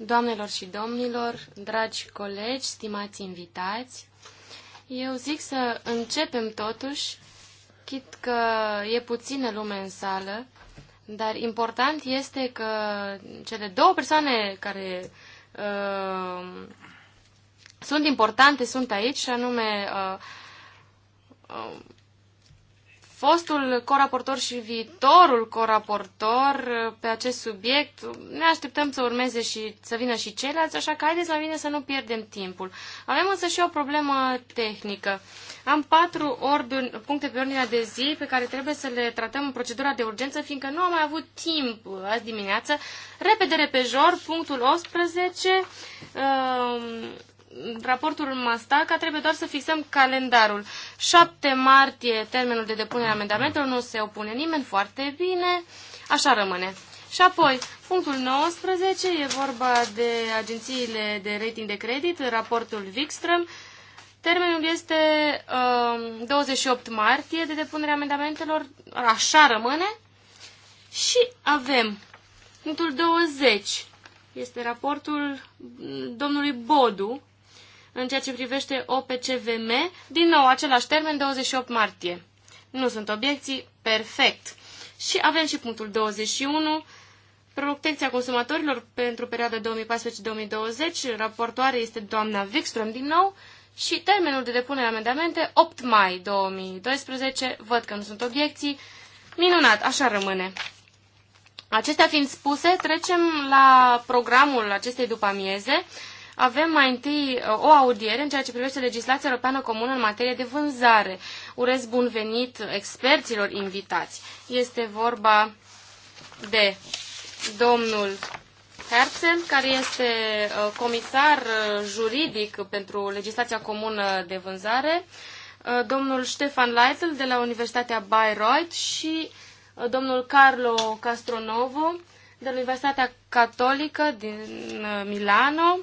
Doamnelor și domnilor, dragi colegi, stimați invitați, eu zic să începem totuși, chit că e puțină lume în sală, dar important este că cele două persoane care uh, sunt importante sunt aici, și anume uh, uh, fostul coraportor și viitorul coraportor uh, pe acest subiect. Ne așteptăm să urmeze și să vină și ceilalți, așa că haideți la mine să nu pierdem timpul. Avem însă și o problemă tehnică. Am patru ordini, puncte pe ordinea de zi pe care trebuie să le tratăm în procedura de urgență, fiindcă nu am mai avut timp uh, azi dimineață. Repede, repejor, punctul 18, raportul Mastaca trebuie doar să fixăm calendarul. 7 martie, termenul de depunere a amendamentelor, nu se opune nimeni, foarte bine, așa rămâne. Și apoi, punctul 19, e vorba de agențiile de rating de credit, raportul Wikström. Termenul este uh, um, 28 martie de depunere a amendamentelor, așa rămâne. Și avem punctul 20, este raportul domnului Bodu, în ceea ce privește OPCVM, din nou același termen, 28 martie. Nu sunt obiecții, perfect. Și avem și punctul 21, protecția consumatorilor pentru perioada 2014-2020, raportoare este doamna Wikström din nou, și termenul de depunere amendamente 8 mai 2012, văd că nu sunt obiecții, minunat, așa rămâne. Acestea fiind spuse, trecem la programul acestei după amieze avem mai întâi uh, o audiere în ceea ce privește legislația europeană comună în materie de vânzare. Urez bun venit experților invitați. Este vorba de domnul Herzl, care este uh, comisar uh, juridic pentru legislația comună de vânzare, domnul Stefan Leitl de la Universitatea Bayreuth și domnul Carlo Castronovo de la Universitatea Catolică din Milano,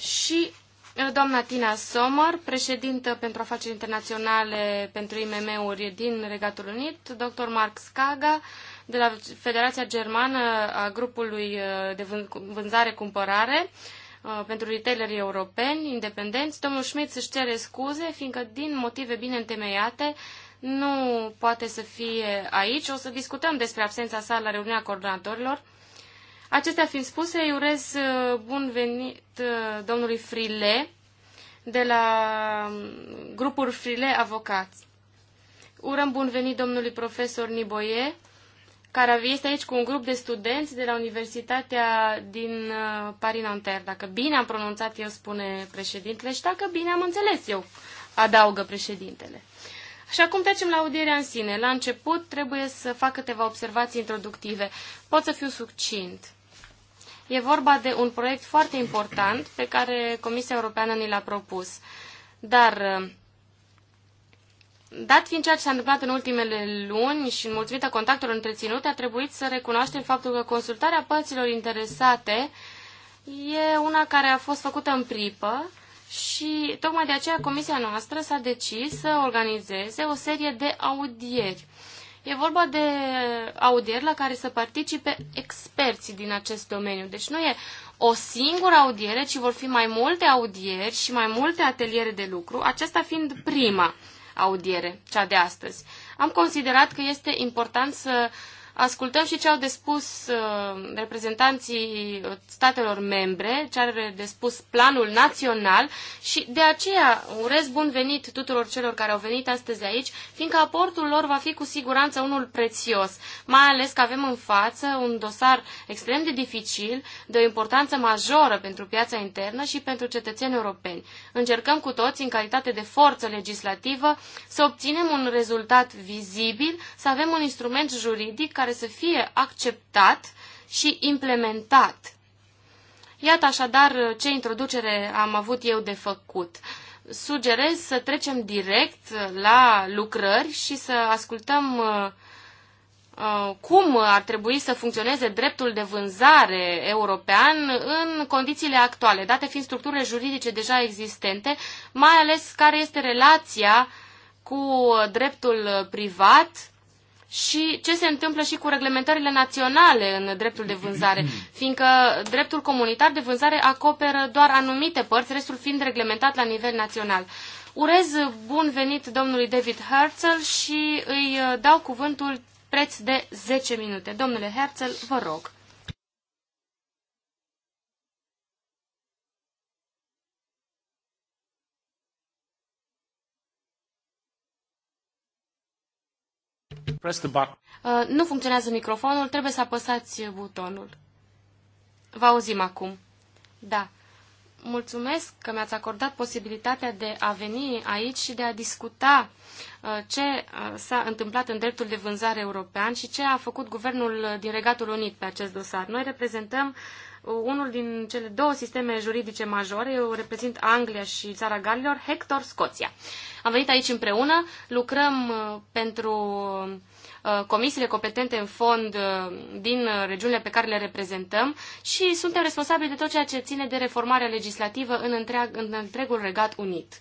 și uh, doamna Tina Sommer, președintă pentru afaceri internaționale pentru IMM-uri din Regatul Unit, dr. Mark Skaga, de la Federația Germană a grupului uh, de vânzare-cumpărare uh, pentru retailerii europeni independenți. Domnul Schmidt își cere scuze, fiindcă din motive bine întemeiate nu poate să fie aici. O să discutăm despre absența sa la reuniunea coordonatorilor. Acestea fiind spuse, îi urez uh, bun venit uh, domnului Frile de la um, grupul Frile Avocați. Urăm bun venit domnului profesor Niboie, care este aici cu un grup de studenți de la Universitatea din uh, Paris-Nanterre. Dacă bine am pronunțat eu, spune președintele, și dacă bine am înțeles eu, adaugă președintele. Și acum trecem la audierea în sine. La început trebuie să fac câteva observații introductive. Pot să fiu succint. E vorba de un proiect foarte important pe care Comisia Europeană ni l-a propus. Dar, dat fiind ceea ce s-a întâmplat în ultimele luni și în mulțumită contactelor întreținute, a trebuit să recunoaștem faptul că consultarea părților interesate e una care a fost făcută în pripă și tocmai de aceea comisia noastră s-a decis să organizeze o serie de audieri E vorba de audieri la care să participe experții din acest domeniu. Deci nu e o singură audiere, ci vor fi mai multe audieri și mai multe ateliere de lucru, aceasta fiind prima audiere, cea de astăzi. Am considerat că este important să uh, ascultăm și ce au de spus uh, reprezentanții uh, statelor membre, ce are de spus planul național și de aceea urez bun venit tuturor celor care au venit astăzi aici, fiindcă aportul lor va fi cu siguranță unul prețios, mai ales că avem în față un dosar extrem de dificil, de o importanță majoră pentru piața internă și pentru cetățenii europeni. Încercăm cu toți, în calitate de forță legislativă, să obținem un rezultat vizibil, să avem un instrument juridic care care să fie acceptat și implementat. Iată așadar uh, ce introducere am avut eu de făcut. Sugerez să trecem direct uh, la lucrări și să ascultăm uh, cum ar trebui să funcționeze dreptul de vânzare european în condițiile actuale, date fiind structurile juridice deja existente, mai ales care este relația cu dreptul privat și ce se întâmplă și cu reglementările naționale în dreptul de vânzare, fiindcă dreptul comunitar de vânzare acoperă doar anumite părți, restul fiind reglementat la nivel național. Urez bun venit domnului David Herzl și îi uh, dau cuvântul preț de 10 minute. Domnule Herzl, vă rog. Press the button. Uh, nu funcționează microfonul, trebuie să apăsați butonul. Vă auzim acum. Da. Mulțumesc că mi-ați acordat posibilitatea de a veni aici și de a discuta uh, ce uh, s-a întâmplat în dreptul de vânzare european și ce a făcut guvernul din Regatul Unit pe acest dosar. Noi reprezentăm uh, unul din cele două sisteme juridice majore, eu reprezint Anglia și țara Galilor, Hector Scoția. Am venit aici împreună, lucrăm uh, pentru uh, comisiile competente în fond uh, din regiunile pe care le reprezentăm și suntem responsabili de tot ceea ce ține de reformarea legislativă în, întreag, în întregul Regat Unit.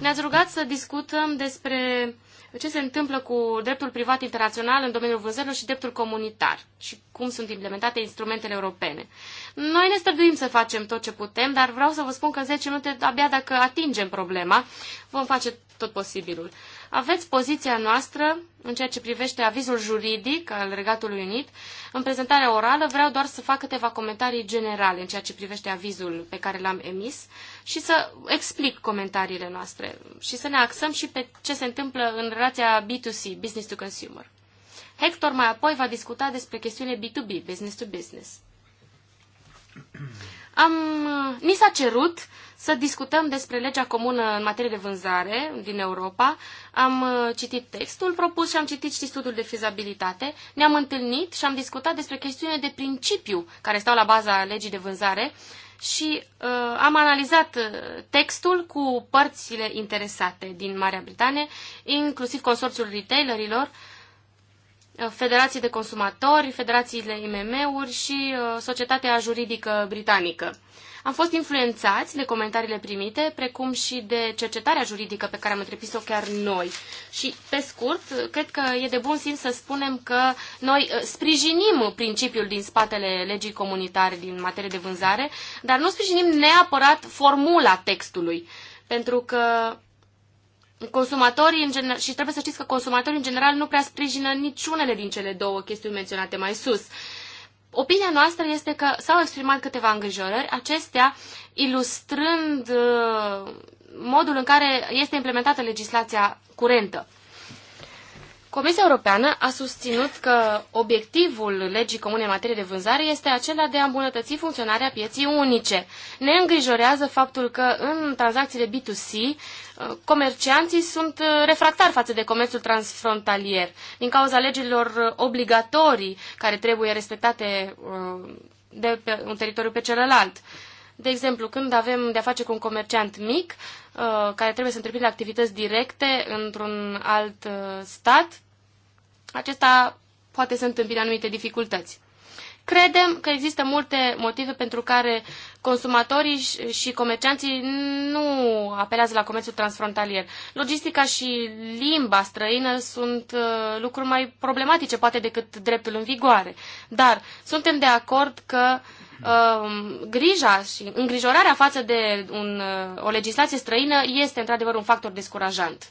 Ne-ați rugat să discutăm despre ce se întâmplă cu dreptul privat internațional în domeniul vânzărilor și dreptul comunitar și cum sunt implementate instrumentele europene. Noi ne străduim să facem tot ce putem, dar vreau să vă spun că în 10 minute, abia dacă atingem problema, vom face tot posibilul aveți poziția noastră în ceea ce privește avizul juridic al Regatului Unit. În prezentarea orală vreau doar să fac câteva comentarii generale în ceea ce privește avizul pe care l-am emis și să explic comentariile noastre și să ne axăm și pe ce se întâmplă în relația B2C, business to consumer. Hector mai apoi va discuta despre chestiunile B2B, business to business. Am, ni s-a cerut să discutăm despre legea comună în materie de vânzare din Europa. Am uh, citit textul propus și am citit și studiul de fizabilitate. Ne-am întâlnit și am discutat despre chestiune de principiu care stau la baza legii de vânzare și uh, am analizat uh, textul cu părțile interesate din Marea Britanie, inclusiv consorțiul retailerilor, uh, Uh, federații de consumatori, federațiile IMM-uri și uh, societatea juridică britanică. Am fost influențați de comentariile primite, precum și de cercetarea juridică pe care am întreprins-o chiar noi. Și, pe scurt, cred că e de bun simț să spunem că noi uh, sprijinim principiul din spatele legii comunitare din materie de vânzare, dar nu sprijinim neapărat formula textului, pentru că consumatorii în general, și trebuie să știți că consumatorii în general nu prea sprijină niciunele din cele două chestiuni menționate mai sus. Opinia noastră este că s-au exprimat câteva îngrijorări, acestea ilustrând uh, modul în care este implementată legislația curentă. Comisia Europeană a susținut că obiectivul legii comune în materie de vânzare este acela de a îmbunătăți funcționarea pieții unice. Ne îngrijorează faptul că în tranzacțiile B2C uh, comercianții sunt uh, refractari față de comerțul transfrontalier din cauza legilor uh, obligatorii care trebuie respectate de pe un teritoriu pe celălalt. Uh, de exemplu, când avem de-a face cu un comerciant mic, uh, care trebuie să întreprinde activități directe într-un alt uh, stat, acesta poate să întâmpine anumite dificultăți. Credem că există multe motive pentru care consumatorii și comercianții nu apelează la comerțul transfrontalier. Logistica și limba străină sunt uh, lucruri mai problematice, poate, decât dreptul în vigoare. Dar suntem de acord că uh, Um, grija și îngrijorarea față de un, uh, o legislație străină este într-adevăr un factor descurajant.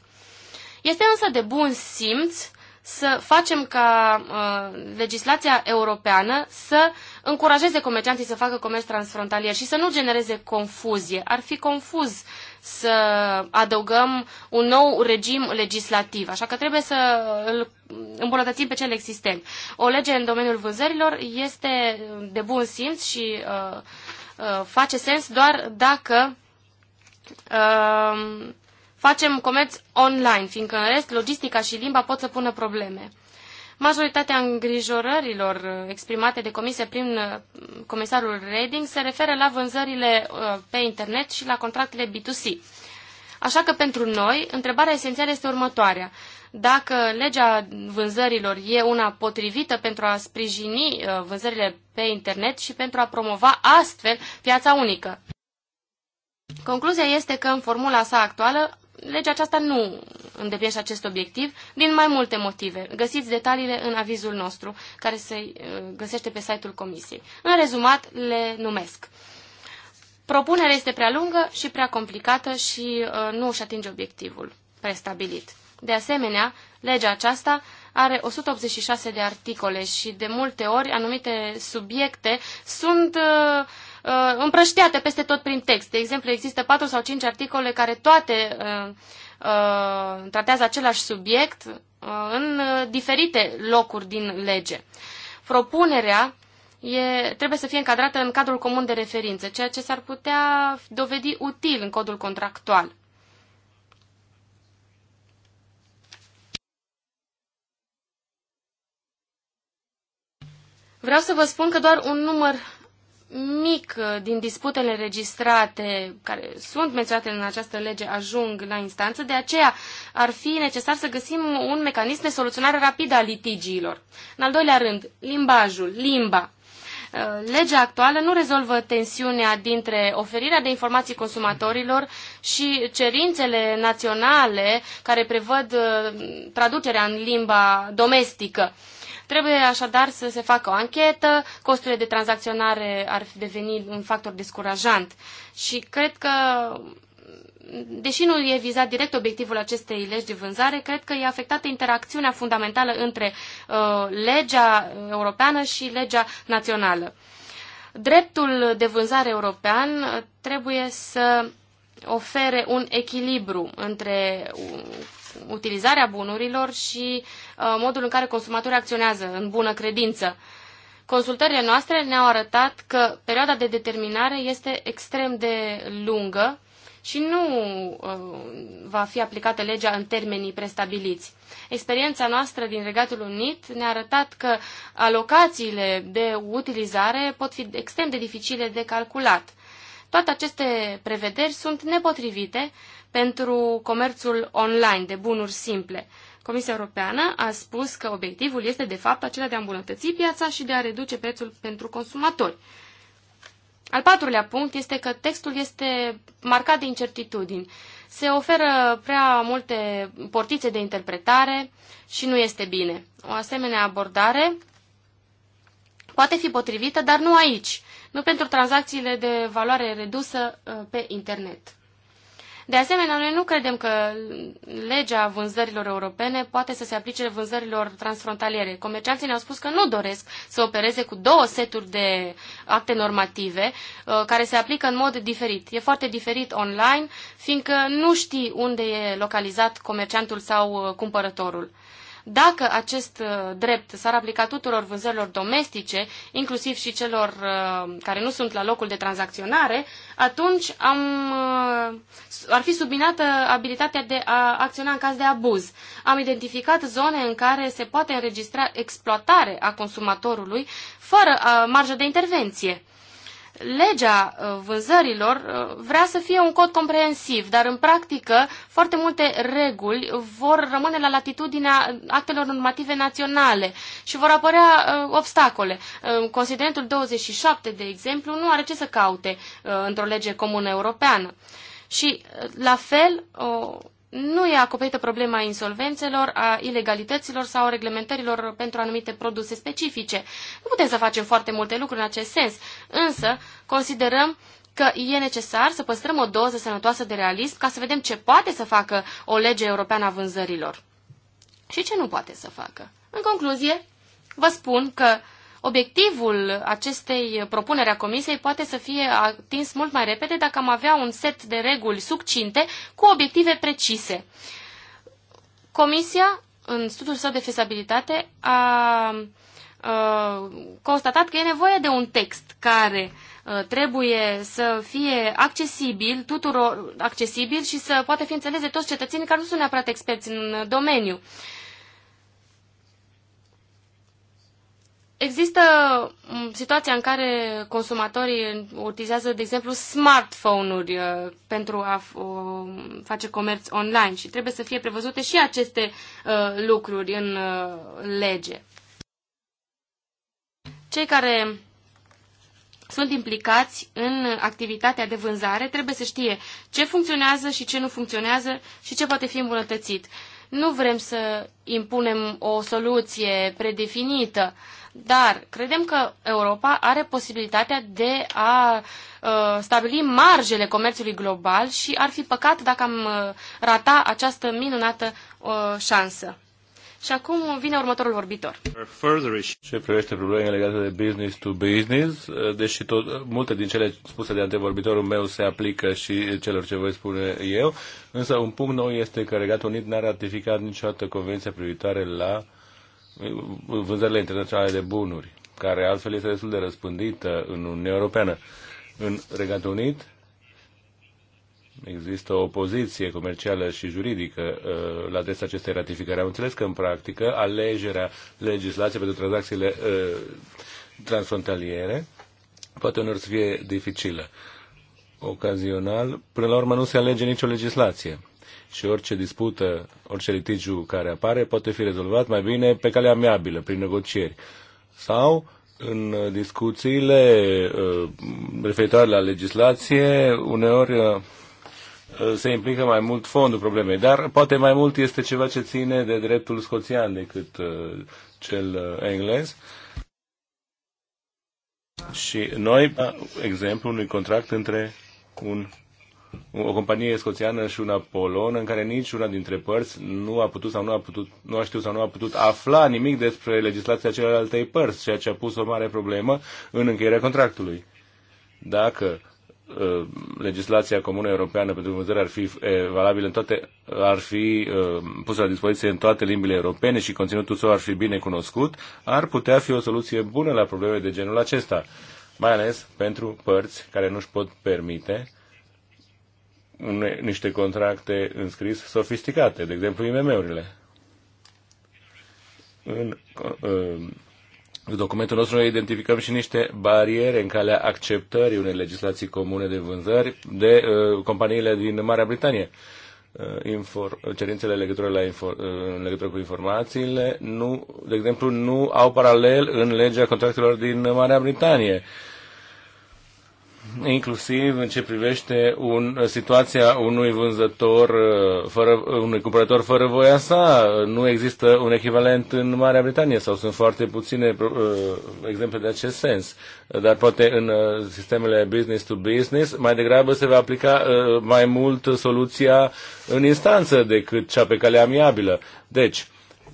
Este însă de bun simț să facem ca uh, legislația europeană să încurajeze comercianții să facă comerț transfrontalier și să nu genereze confuzie. Ar fi confuz uh, să adăugăm un nou regim legislativ, așa că trebuie să îl îmbunătățim pe cel existent. O lege în domeniul vânzărilor este de bun simț și uh, uh, face sens doar dacă uh, facem comerț online, fiindcă în rest logistica și limba pot să pună probleme. Majoritatea îngrijorărilor exprimate de comisie prin uh, comisarul Reding se referă la vânzările uh, pe internet și la contractele B2C. Așa că pentru noi, întrebarea esențială este următoarea. Dacă legea vânzărilor e una potrivită pentru a sprijini uh, vânzările pe internet și pentru a promova astfel piața unică. Concluzia este că în formula sa actuală legea aceasta nu îndeplinește acest obiectiv din mai multe motive. Găsiți detaliile în avizul nostru, care se uh, găsește pe site-ul Comisiei. În rezumat, le numesc. Propunerea este prea lungă și prea complicată și uh, nu își atinge obiectivul prestabilit. De asemenea, legea aceasta are 186 de articole și de multe ori anumite subiecte sunt uh, uh, împrăștiate peste tot prin text. De exemplu, există patru sau cinci articole care toate uh, uh, tratează același subiect uh, în uh, diferite locuri din lege. Propunerea e, trebuie să fie încadrată în cadrul comun de referință, ceea ce s-ar putea dovedi util în codul contractual. Vreau să vă spun că doar un număr mic uh, din disputele registrate care sunt menționate în această lege ajung la instanță, de aceea ar fi necesar să găsim un mecanism de soluționare rapidă a litigiilor. În al doilea rând, limbajul, limba. Uh, legea actuală nu rezolvă tensiunea dintre oferirea de informații consumatorilor și cerințele naționale care prevăd uh, traducerea în limba domestică. Trebuie așadar să se facă o anchetă, costurile de tranzacționare ar deveni un factor descurajant și cred că deși nu e vizat direct obiectivul acestei legi de vânzare, cred că e afectată interacțiunea fundamentală între uh, legea europeană și legea națională. Dreptul de vânzare european trebuie să ofere un echilibru între utilizarea bunurilor și uh, modul în care consumatorii acționează în bună credință. Consultările noastre ne-au arătat că perioada de determinare este extrem de lungă și nu uh, va fi aplicată legea în termenii prestabiliți. Experiența noastră din Regatul Unit ne-a arătat că alocațiile de utilizare pot fi extrem de dificile de calculat. Toate aceste prevederi sunt nepotrivite pentru comerțul online de bunuri simple. Comisia Europeană a spus că obiectivul este de fapt acela de a îmbunătăți piața și de a reduce prețul pentru consumatori. Al patrulea punct este că textul este marcat de incertitudini. Se oferă prea multe portițe de interpretare și nu este bine. O asemenea abordare poate fi potrivită, dar nu aici nu pentru tranzacțiile de valoare redusă uh, pe internet. De asemenea, noi nu credem că legea vânzărilor europene poate să se aplice vânzărilor transfrontaliere. Comercianții ne-au spus că nu doresc să opereze cu două seturi de acte normative uh, care se aplică în mod diferit. E foarte diferit online, fiindcă nu știi unde e localizat comerciantul sau uh, cumpărătorul. Dacă acest uh, drept s-ar aplica tuturor vânzărilor domestice, inclusiv și celor uh, care nu sunt la locul de tranzacționare, atunci am, uh, ar fi subminată abilitatea de a acționa în caz de abuz. Am identificat zone în care se poate înregistra exploatare a consumatorului fără marjă de intervenție legea uh, vânzărilor uh, vrea să fie un cod comprehensiv, dar în practică foarte multe reguli vor rămâne la latitudinea actelor normative naționale și vor apărea uh, obstacole. Considerentul 27, de exemplu, nu are ce să caute într-o lege comună europeană. Și, la fel, nu e acoperită problema insolvențelor, a ilegalităților sau reglementărilor pentru anumite produse specifice. Nu putem să facem foarte multe lucruri în acest sens, însă considerăm că e necesar să păstrăm o doză sănătoasă de realism ca să vedem ce poate să facă o lege europeană a vânzărilor și ce nu poate să facă. În concluzie, vă spun că Obiectivul acestei propuneri a Comisiei poate să fie atins mult mai repede dacă am avea un set de reguli succinte cu obiective precise. Comisia, în studiul său de fezabilitate, a constatat că e nevoie de un text care trebuie să fie accesibil tuturor, accesibil și să poate fi înțeles de toți cetățenii care nu sunt neapărat experți în domeniu. Există mm, situația în care consumatorii utilizează, de exemplu, smartphone-uri uh, pentru a face comerț online și trebuie să fie prevăzute și aceste uh, lucruri în uh, lege. Cei care sunt implicați în activitatea de vânzare trebuie să știe ce funcționează și ce nu funcționează și ce poate fi îmbunătățit. Nu vrem să impunem o soluție predefinită dar credem că Europa are posibilitatea de a uh, stabili marjele comerțului global și ar fi păcat dacă am uh, rata această minunată uh, șansă. Și acum vine următorul vorbitor. Ce privește probleme legate de business to business, uh, deși tot, uh, multe din cele spuse de antevorbitorul meu se aplică și celor ce voi spune eu, însă un punct nou este că Regatul Unit n-a ratificat niciodată convenția privitoare la uh, vânzările internaționale de bunuri, care altfel este destul de răspândită în Uniunea Europeană. În Regatul Unit există o opoziție comercială și juridică uh, la adresa acestei ratificări. Am înțeles că, în practică, alegerea legislației pentru tranzacțiile uh, transfrontaliere poate unor să fie dificilă. Ocazional, până la urmă, nu se alege nicio legislație și orice dispută, orice litigiu care apare poate fi rezolvat mai bine pe calea amiabilă, prin negocieri. Sau în discuțiile uh, referitoare la legislație, uneori uh, se implică mai mult fondul problemei, dar poate mai mult este ceva ce ține de dreptul scoțian decât uh, cel englez. Și noi, exemplu unui contract între un o companie scoțiană și una polonă în care nici una dintre părți nu a putut sau nu a putut, nu a știut sau nu a putut afla nimic despre legislația celelalte părți, ceea ce a pus o mare problemă în încheierea contractului. Dacă ă, legislația comună europeană pentru vânzări ar fi e, valabilă în toate, ar fi ă, pusă la dispoziție în toate limbile europene și conținutul său ar fi bine cunoscut, ar putea fi o soluție bună la probleme de genul acesta, mai ales pentru părți care nu-și pot permite niște contracte înscris sofisticate, de exemplu IMM-urile. În uh, documentul nostru noi identificăm și niște bariere în calea acceptării unei legislații comune de vânzări de uh, companiile din Marea Britanie. Uh, infor, cerințele legătură la infor, uh, în legătură cu informațiile, nu, de exemplu, nu au paralel în legea contractelor din Marea Britanie. Uh, inclusiv în ce privește un, situația unui vânzător, uh, fără, unui cumpărător fără voia sa. Nu există un echivalent în Marea Britanie sau sunt foarte puține uh, exemple de acest sens. Dar poate în uh, sistemele business to business mai degrabă se va aplica uh, mai mult soluția în instanță decât cea pe cale amiabilă. Deci,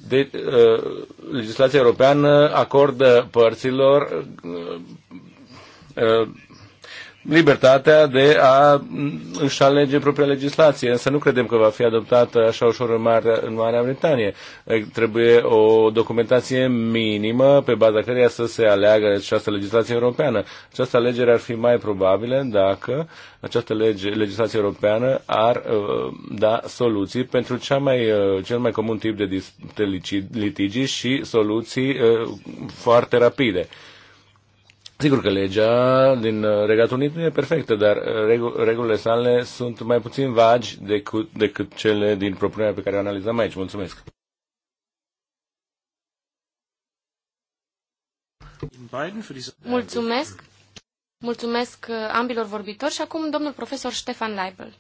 de, uh, legislația europeană acordă părților uh, uh, libertatea de a își alege propria legislație, însă nu credem că va fi adoptată așa ușor în Marea, în Marea Britanie. Trebuie o documentație minimă pe baza căreia să se aleagă această legislație europeană. Această alegere ar fi mai probabilă dacă această lege, legislație europeană ar uh, da soluții pentru cea mai, uh, cel mai comun tip de, dis, de litigi și soluții uh, foarte rapide. Sigur că legea din uh, Regatul Unit nu e perfectă, dar uh, regulile sale sunt mai puțin vagi decât, decât cele din propunerea pe care o analizăm aici. Mulțumesc! Mulțumesc! Mulțumesc uh, ambilor vorbitori și acum domnul profesor Ștefan Leibel.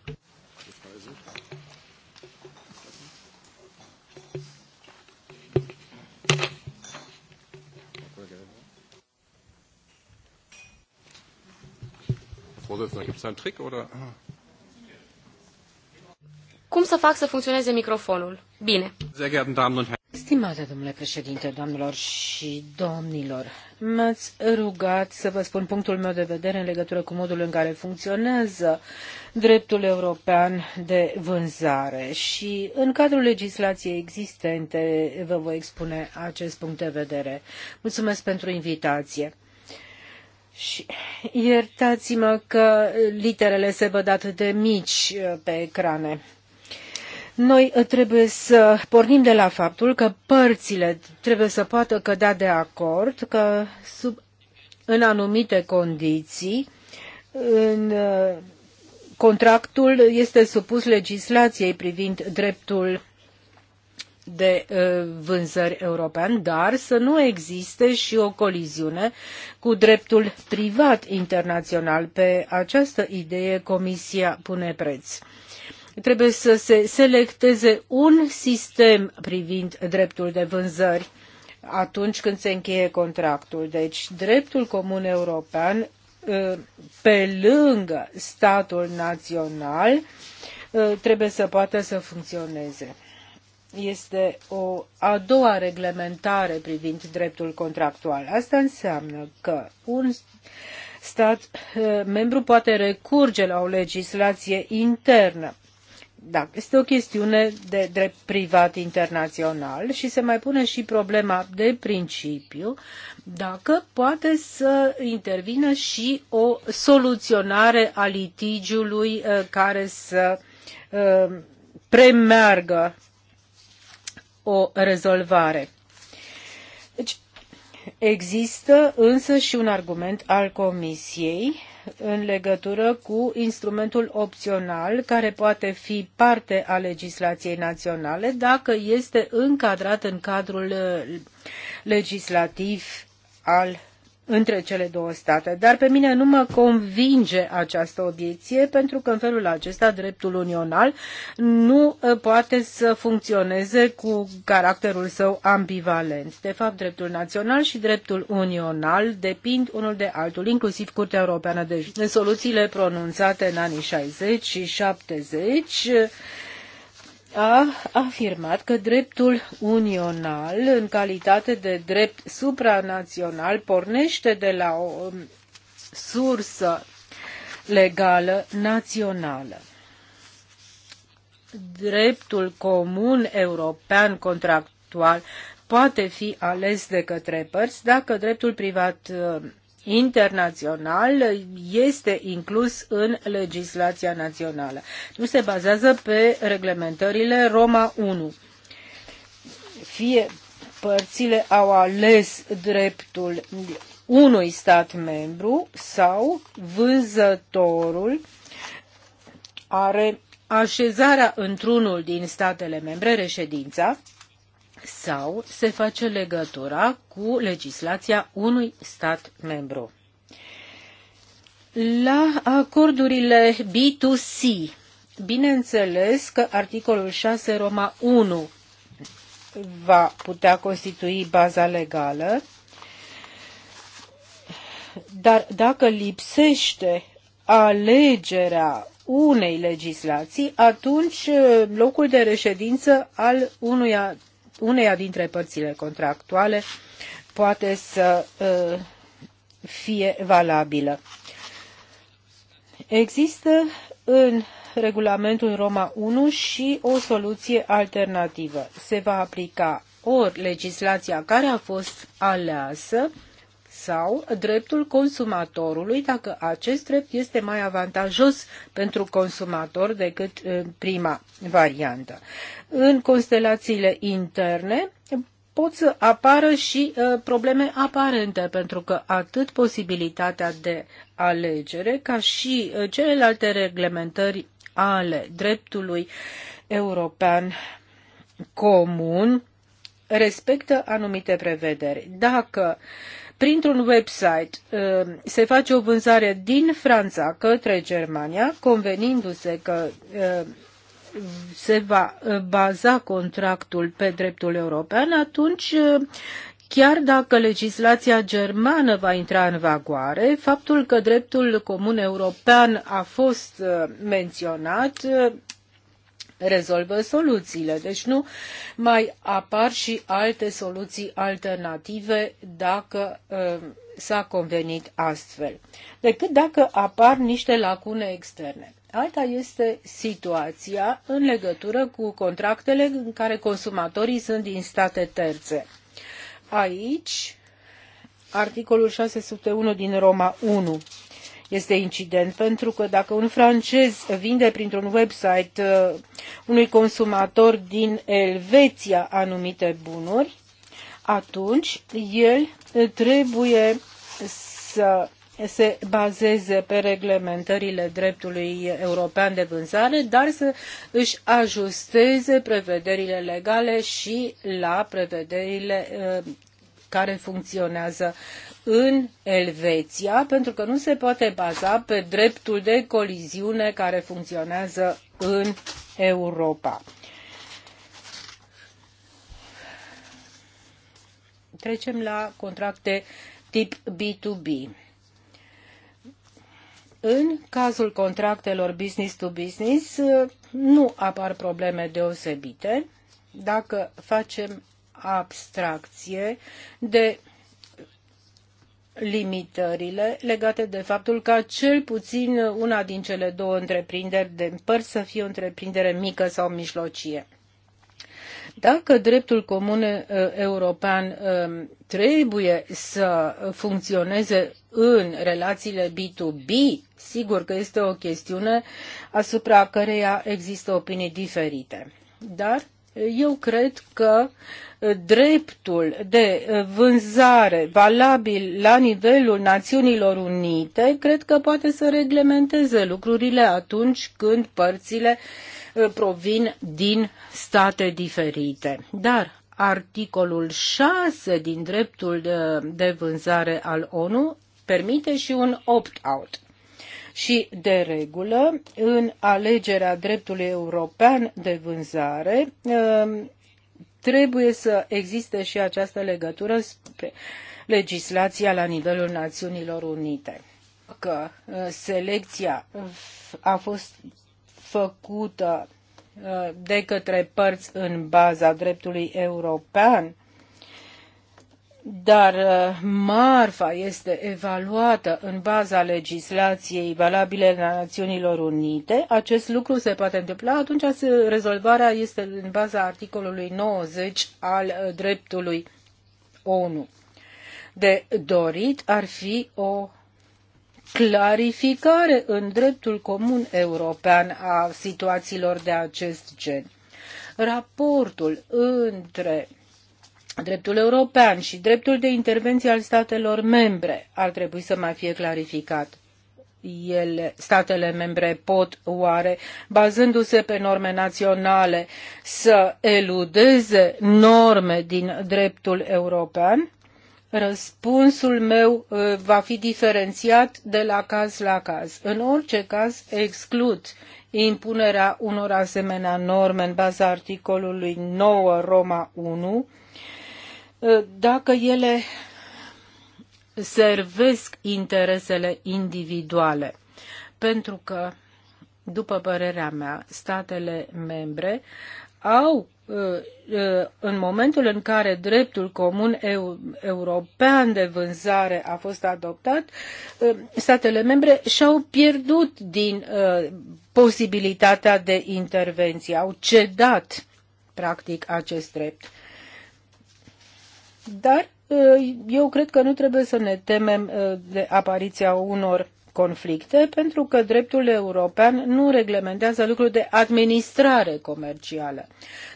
Vorsitzender, gibt es da einen Trick oder? Cum să fac să funcționeze microfonul? Bine. Stimate domnule președinte, doamnelor și domnilor, m-ați rugat să vă spun punctul meu de vedere în legătură cu modul în care funcționează dreptul european de vânzare și în cadrul legislației existente vă voi expune acest punct de vedere. Mulțumesc pentru invitație iertați-mă că literele se văd atât de mici uh, pe ecrane. Noi uh, trebuie să pornim de la faptul că părțile trebuie să poată cădea de acord că sub, în anumite condiții în, uh, contractul este supus legislației privind dreptul de uh, vânzări european, dar să nu existe și o coliziune cu dreptul privat internațional. Pe această idee Comisia pune preț trebuie să se selecteze un sistem privind dreptul de vânzări atunci când se încheie contractul. Deci, dreptul comun european, uh, pe lângă statul național, uh, trebuie să poată să funcționeze este o a doua reglementare privind dreptul contractual. Asta înseamnă că un stat eh, membru poate recurge la o legislație internă. Da, este o chestiune de drept privat internațional și se mai pune și problema de principiu dacă poate să intervină și o soluționare a litigiului eh, care să eh, premeargă o rezolvare. Deci, există însă și un argument al Comisiei în legătură cu instrumentul opțional care poate fi parte a legislației naționale dacă este încadrat în cadrul uh, legislativ al între cele două state. Dar pe mine nu mă convinge această obiecție, pentru că în felul acesta dreptul unional nu uh, poate să funcționeze cu caracterul său ambivalent. De fapt, dreptul național și dreptul unional depind unul de altul, inclusiv Curtea Europeană de Justiție. Soluțiile pronunțate în anii 60 și 70 a afirmat că dreptul unional, în calitate de drept supranațional, pornește de la o um, sursă legală națională. Dreptul comun european contractual poate fi ales de către părți dacă dreptul privat uh, internațional este inclus în legislația națională. Nu se bazează pe reglementările Roma 1. Fie părțile au ales dreptul unui stat membru sau vânzătorul are așezarea într-unul din statele membre, reședința, sau se face legătura cu legislația unui stat membru. La acordurile B2C, bineînțeles că articolul 6 Roma 1 va putea constitui baza legală, dar dacă lipsește alegerea unei legislații, atunci locul de reședință al unuia uneia dintre părțile contractuale poate să ă, fie valabilă. Există în regulamentul Roma 1 și o soluție alternativă. Se va aplica ori legislația care a fost aleasă, sau dreptul consumatorului dacă acest drept este mai avantajos pentru consumator decât prima variantă. În constelațiile interne pot să apară și probleme aparente, pentru că atât posibilitatea de alegere ca și celelalte reglementări ale dreptului european comun respectă anumite prevederi. Dacă uh, Printr-un website um, se face o vânzare din Franța către Germania, convenindu-se că um, se va uh, baza contractul pe dreptul european, atunci um, Chiar dacă legislația germană va intra în vagoare, faptul că dreptul comun european a fost uh, menționat uh, rezolvă soluțiile. Deci nu mai apar și alte soluții alternative dacă uh, s-a convenit astfel, decât dacă apar niște lacune externe. Alta este situația în legătură cu contractele în care consumatorii sunt din state terțe. Aici, articolul 601 din Roma 1 este incident, pentru că dacă un francez vinde printr-un website uh, unui consumator din Elveția anumite bunuri, atunci el uh, trebuie să se bazeze pe reglementările dreptului european de vânzare, dar să își ajusteze prevederile legale și la prevederile uh, care funcționează în Elveția, pentru că nu se poate baza pe dreptul de coliziune care funcționează în Europa. Trecem la contracte tip B2B. În cazul contractelor business to business nu apar probleme deosebite dacă facem abstracție de limitările legate de faptul ca cel puțin una din cele două întreprinderi de părți să fie o întreprindere mică sau mijlocie. Dacă dreptul comun uh, european um, trebuie să funcționeze în relațiile B2B, sigur că este o chestiune asupra căreia există opinii diferite. Dar eu cred că Uh, dreptul de uh, vânzare valabil la nivelul Națiunilor Unite, cred că poate să reglementeze lucrurile atunci când părțile uh, provin din state diferite. Dar articolul 6 din dreptul de, de vânzare al ONU permite și un opt-out. Și, de regulă, în alegerea dreptului european de vânzare, trebuie să existe și această legătură spre legislația la nivelul Națiunilor Unite. Că uh, selecția a fost făcută uh, de către părți în baza dreptului european, dar uh, marfa este evaluată în baza legislației valabile la Națiunilor Unite, acest lucru se poate întâmpla, atunci rezolvarea este în baza articolului 90 al uh, dreptului ONU. De dorit ar fi o clarificare în dreptul comun european a situațiilor de acest gen. Raportul între dreptul european și dreptul de intervenție al statelor membre ar trebui să mai fie clarificat. Ele, statele membre pot oare, bazându-se pe norme naționale, să eludeze norme din dreptul european? Răspunsul meu uh, va fi diferențiat de la caz la caz. În orice caz, exclud impunerea unor asemenea norme în baza articolului 9 Roma 1 dacă ele servesc interesele individuale. Pentru că, după părerea mea, statele membre au uh, uh, în momentul în care dreptul comun eu, european de vânzare a fost adoptat, uh, statele membre și-au pierdut din posibilitatea de intervenție, au cedat practic acest drept. Dar uh, eu cred că nu trebuie să ne temem uh, de apariția unor conflicte, pentru că dreptul european nu reglementează lucruri de administrare comercială.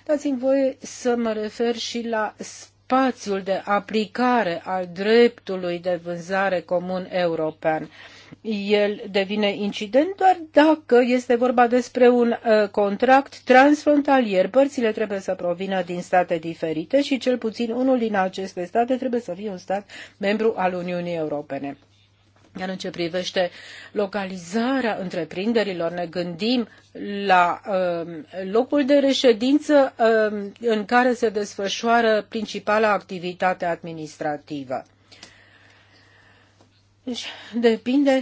Dați-mi voie să mă refer și la spațiul de aplicare al dreptului de vânzare comun european. Uh, el devine incident doar dacă este vorba despre un uh, contract transfrontalier. Părțile trebuie să provină din state diferite și cel puțin unul din aceste state trebuie să fie un stat membru al Uniunii Europene. Iar în ce privește localizarea întreprinderilor, ne gândim la um, locul de reședință um, în care se desfășoară principala activitate administrativă. Deci depinde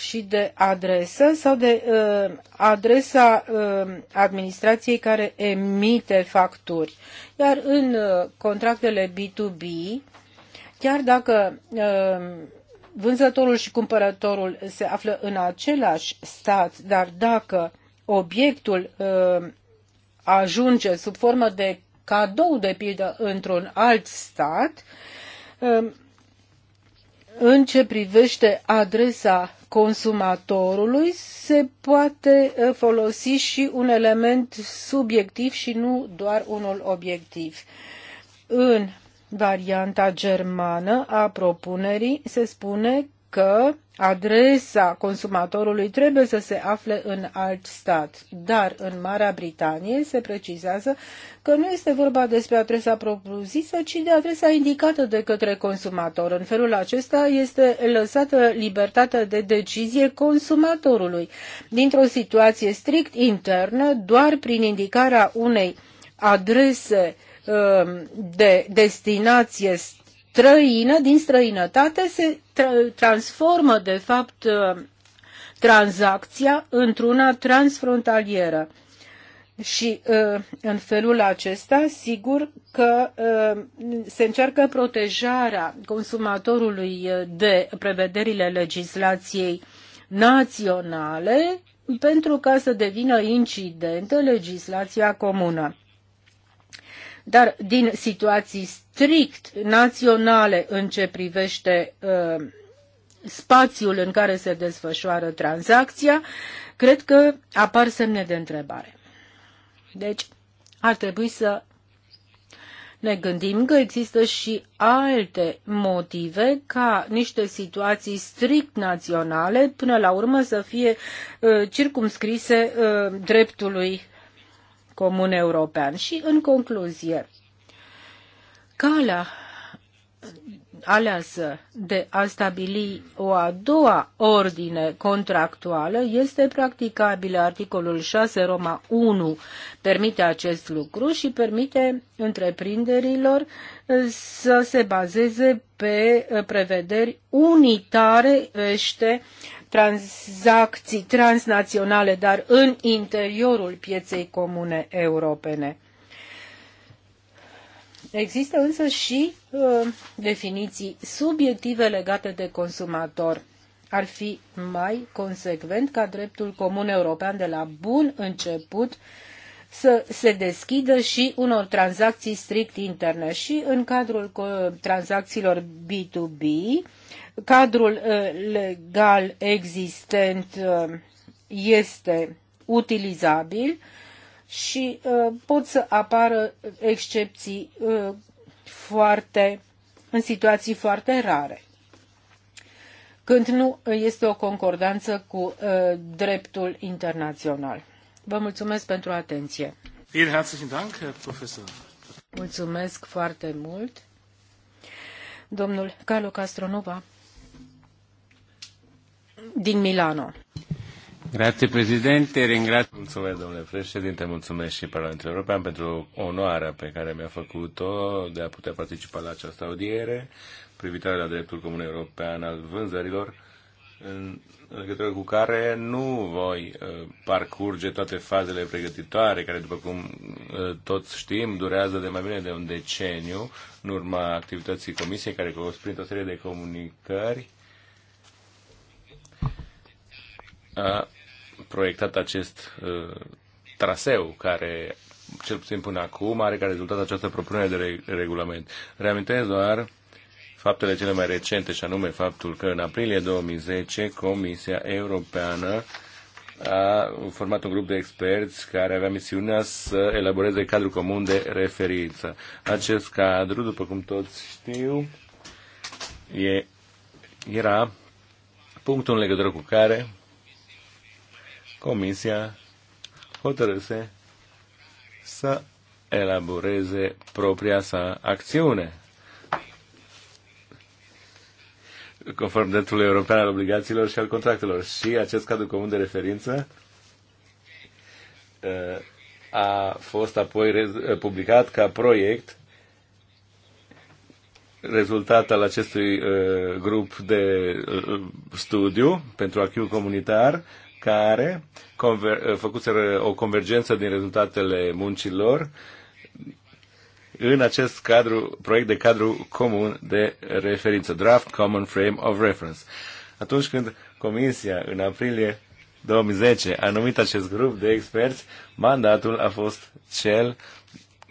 și de adresă sau de uh, adresa uh, administrației care emite facturi. Iar în uh, contractele B2B, chiar dacă uh, vânzătorul și cumpărătorul se află în același stat, dar dacă obiectul uh, ajunge sub formă de cadou de pildă într-un alt stat, uh, în ce privește adresa consumatorului, se poate uh, folosi și un element subiectiv și nu doar unul obiectiv. În varianta germană a propunerii se spune că adresa consumatorului trebuie să se afle în alt stat, dar în Marea Britanie se precizează că nu este vorba despre adresa propriu-zisă, ci de adresa indicată de către consumator. În felul acesta este lăsată libertatea de decizie consumatorului. Dintr-o situație strict internă, doar prin indicarea unei adrese ă, de destinație străină, din străinătate, se tra- transformă, de fapt, uh, tranzacția într-una transfrontalieră. Și uh, în felul acesta, sigur că uh, se încearcă protejarea consumatorului de prevederile legislației naționale pentru ca să devină incidentă legislația comună dar din situații strict naționale în ce privește uh, spațiul în care se desfășoară tranzacția, cred că apar semne de întrebare. Deci, ar trebui să ne gândim că există și alte motive ca niște situații strict naționale până la urmă să fie uh, circumscrise uh, dreptului comun european. Și în concluzie, calea aleasă de a stabili o a doua ordine contractuală este practicabilă. Articolul 6 Roma 1 permite acest lucru și permite întreprinderilor eh, să se bazeze pe eh, prevederi unitare ește eh, tranzacții transnaționale, dar în interiorul pieței comune europene. Există însă și uh, definiții subiective legate de consumator. Ar fi mai consecvent ca dreptul comun european de la bun început să se deschidă și unor tranzacții strict interne și în cadrul uh, tranzacțiilor B2B Cadrul uh, legal existent uh, este utilizabil și uh, pot să apară excepții foarte, în situații foarte rare când nu este o concordanță cu dreptul internațional. Vă mulțumesc pentru atenție. Mulțumesc foarte mult domnul Carlo Castronova din Milano. Grazie Presidente, ringrazio. Mulțumesc, domnule președinte, mulțumesc și Parlamentul European pentru onoarea pe care mi-a făcut-o de a putea participa la această audiere privitoare la dreptul comun european al vânzărilor în în legătură cu care nu voi uh, parcurge toate fazele pregătitoare, care, după cum uh, toți știm, durează de mai bine de un deceniu, în urma activității comisiei, care cuprinde o serie de comunicări, a proiectat acest uh, traseu care, cel puțin până acum, are ca rezultat această propunere de regulament. Reamintesc doar faptele cele mai recente, și anume faptul că în aprilie 2010 Comisia Europeană a format un grup de experți care avea misiunea să elaboreze cadrul comun de referință. Acest cadru, după cum toți știu, e, era punctul în legătură cu care Comisia hotărâse să elaboreze propria sa acțiune conform dreptului european al obligațiilor și al contractelor. Și acest cadru comun de referință uh, a fost apoi publicat ca proiect rezultat al acestui uh, grup de uh, studiu pentru acquis comunitar care făcuseră o convergență din rezultatele muncilor uh, în acest cadru, proiect de cadru comun de referință, Draft Common Frame of Reference. Atunci când Comisia, în aprilie 2010, a numit acest grup de experți, mandatul a fost cel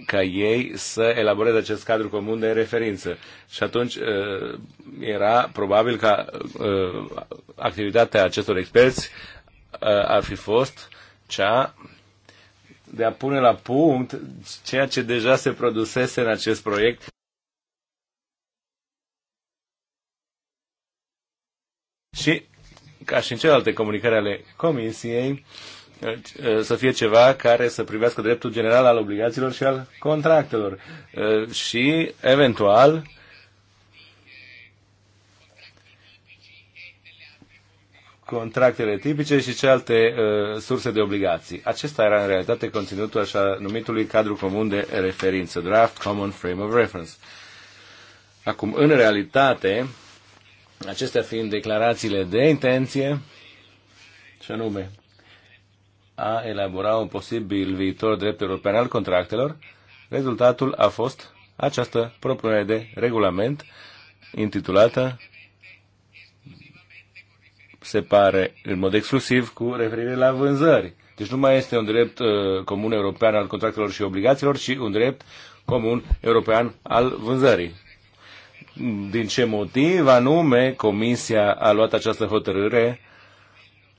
ca ei să elaboreze acest cadru comun de referință. Și atunci uh, era probabil ca uh, activitatea acestor experți uh, ar fi fost cea de a pune la punct ceea ce deja se produsese în acest proiect. Și, ca și în celelalte comunicări ale Comisiei, să fie ceva care să privească dreptul general al obligațiilor și al contractelor și, eventual, contractele tipice și alte uh, surse de obligații. Acesta era în realitate conținutul așa numitului cadru comun de referință, Draft Common Frame of Reference. Acum, în realitate, acestea fiind declarațiile de intenție, ce anume, a elabora un posibil viitor drept european al contractelor, rezultatul a fost această propunere de regulament intitulată se pare în mod exclusiv cu referire la vânzări. Deci nu mai este un drept uh, comun european al contractelor și obligațiilor, ci un drept comun european al vânzării. Din ce motiv anume Comisia a luat această hotărâre,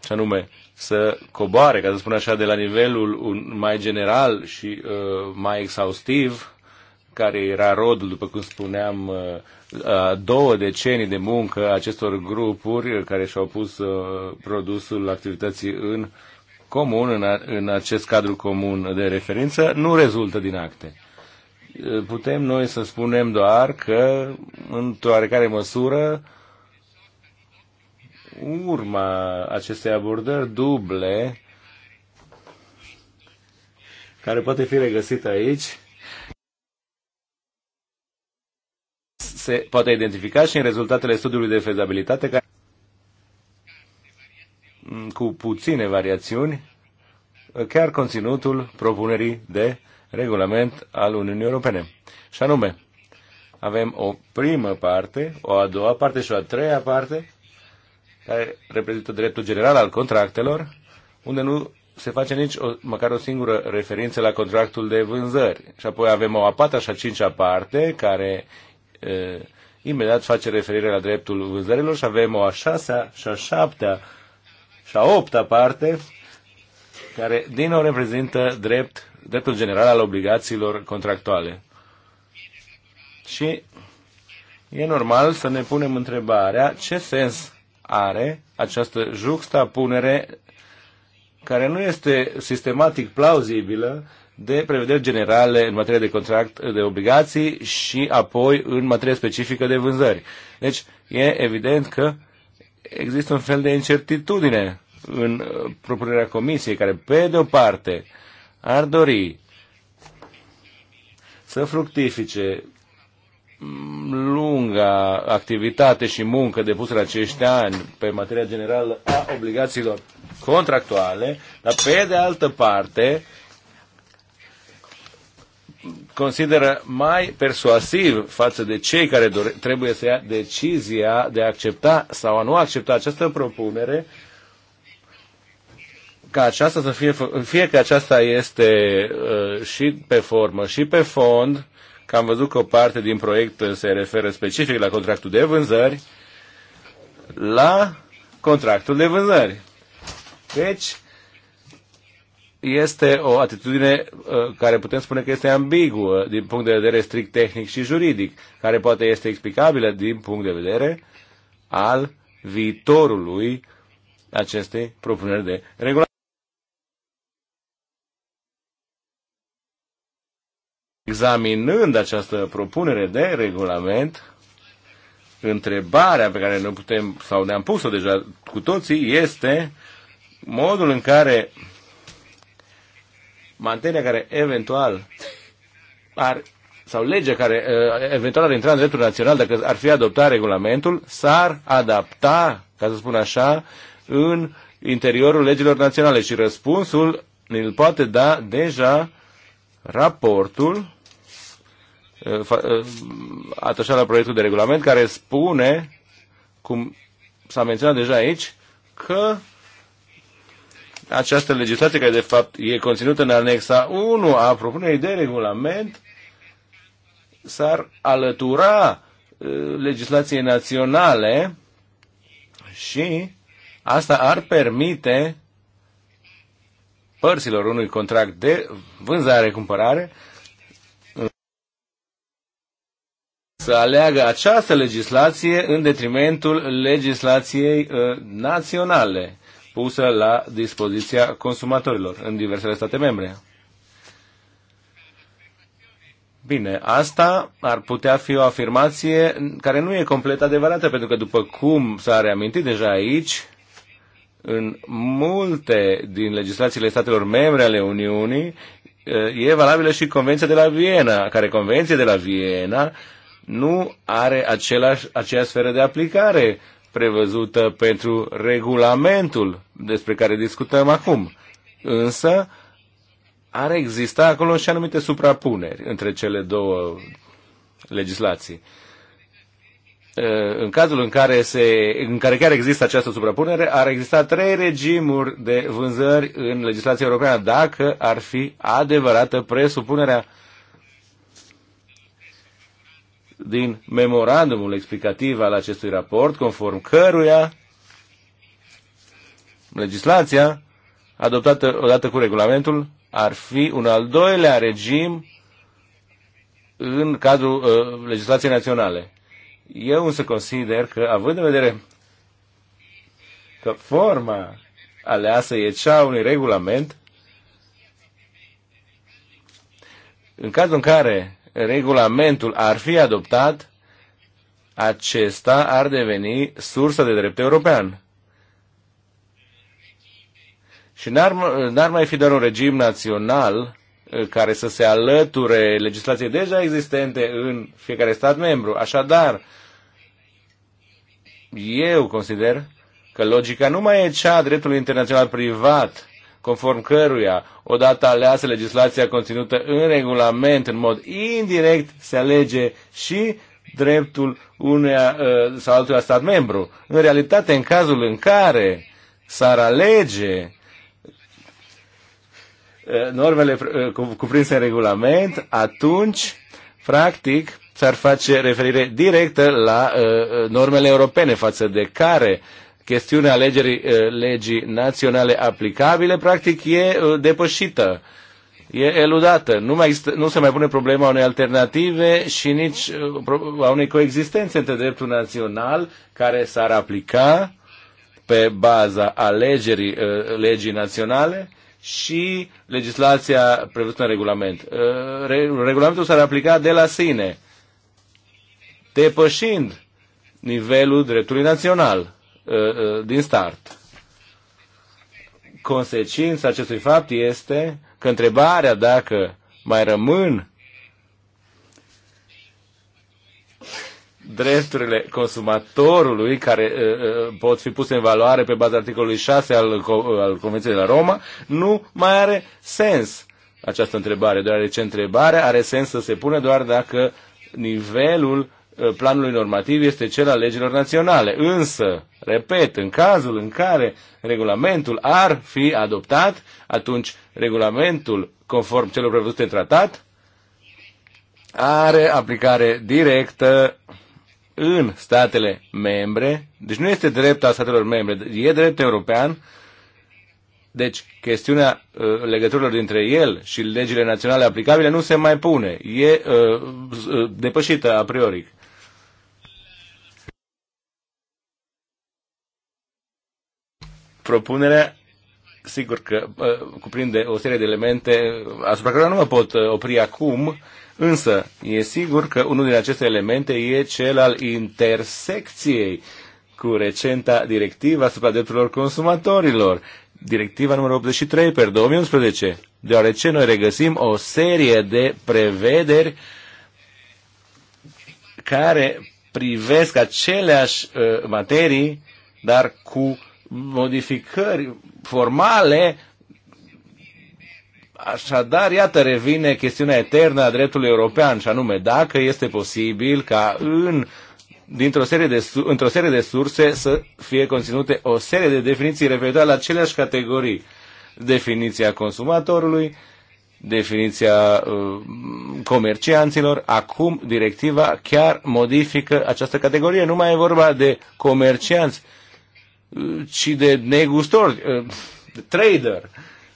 ce anume să coboare, ca să spun așa, de la nivelul un, mai general și uh, mai exhaustiv, care era rodul, după cum spuneam, uh, două decenii de muncă acestor grupuri care și-au pus produsul activității în comun, în, a, în acest cadru comun de referință, nu rezultă din acte. Putem noi să spunem doar că, într-o oarecare măsură, urma acestei abordări duble, care poate fi regăsită aici, se poate identifica și în rezultatele studiului de fezabilitate care cu puține variațiuni chiar conținutul propunerii de regulament al Uniunii Europene. Și anume, avem o primă parte, o a doua parte și o a treia parte, care reprezintă dreptul general al contractelor, unde nu se face nici o, măcar o singură referință la contractul de vânzări. Și apoi avem o a patra și a cincea parte, care uh, imediat face referire la dreptul vânzărilor și avem o a șasea și a șaptea și a opta parte care din nou reprezintă drept, dreptul general al obligațiilor contractuale. Și e normal să ne punem întrebarea ce sens are această juxtapunere care nu este sistematic plauzibilă de prevederi generale în materie de contract de obligații și apoi în materie specifică de vânzări. Deci e evident că există un fel de incertitudine în uh, propunerea comisiei care, pe de o parte, ar dori să fructifice mm, lunga activitate și muncă depusă în acești ani pe materia generală a obligațiilor contractuale, dar pe de altă parte consideră mai persuasiv față de cei care dore, trebuie să ia decizia de a accepta sau a nu accepta această propunere ca aceasta să fie, fie că aceasta este uh, și pe formă și pe fond, că am văzut că o parte din proiect se referă specific la contractul de vânzări, la contractul de vânzări. Deci, este o atitudine uh, care putem spune că este ambiguă din punct de vedere strict tehnic și juridic, care poate este explicabilă din punct de vedere al viitorului acestei propuneri de regulament. Examinând această propunere de regulament, întrebarea pe care ne putem sau ne-am pus-o deja cu toții este modul în care mantenia care eventual ar sau legea care uh, eventual ar intra în dreptul național, dacă ar fi adoptat regulamentul, s-ar adapta, ca să spun așa, în interiorul legilor naționale. Și răspunsul îl poate da deja raportul uh, uh, atașat la proiectul de regulament, care spune, cum s-a menționat deja aici, că această legislație, care de fapt e conținută în anexa 1 a propunerii de regulament, s-ar alătura uh, legislației naționale și asta ar permite părților unui contract de vânzare-cumpărare uh, să aleagă această legislație în detrimentul legislației uh, naționale pusă la dispoziția consumatorilor în diversele state membre. Bine, asta ar putea fi o afirmație care nu e complet adevărată, pentru că după cum s-a reamintit deja aici, în multe din legislațiile statelor membre ale Uniunii, eh, e valabilă și Convenția de la Viena, care Convenția de la Viena nu are același, aceeași sferă de aplicare prevăzută pentru regulamentul despre care discutăm acum. Însă ar exista acolo și anumite suprapuneri între cele două legislații. În cazul în care, se, în care chiar există această suprapunere, ar exista trei regimuri de vânzări în legislația europeană, dacă ar fi adevărată presupunerea uh, din memorandumul explicativ al acestui raport, conform căruia legislația adoptată odată cu regulamentul ar fi un al doilea regim în cadrul uh, legislației naționale. Eu însă consider că, având în vedere că forma aleasă e cea unui regulament, în cazul în care regulamentul ar fi adoptat, acesta ar deveni sursa de drept european. Și n-ar, n-ar mai fi doar un regim național uh, care să se alăture legislației deja existente în fiecare stat membru. Așadar, eu consider că logica nu mai e cea a dreptului internațional privat, conform căruia, odată aleasă legislația conținută în regulament, în mod indirect, se alege și dreptul uneia ă, sau altuia stat membru. În realitate, în cazul în care s-ar alege ă, normele ă, cuprinse în regulament, atunci, practic, s-ar face referire directă la normele europene față de care chestiunea alegerii eh, legii naționale aplicabile, practic, e eh, depășită, e eludată. Nu, mai există, nu se mai pune problema unei alternative și nici eh, a unei coexistențe între dreptul național care s-ar aplica pe baza alegerii legii naționale și legislația prevăzută în regulament. Regulamentul s-ar aplica de la sine, depășind nivelul dreptului național. Uh, uh, din start. Consecința acestui fapt este că întrebarea dacă mai rămân drepturile consumatorului care uh, uh pot fi puse în valoare pe baza articolului 6 al, al Convenției de la Roma, nu mai are sens această întrebare, deoarece întrebarea are sens să se pune doar dacă nivelul Uh, planului normativ este cel al legilor naționale. Însă, repet, în cazul în care regulamentul ar fi adoptat, atunci regulamentul, conform celor prevăzute în tratat, are aplicare directă în statele membre, deci nu este drept al statelor membre, e drept european, deci chestiunea uh, legăturilor dintre el și legile naționale aplicabile nu se mai pune, e uh, uh depășită a priori. propunerea sigur că cuprinde o serie de elemente asupra care nu mă pot uh, opri acum, însă e sigur că unul din aceste elemente e cel al intersecției cu recenta directivă asupra drepturilor consumatorilor, directiva numărul 83 per 2011, deoarece noi regăsim o serie de prevederi care privesc aceleași uh, materii, dar cu modificări formale. Așadar, iată, revine chestiunea eternă a dreptului european, și anume, dacă este posibil ca în dintr-o serie de, într-o serie de surse să fie conținute o serie de definiții referitoare la aceleași categorii. Definiția consumatorului, definiția uh, comercianților. Acum directiva chiar modifică această categorie. Nu mai e vorba de comercianți, ci de negustori, uh, de trader.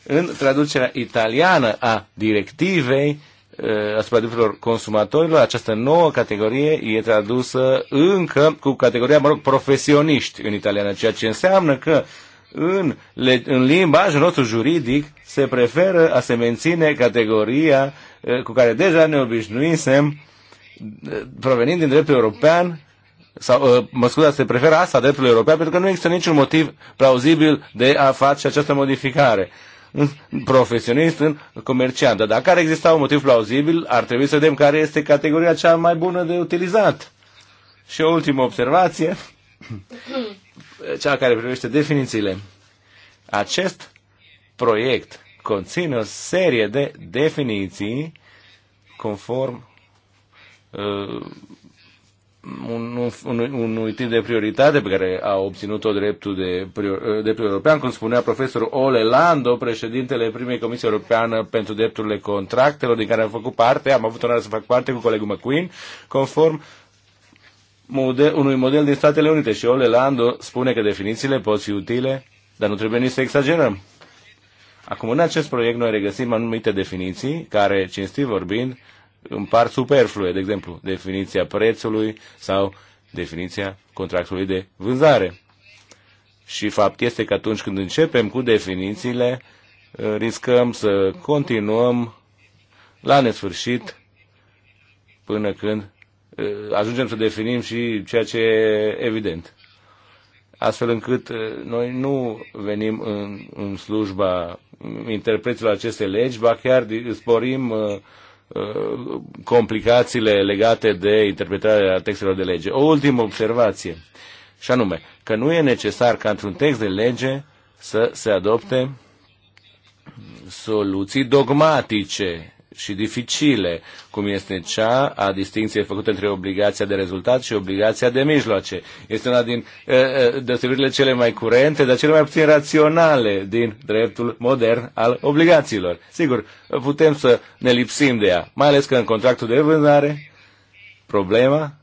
În traducerea italiană a directivei uh, asupra drepturilor consumatorilor, această nouă categorie e tradusă încă cu categoria, mă rog, profesioniști în italiană, ceea ce înseamnă că în, le, în limbajul nostru juridic se preferă a se menține categoria uh, cu care deja ne obișnuisem, provenind din dreptul european, sau, uh, mă scuzați, se preferă asta dreptului european pentru că nu există niciun motiv plauzibil de a face această modificare în profesionist, în comerciant. Dar dacă ar exista un motiv plauzibil, ar trebui să vedem care este categoria cea mai bună de utilizat. Și o ultimă observație, cea care privește definițiile. Acest proiect conține o serie de definiții conform uh, un, un, un tip de prioritate pe care a obținut-o dreptul, de, prior european, cum spunea profesorul Ole Lando, președintele primei Comisii Europeană pentru Drepturile Contractelor, din care am făcut parte, am avut onoarea să fac parte cu colegul McQueen, conform model, unui model din Statele Unite. Și Ole Lando spune că definițiile pot fi utile, dar nu trebuie nici să exagerăm. Acum, în acest proiect, noi regăsim anumite definiții care, cinstit vorbind, par superflue, de exemplu, definiția prețului sau definiția contractului de vânzare. Și fapt este că atunci când începem cu definițiile, uh, riscăm să continuăm la nesfârșit până când uh, ajungem să definim și ceea ce e evident. Astfel încât uh, noi nu venim în, în slujba interpreților acestei legi, ba chiar sporim complicațiile legate de interpretarea textelor de lege. O ultimă observație, și anume, că nu e necesar ca într-un text de lege să se adopte soluții dogmatice și dificile, cum este cea a distinției făcute între obligația de rezultat și obligația de mijloace. Este una din uh, uh, deosebirile cele mai curente, dar cele mai puțin raționale din dreptul modern al obligațiilor. Sigur, putem să ne lipsim de ea, mai ales că în contractul de vânzare problema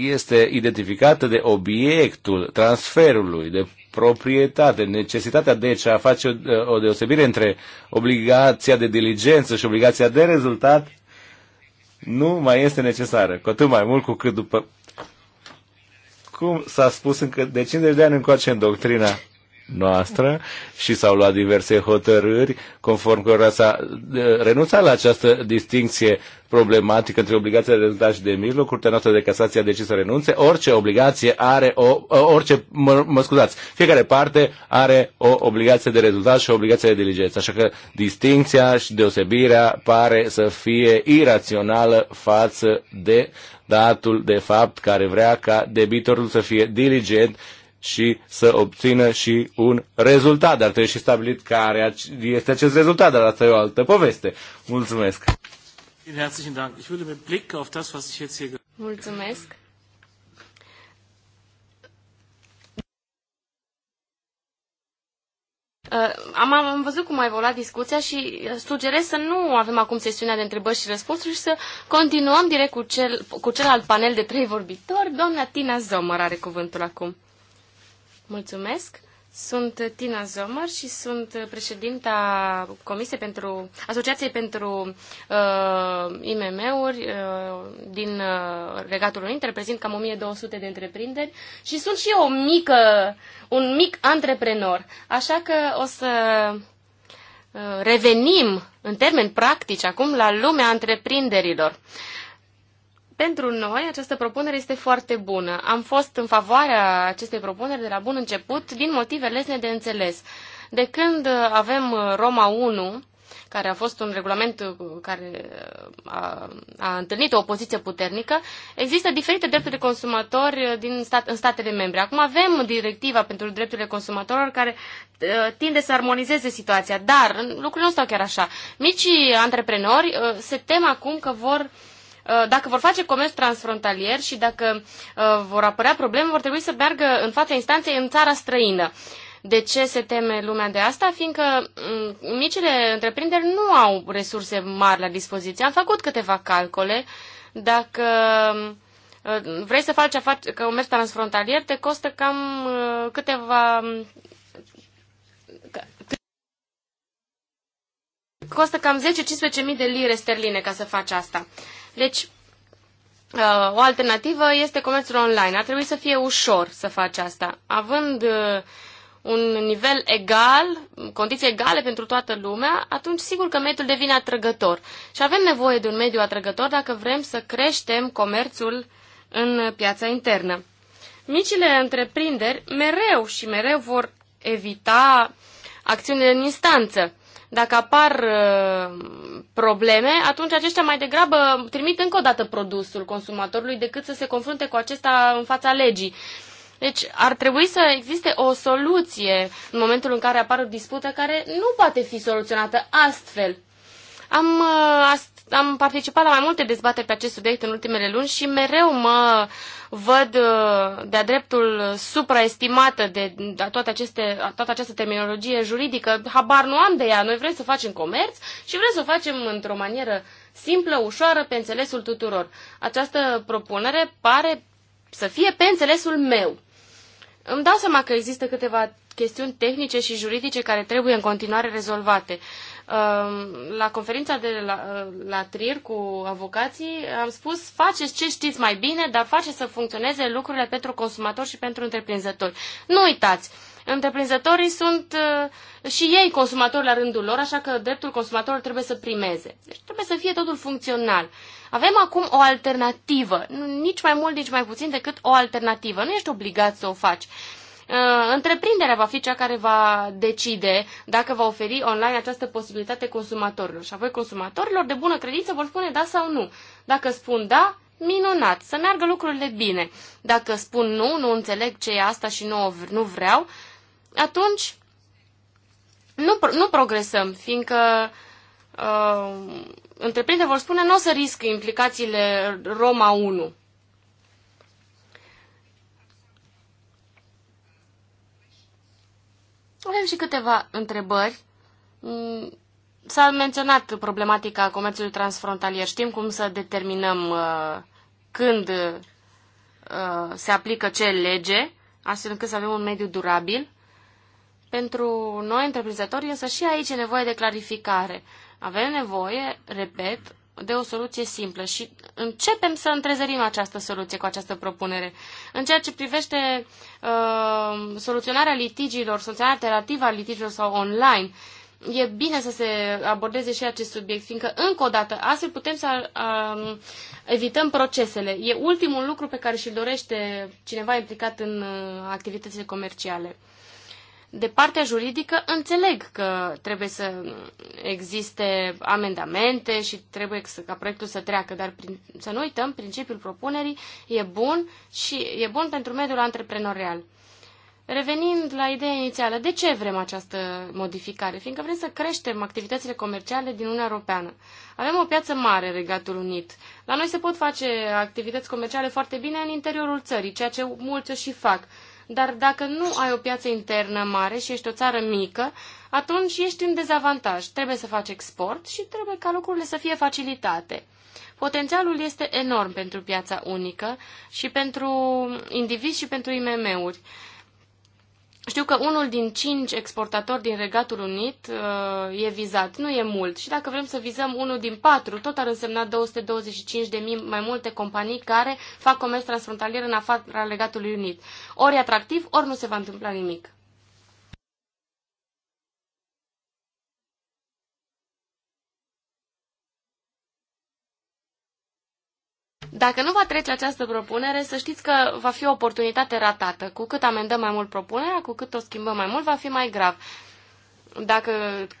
este identificată de obiectul transferului, de proprietate. Necesitatea deci a face o, o deosebire între obligația de diligență și obligația de rezultat nu mai este necesară. Cu atât mai mult cu cât după cum s-a spus încă de 50 de ani încoace în doctrina noastră și s-au luat diverse hotărâri conform cărora s-a uh, renunțat la această distinție problematică între obligația de rezultat și de mijloc, curtea noastră de casație a decis să renunțe, orice obligație are o, orice, mă, mă scuzați, fiecare parte are o obligație de rezultat și o obligație de diligență, așa că distinția și deosebirea pare să fie irațională față de datul de fapt care vrea ca debitorul să fie diligent și să obțină și un rezultat. Dar trebuie și stabilit care este acest rezultat, dar asta e o altă poveste. Mulțumesc! Herzlichen Dank. Ich würde mit Blick auf das, was ich jetzt hier Mulțumesc. Uh, am, am văzut cum a evoluat discuția și uh, sugerez să nu avem acum sesiunea de întrebări și răspunsuri și să continuăm direct cu, cel, cu celălalt panel de trei vorbitori. Doamna Tina Zomăr are cuvântul acum. Mulțumesc. Sunt Tina Zomăr și sunt președinta Comisiei pentru Asociației pentru uh, IMM-uri uh, din uh, Regatul Unit, reprezint cam 1200 de întreprinderi și sunt și eu o mică, un mic antreprenor. Așa că o să uh, revenim în termeni practici acum la lumea întreprinderilor. Uh, pentru noi, această propunere este foarte bună. Am fost în favoarea acestei propuneri de la bun început, din motive lesne de înțeles. De când avem Roma 1, care a fost un regulament care a, a întâlnit o opoziție puternică, există diferite drepturi de consumatori din stat, în statele membre. Acum avem directiva pentru drepturile consumatorilor care ă, tinde să armonizeze situația, dar lucrurile nu stau chiar așa. Micii antreprenori ă, se tem acum că vor Uh, dacă vor face comerț transfrontalier și dacă uh, vor apărea probleme, vor trebui să meargă în fața instanței în țara străină. De ce se teme lumea de asta? Fiindcă mm, micile întreprinderi nu au resurse mari la dispoziție. Am făcut câteva calcole. Dacă mm, uh, vrei să faci afaceri, comerț transfrontalier, te costă cam câteva mm, costă cam 10-15 mii de lire sterline ca să faci asta. Deci, uh, o alternativă este comerțul online. Ar trebui să fie ușor să faci asta. Având uh, un nivel egal, condiții egale pentru toată lumea, atunci sigur că mediul devine atrăgător. Și avem nevoie de un mediu atrăgător dacă vrem să creștem comerțul în piața internă. Micile întreprinderi mereu și mereu vor evita acțiunile în instanță dacă apar uh, probleme, atunci aceștia mai degrabă trimit încă o dată produsul consumatorului decât să se confrunte cu acesta în fața legii. Deci ar trebui să existe o soluție în momentul în care apare o dispută care nu poate fi soluționată astfel. Am uh, am participat la mai multe dezbateri pe acest subiect în ultimele luni și mereu mă văd uh, de-a dreptul supraestimată de toate aceste, toată această terminologie juridică. Habar nu am de ea. Noi vrem să facem comerț și vrem să o facem într-o manieră simplă, ușoară, pe înțelesul tuturor. Această propunere pare să fie pe înțelesul meu. Îmi dau seama că există câteva chestiuni tehnice și juridice care trebuie în continuare rezolvate. Um, la conferința de la, la Trier cu avocații am spus faceți ce știți mai bine, dar faceți să funcționeze lucrurile pentru consumatori și pentru întreprinzători. Nu uitați! întreprinzătorii sunt uh, și ei consumatori la rândul lor, așa că dreptul consumatorilor trebuie să primeze. Deci trebuie să fie totul funcțional. Avem acum o alternativă, nici mai mult, nici mai puțin decât o alternativă. Nu ești obligat să o faci. Uh, întreprinderea va fi cea care va decide dacă va oferi online această posibilitate consumatorilor. Și apoi consumatorilor de bună credință vor spune da sau nu. Dacă spun da, minunat, să meargă lucrurile bine. Dacă spun nu, nu înțeleg ce e asta și nu, nu vreau, atunci nu, nu progresăm, fiindcă uh, întreprinderea vor spune nu o să risc implicațiile Roma 1. Avem și câteva întrebări. Mm, S-a menționat problematica comerțului transfrontalier. Știm cum să determinăm uh, când uh, se aplică ce lege, astfel încât să avem un mediu durabil. Pentru noi, întreprinzători, însă și aici e nevoie de clarificare. Avem nevoie, repet, de o soluție simplă și începem să întrezărim această soluție cu această propunere. În ceea ce privește uh, soluționarea litigiilor, soluționarea alternativă a litigiilor sau online, e bine să se abordeze și acest subiect, fiindcă, încă o dată, astfel putem să uh, evităm procesele. E ultimul lucru pe care și-l dorește cineva implicat în uh, activitățile comerciale de partea juridică înțeleg că trebuie să existe amendamente și trebuie să, ca proiectul să treacă, dar prin, să nu uităm, principiul propunerii e bun și e bun pentru mediul antreprenorial. Revenind la ideea inițială, de ce vrem această modificare? Fiindcă vrem să creștem activitățile comerciale din Uniunea Europeană. Avem o piață mare, Regatul Unit. La noi se pot face activități comerciale foarte bine în interiorul țării, ceea ce mulți o și fac. Dar dacă nu ai o piață internă mare și ești o țară mică, atunci ești în dezavantaj. Trebuie să faci export și trebuie ca lucrurile să fie facilitate. Potențialul este enorm pentru piața unică și pentru indivizi și pentru IMM-uri. Știu că unul din cinci exportatori din Regatul Unit uh, e vizat. Nu e mult. Și dacă vrem să vizăm unul din patru, tot ar însemna 225 de mii mai multe companii care fac comerț transfrontalier în afara Regatului Unit. Ori e atractiv, ori nu se va întâmpla nimic. Dacă nu va trece această propunere, să știți că va fi o oportunitate ratată. Cu cât amendăm mai mult propunerea, cu cât o schimbăm mai mult, va fi mai grav. Dacă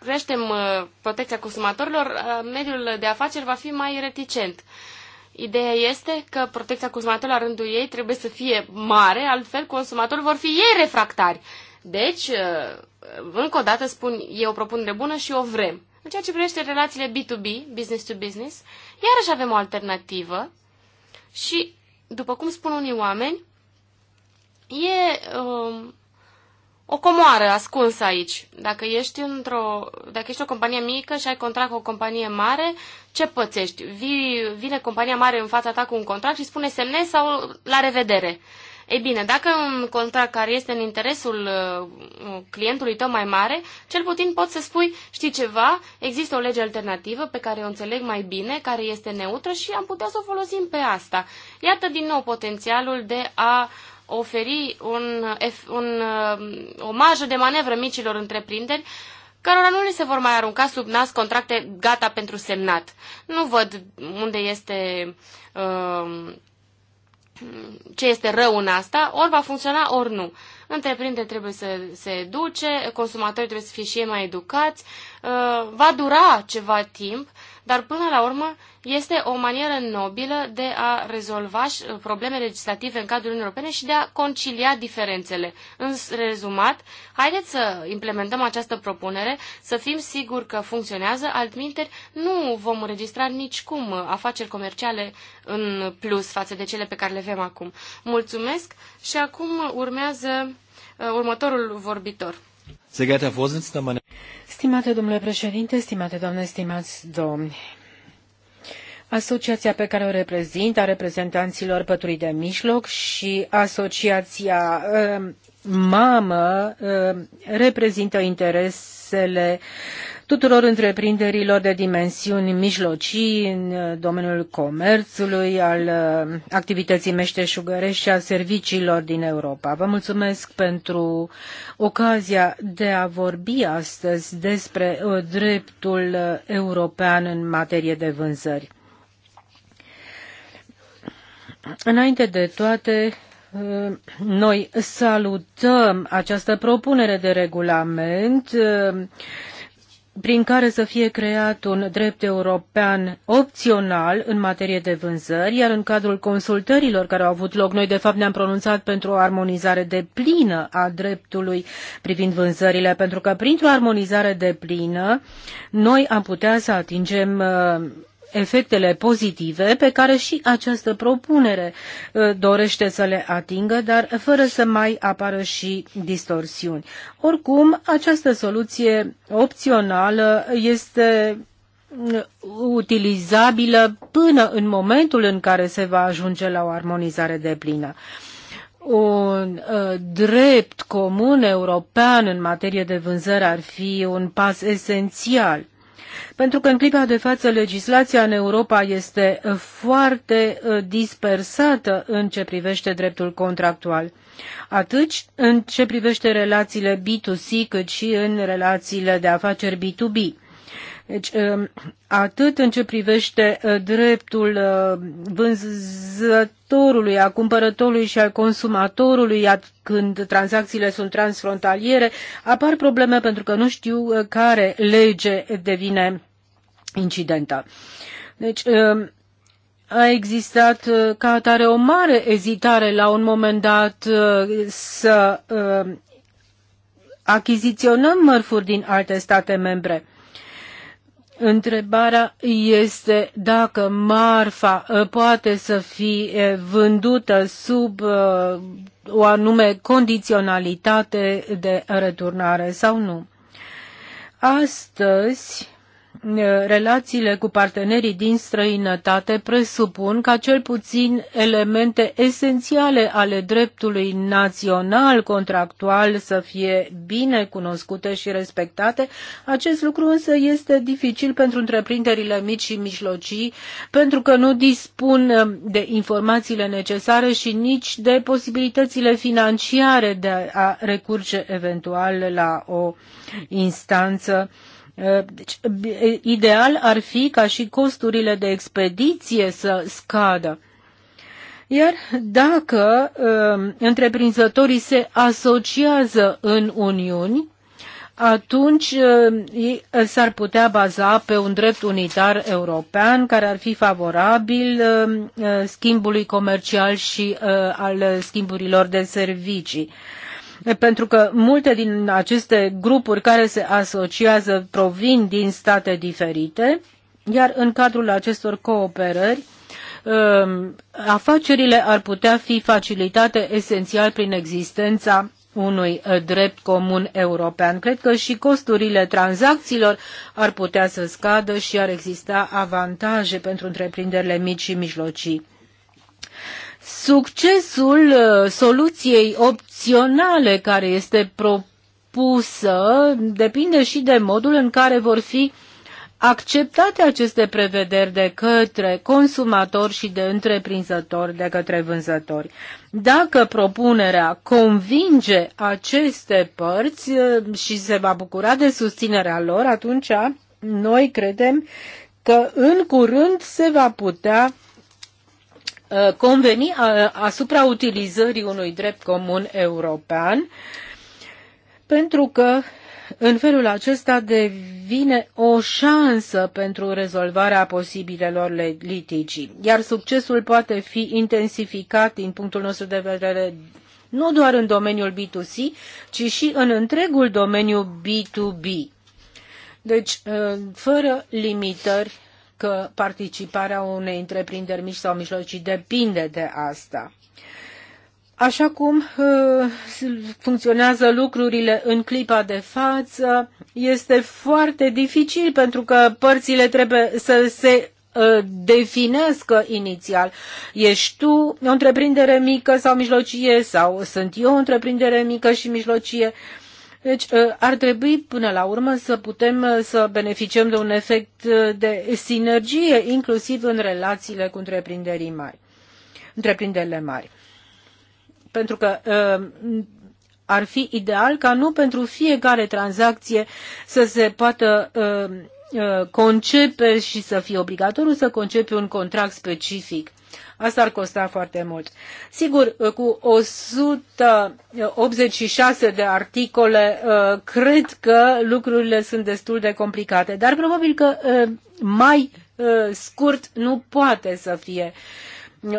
creștem uh, protecția consumatorilor, uh, mediul de afaceri va fi mai reticent. Ideea este că protecția consumatorilor la rândul ei trebuie să fie mare, altfel consumatorii vor fi ei refractari. Deci, uh, încă o dată spun, e o propunere bună și o vrem. În ceea ce privește relațiile B2B, business to business, iarăși avem o alternativă și, după cum spun unii oameni, e um, o comoară ascunsă aici. Dacă ești, într-o, dacă ești o companie mică și ai contract cu o companie mare, ce pățești? Vi, vine compania mare în fața ta cu un contract și spune semnezi sau la revedere. Uh, ei bine, dacă un contract care este în interesul uh, clientului tău mai mare, cel puțin poți să spui, știi ceva, există o lege alternativă pe care o înțeleg mai bine, care este neutră și am putea să o folosim pe asta. Iată din nou potențialul de a oferi un, un, uh, o marjă de manevră micilor întreprinderi cărora nu le se vor mai arunca sub nas contracte gata pentru semnat. Nu văd unde este uh, ce este rău în asta, ori va funcționa, ori nu. Întreprinderile trebuie să se educe, consumatorii trebuie să fie și ei mai educați, uh, va dura ceva timp, dar până la urmă este o manieră nobilă de a rezolva uh, probleme legislative în cadrul Uniunii Europene și de a concilia diferențele. În rezumat, haideți să implementăm această propunere, să fim siguri că funcționează, altminteri nu vom înregistra nicicum uh, afaceri comerciale în plus față de cele pe care le avem acum. Mulțumesc și acum urmează uh, următorul vorbitor. Stimate domnule președinte, stimate doamne, stimați domni, asociația pe care o reprezint a reprezentanților păturii de mijloc și asociația uh, mamă uh, reprezintă interesele tuturor întreprinderilor de dimensiuni mijlocii în uh, domeniul comerțului, al uh, activității meșteșugărești și a serviciilor din Europa. Vă mulțumesc pentru ocazia de a vorbi astăzi despre uh, dreptul european în materie de vânzări. Înainte de toate, noi salutăm această propunere de regulament prin care să fie creat un drept european opțional în materie de vânzări, iar în cadrul consultărilor care au avut loc, noi de fapt ne-am pronunțat pentru o armonizare de plină a dreptului privind vânzările, pentru că printr-o armonizare de plină noi am putea să atingem uh, efectele pozitive pe care și această propunere uh, dorește să le atingă, dar fără să mai apară și distorsiuni. Oricum, această soluție opțională este uh, utilizabilă până în momentul în care se va ajunge la o armonizare deplină un uh, drept comun european în materie de vânzări ar fi un pas esențial. Pentru că în clipa de față legislația în Europa este uh, foarte uh, dispersată în ce privește dreptul contractual, atât în ce privește relațiile B2C cât și în relațiile de afaceri B2B. Deci, um, atât în ce privește uh, dreptul uh, vânzătorului, a cumpărătorului și al consumatorului, când tranzacțiile sunt transfrontaliere, apar probleme pentru că nu știu uh, care lege devine incidentă. Deci, um, a existat ca atare o mare ezitare la un moment dat să achiziționăm mărfuri din alte state membre. Întrebarea este dacă marfa uh, poate să fie uh, vândută sub uh, o anume condiționalitate de returnare sau nu. Astăzi, relațiile cu partenerii din străinătate presupun ca cel puțin elemente esențiale ale dreptului național contractual să fie bine cunoscute și respectate. Acest lucru însă este dificil pentru întreprinderile mici și mijlocii pentru că nu dispun um, de informațiile necesare și nici de posibilitățile financiare de a recurge eventual la o instanță uh, Uh, deci, uh, ideal ar fi ca și costurile de expediție să scadă. Iar dacă uh, întreprinzătorii se asociază în uniuni, atunci s-ar putea baza pe un drept unitar european care ar fi favorabil schimbului comercial și al schimburilor de servicii pentru că multe din aceste grupuri care se asociază provin din state diferite, iar în cadrul acestor cooperări, um, afacerile ar putea fi facilitate esențial prin existența unui uh, drept comun european. Cred că și costurile tranzacțiilor ar putea să scadă și ar exista avantaje pentru întreprinderile mici și mijlocii succesul uh, soluției opționale care este propusă depinde și de modul în care vor fi acceptate aceste prevederi de către consumatori și de întreprinzători, de către vânzători. Dacă propunerea convinge aceste părți uh, și se va bucura de susținerea lor, atunci noi credem că în curând se va putea Uh, conveni uh, asupra utilizării unui drept comun european, pentru că în felul acesta devine o șansă pentru rezolvarea posibilelor litigii, iar succesul poate fi intensificat din punctul nostru de vedere nu doar în domeniul B2C, ci și în întregul domeniu B2B. Deci, uh, fără limitări, că participarea unei întreprinderi mici sau mijlocii depinde de asta. Așa cum uh, funcționează lucrurile în clipa de față, este foarte dificil pentru că părțile trebuie să se uh, definească inițial. Ești tu o întreprindere mică sau mijlocie sau sunt eu o întreprindere mică și mijlocie? Uh, deci ă, ar trebui până la urmă să putem ă, să beneficiem de un efect ă, de sinergie, inclusiv în relațiile cu întreprinderii mari, întreprinderile mari. Pentru că ar fi ideal ca nu pentru fiecare tranzacție să se poată uh, Uh, concepe și să fie obligatoriu să concepe un contract specific. Asta ar costa foarte mult. Sigur, uh, cu 186 de articole, uh, cred că lucrurile sunt destul de complicate, dar probabil că mai scurt nu poate să fie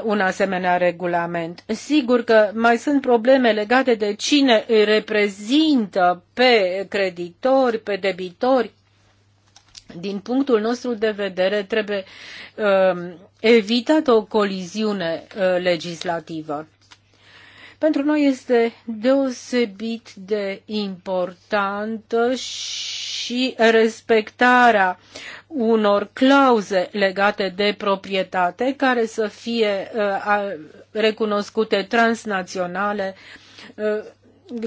un asemenea regulament. Sigur că mai sunt probleme legate de cine îi reprezintă pe creditori, pe debitori, din punctul nostru de vedere, trebuie uh, evitată o coliziune uh, legislativă. Pentru noi este deosebit de importantă și respectarea unor clauze legate de proprietate care să fie uh, recunoscute transnaționale uh,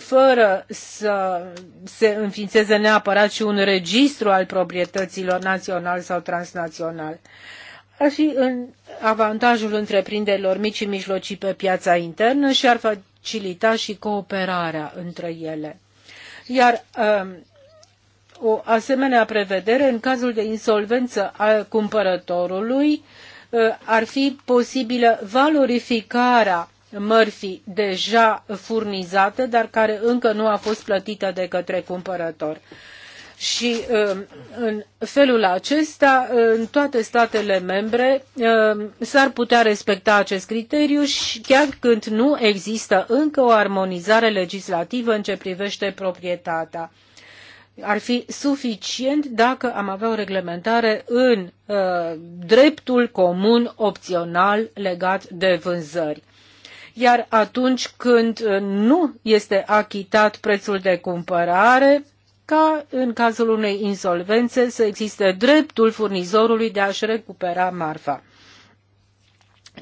fără să se înființeze neapărat și un registru al proprietăților național sau transnațional. Ar fi în avantajul întreprinderilor mici și mijlocii pe piața internă și ar facilita și cooperarea între ele. Iar um, o asemenea prevedere, în cazul de insolvență a cumpărătorului, uh, ar fi posibilă valorificarea mărfi deja furnizate, dar care încă nu a fost plătită de către cumpărător. Și um, în felul acesta, în toate statele membre, um, s-ar putea respecta acest criteriu și chiar când nu există încă o armonizare legislativă în ce privește proprietatea ar fi suficient dacă am avea o reglementare în uh, dreptul comun opțional legat de vânzări iar atunci când uh, nu este achitat prețul de cumpărare, ca în cazul unei insolvențe să existe dreptul furnizorului de a-și recupera marfa.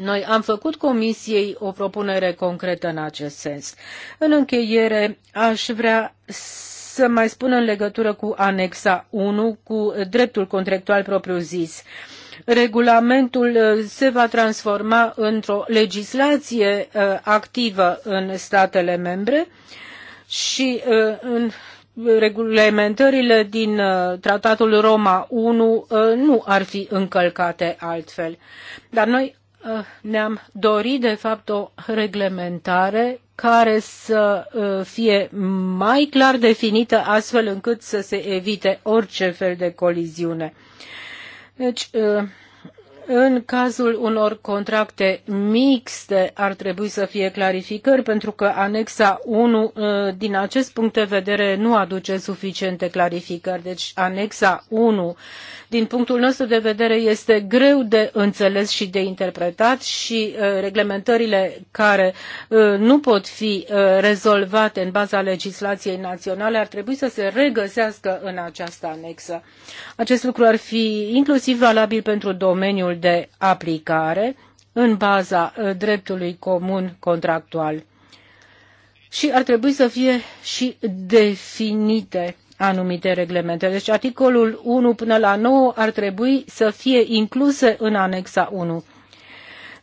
Noi am făcut Comisiei o propunere concretă în acest sens. În încheiere, aș vrea să mai spun în legătură cu anexa 1, cu dreptul contractual propriu-zis. Uh, Regulamentul uh, se va transforma într-o legislație uh, activă în statele membre și uh, în reglementările din tratatul Roma 1 nu ar fi încălcate altfel. Dar noi ne-am dorit, de fapt, o reglementare care să fie mai clar definită astfel încât să se evite orice fel de coliziune. Deci, ă, în cazul unor contracte mixte ar trebui să fie clarificări, pentru că anexa 1, ă, din acest punct de vedere, nu aduce suficiente clarificări. Deci, anexa 1 din punctul nostru de vedere este greu de înțeles și de interpretat și uh, reglementările care uh, nu pot fi uh, rezolvate în baza legislației naționale ar trebui să se regăsească în această anexă. Acest lucru ar fi inclusiv valabil pentru domeniul de aplicare în baza dreptului comun contractual și ar trebui să fie și definite anumite reglementări. Deci articolul 1 până la 9 ar trebui să fie incluse în anexa 1.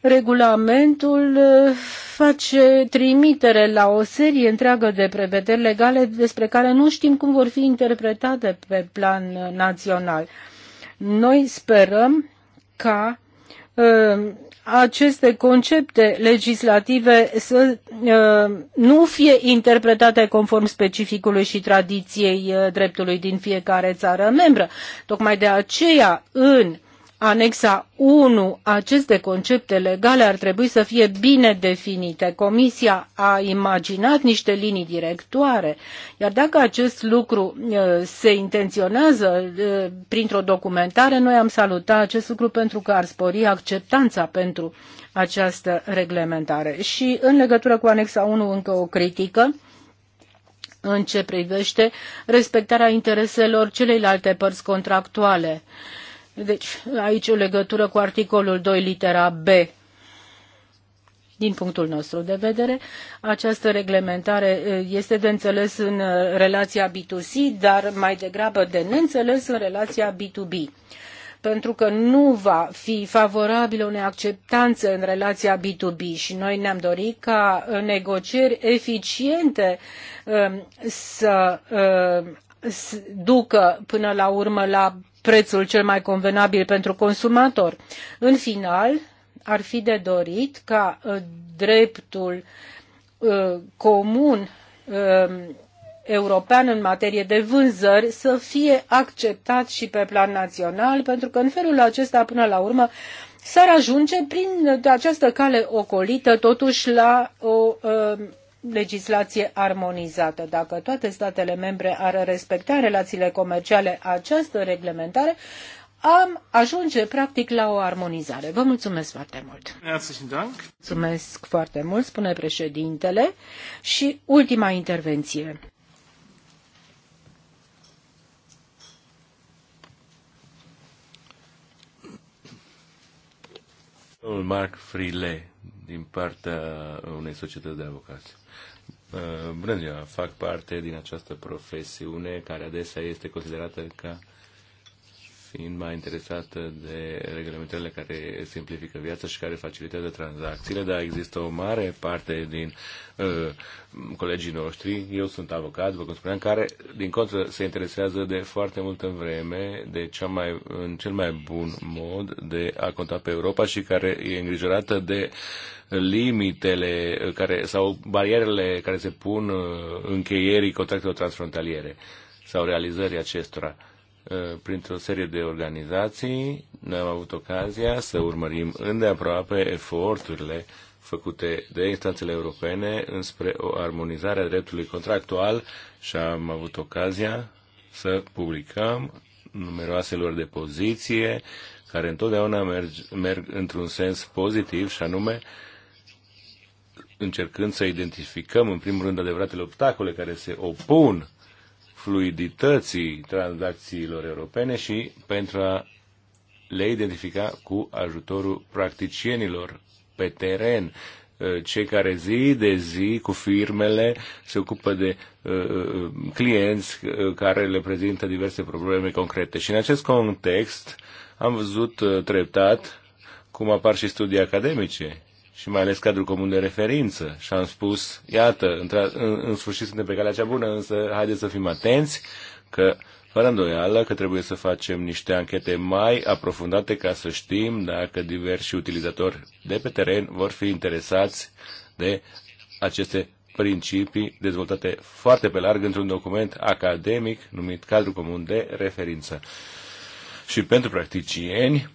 Regulamentul uh, face trimitere la o serie întreagă de prevederi legale despre care nu știm cum vor fi interpretate pe plan uh, național. Noi sperăm ca uh, aceste concepte legislative să uh, nu fie interpretate conform specificului și tradiției uh, dreptului din fiecare țară membră. Tocmai de aceea, în anexa 1, aceste concepte legale ar trebui să fie bine definite. Comisia a imaginat niște linii directoare, iar dacă acest lucru se intenționează printr-o documentare, noi am salutat acest lucru pentru că ar spori acceptanța pentru această reglementare. Și în legătură cu anexa 1 încă o critică în ce privește respectarea intereselor celeilalte părți contractuale. Uh, deci, aici o legătură cu articolul 2, litera B. Din punctul nostru de vedere, această reglementare este de înțeles în uh, relația B2C, dar mai degrabă de neînțeles în relația B2B pentru că nu va fi favorabilă unei acceptanțe în relația B2B și noi ne-am dorit ca negocieri eficiente um, să uh, ducă până la urmă la prețul cel mai convenabil pentru consumator. În final, ar fi de dorit ca uh, dreptul uh, comun um, european în materie de vânzări să fie acceptat și pe plan național, pentru că în felul acesta, până la urmă, s-ar ajunge prin această cale ocolită totuși la o um, legislație armonizată. Dacă toate statele membre ar respecta relațiile comerciale această reglementare, am ajunge practic la o armonizare. Vă mulțumesc foarte mult. Mulțumesc foarte mult, spune președintele. Și ultima intervenție. Mark Frile din partea unei societăți de avocați. Uh, bună ziua, fac parte din această profesiune care adesea este considerată ca fiind mai interesată de reglementările care simplifică viața și care facilitează tranzacțiile, dar există o mare parte din uh, colegii noștri, eu sunt avocat, vă cum spuneam, care, din contră, se interesează de foarte multă vreme de cea mai, în cel mai bun mod de a conta pe Europa și care e îngrijorată de limitele care, sau barierele care se pun uh, încheierii contractelor transfrontaliere sau realizării acestora. Eh, printr-o serie de organizații. Noi am avut ocazia să urmărim îndeaproape eforturile făcute de instanțele europene înspre o armonizare a dreptului contractual și am avut ocazia să publicăm numeroase lor de poziție, care întotdeauna merg, merg într-un sens pozitiv și anume încercând să identificăm în primul rând adevăratele obstacole care se opun fluidității tranzacțiilor europene și pentru a le identifica cu ajutorul practicienilor pe teren, uh, cei care zi de zi cu firmele se ocupă de uh, uh clienți uh, care le prezintă diverse probleme concrete. Și în acest context am văzut treptat cum apar și studii academice și mai ales cadrul comun de referință. Și am spus, iată, în, în sfârșit suntem pe calea cea bună, însă haideți să fim atenți că, fără îndoială, că trebuie să facem niște anchete mai aprofundate ca să știm dacă diversi utilizatori de pe teren vor fi interesați de aceste principii dezvoltate foarte pe larg într-un document academic numit Cadru Comun de Referință. Și pentru practicieni,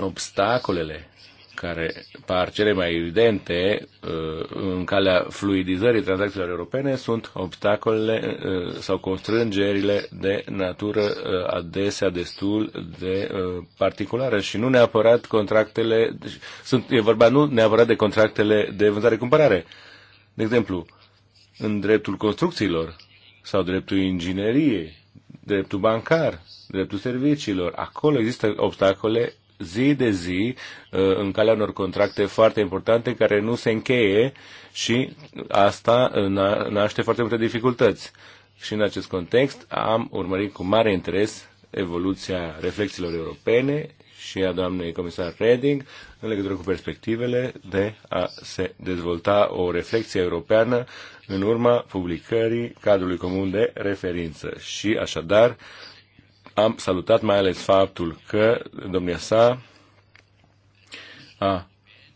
obstacolele care par cele mai evidente uh, în calea fluidizării tranzacțiilor europene sunt obstacolele uh, sau constrângerile de natură uh, adesea destul de particulară și nu neapărat contractele, deci, sunt, e vorba nu neapărat de contractele de vânzare-cumpărare. De exemplu, în dreptul construcțiilor sau dreptul ingineriei, dreptul bancar, dreptul serviciilor, acolo există obstacole zi de zi uh, în calea unor contracte foarte importante care nu se încheie și asta uh, naște foarte multe dificultăți. Și în acest context am urmărit cu mare interes evoluția reflexiilor europene și a doamnei comisar Reding în legătură cu perspectivele de a se dezvolta o reflexie europeană în urma publicării cadrului comun de referință și așadar am salutat mai ales faptul că domnia sa a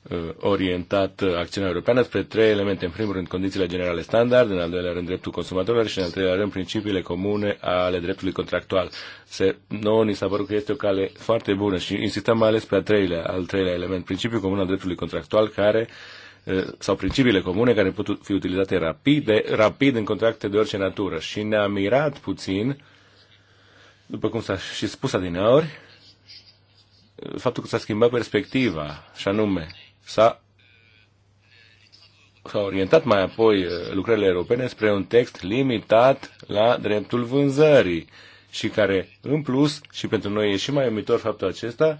uh, orientat acțiunea europeană spre trei elemente. În primul rând, condițiile generale standard, în al doilea rând, dreptul consumatorilor și în al treilea rând, principiile comune ale dreptului contractual. Se, nouă ni s-a părut că este o cale foarte bună și insistăm mai ales pe al treilea, al treilea element, principiul comun al dreptului contractual, care uh, sau principiile comune care pot fi utilizate rapide, rapid în contracte de orice natură. Și ne-a mirat puțin uh, după cum s-a și spus adineori, faptul că s-a schimbat perspectiva, și anume, s-a s orientat mai apoi uh, lucrările europene spre un text limitat la dreptul vânzării și care, în plus, și pentru noi e și mai umitor faptul acesta,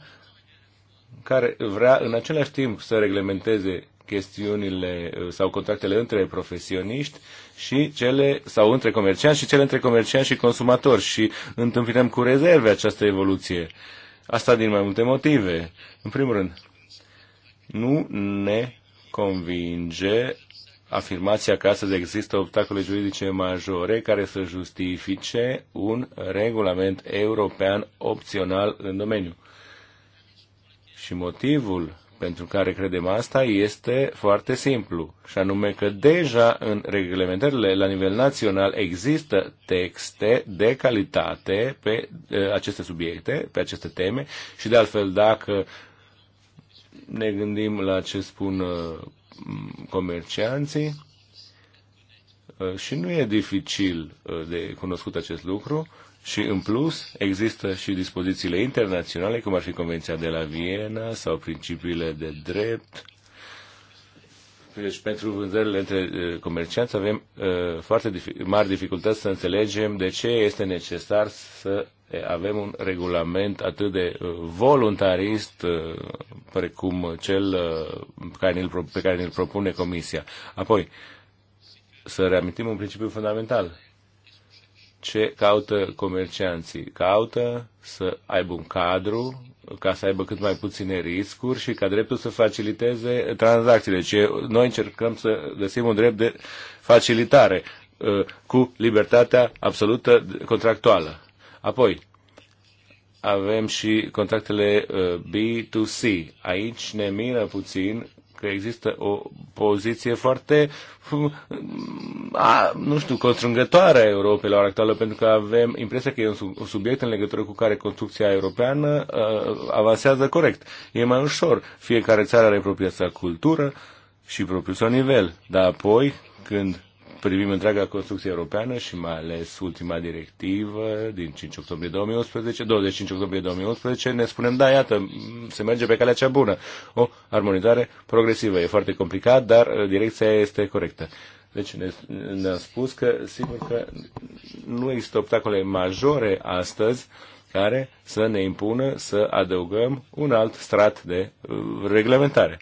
care vrea în același timp să reglementeze chestiunile uh, sau contractele între profesioniști și cele, sau între comercianți și cele între comercianți și consumatori și întâmpinăm cu rezerve această evoluție. Asta din mai multe motive. În primul rând, nu ne convinge afirmația că astăzi există obstacole juridice majore care să justifice un regulament european opțional în domeniu. Și motivul pentru care credem asta este foarte simplu, și anume că deja în reglementările la nivel național există texte de calitate pe eh, aceste subiecte, pe aceste teme și de altfel dacă ne gândim la ce spun eh, comercianții eh, și nu e dificil de cunoscut acest lucru, și în plus există și dispozițiile internaționale, cum ar fi Convenția de la Viena sau principiile de drept. Deci pentru vânzările între uh, comercianți avem uh, foarte dific- mari dificultăți să înțelegem de ce este necesar să avem un regulament atât de uh, voluntarist uh, precum cel uh, care îl, pe care ne-l propune Comisia. Apoi, să reamintim un principiu fundamental ce caută comercianții? Caută să aibă un cadru ca să aibă cât mai puține riscuri și ca dreptul să faciliteze tranzacțiile. Deci noi încercăm să găsim un drept de facilitare uh, cu libertatea absolută contractuală. Apoi, avem și contractele uh, B2C. Aici ne miră puțin că există o poziție foarte, hm, a, nu știu, constrângătoare a Europei la ora actuală, pentru că avem impresia că e un subiect în legătură cu care construcția europeană ă, avansează corect. E mai ușor. Fiecare țară are propria sa cultură și propriul său nivel. Dar apoi, când privim întreaga construcție europeană și mai ales ultima directivă din 5 octombrie 2011, 25 octombrie 2011, ne spunem, da, iată, se merge pe calea cea bună. O armonizare progresivă. E foarte complicat, dar direcția este corectă. Deci ne, ne-a spus că, sigur că nu există obstacole majore astăzi care să ne impună să adăugăm un alt strat de uh, reglementare.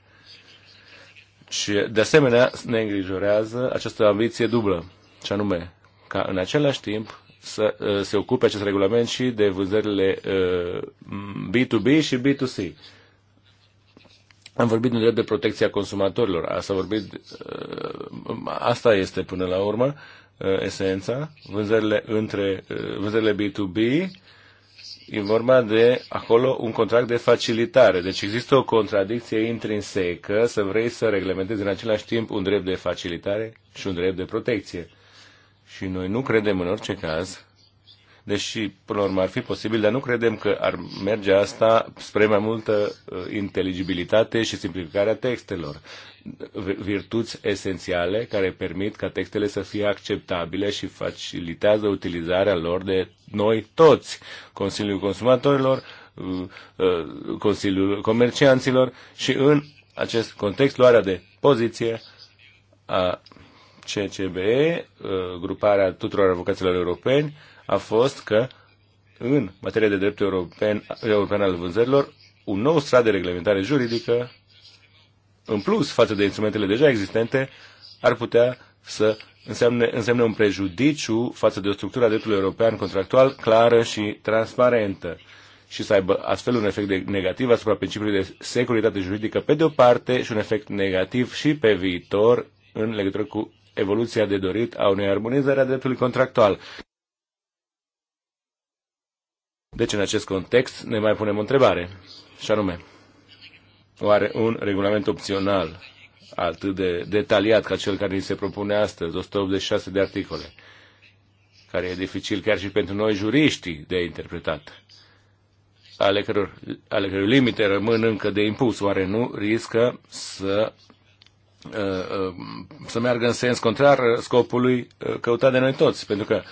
Și de asemenea ne îngrijorează această ambiție dublă, ce anume ca în același timp să uh, se ocupe acest regulament și de vânzările B2B uh, și B2C. Am vorbit în drept de protecția consumatorilor. Asta, vorbit, uh, asta este până la urmă esența, vânzările, între, vânzările B2B e vorba de acolo un contract de facilitare. Deci există o contradicție intrinsecă să vrei să reglementezi în același timp un drept de facilitare și un drept de protecție. Și noi nu credem în orice caz deși până la urmă ar fi posibil, dar nu credem că ar merge asta spre mai multă uh, inteligibilitate și simplificarea textelor. Virtuți esențiale care permit ca textele să fie acceptabile și facilitează utilizarea lor de noi toți, Consiliul Consumatorilor, uh, uh, Consiliul Comercianților și în acest context luarea de poziție a CCBE, gruparea tuturor avocaților europeni, a fost că în materie de drept european, european al vânzărilor, un nou strat de reglementare juridică, în plus față de instrumentele deja existente, ar putea să însemne, însemne un prejudiciu față de o structură a dreptului european contractual clară și transparentă și să aibă astfel un efect de negativ asupra principiului de securitate juridică pe de o parte și un efect negativ și pe viitor în legătură cu evoluția de dorit a unei armonizări a dreptului contractual. Deci, în acest context, ne mai punem o întrebare, și anume, oare un regulament opțional atât de detaliat ca cel care ni se propune astăzi, 186 de articole, care e dificil chiar și pentru noi juriștii de interpretat, ale căror, ale căror limite rămân încă de impus, oare nu riscă să uh, uh, să meargă în sens contrar scopului uh, căutat de noi toți, pentru că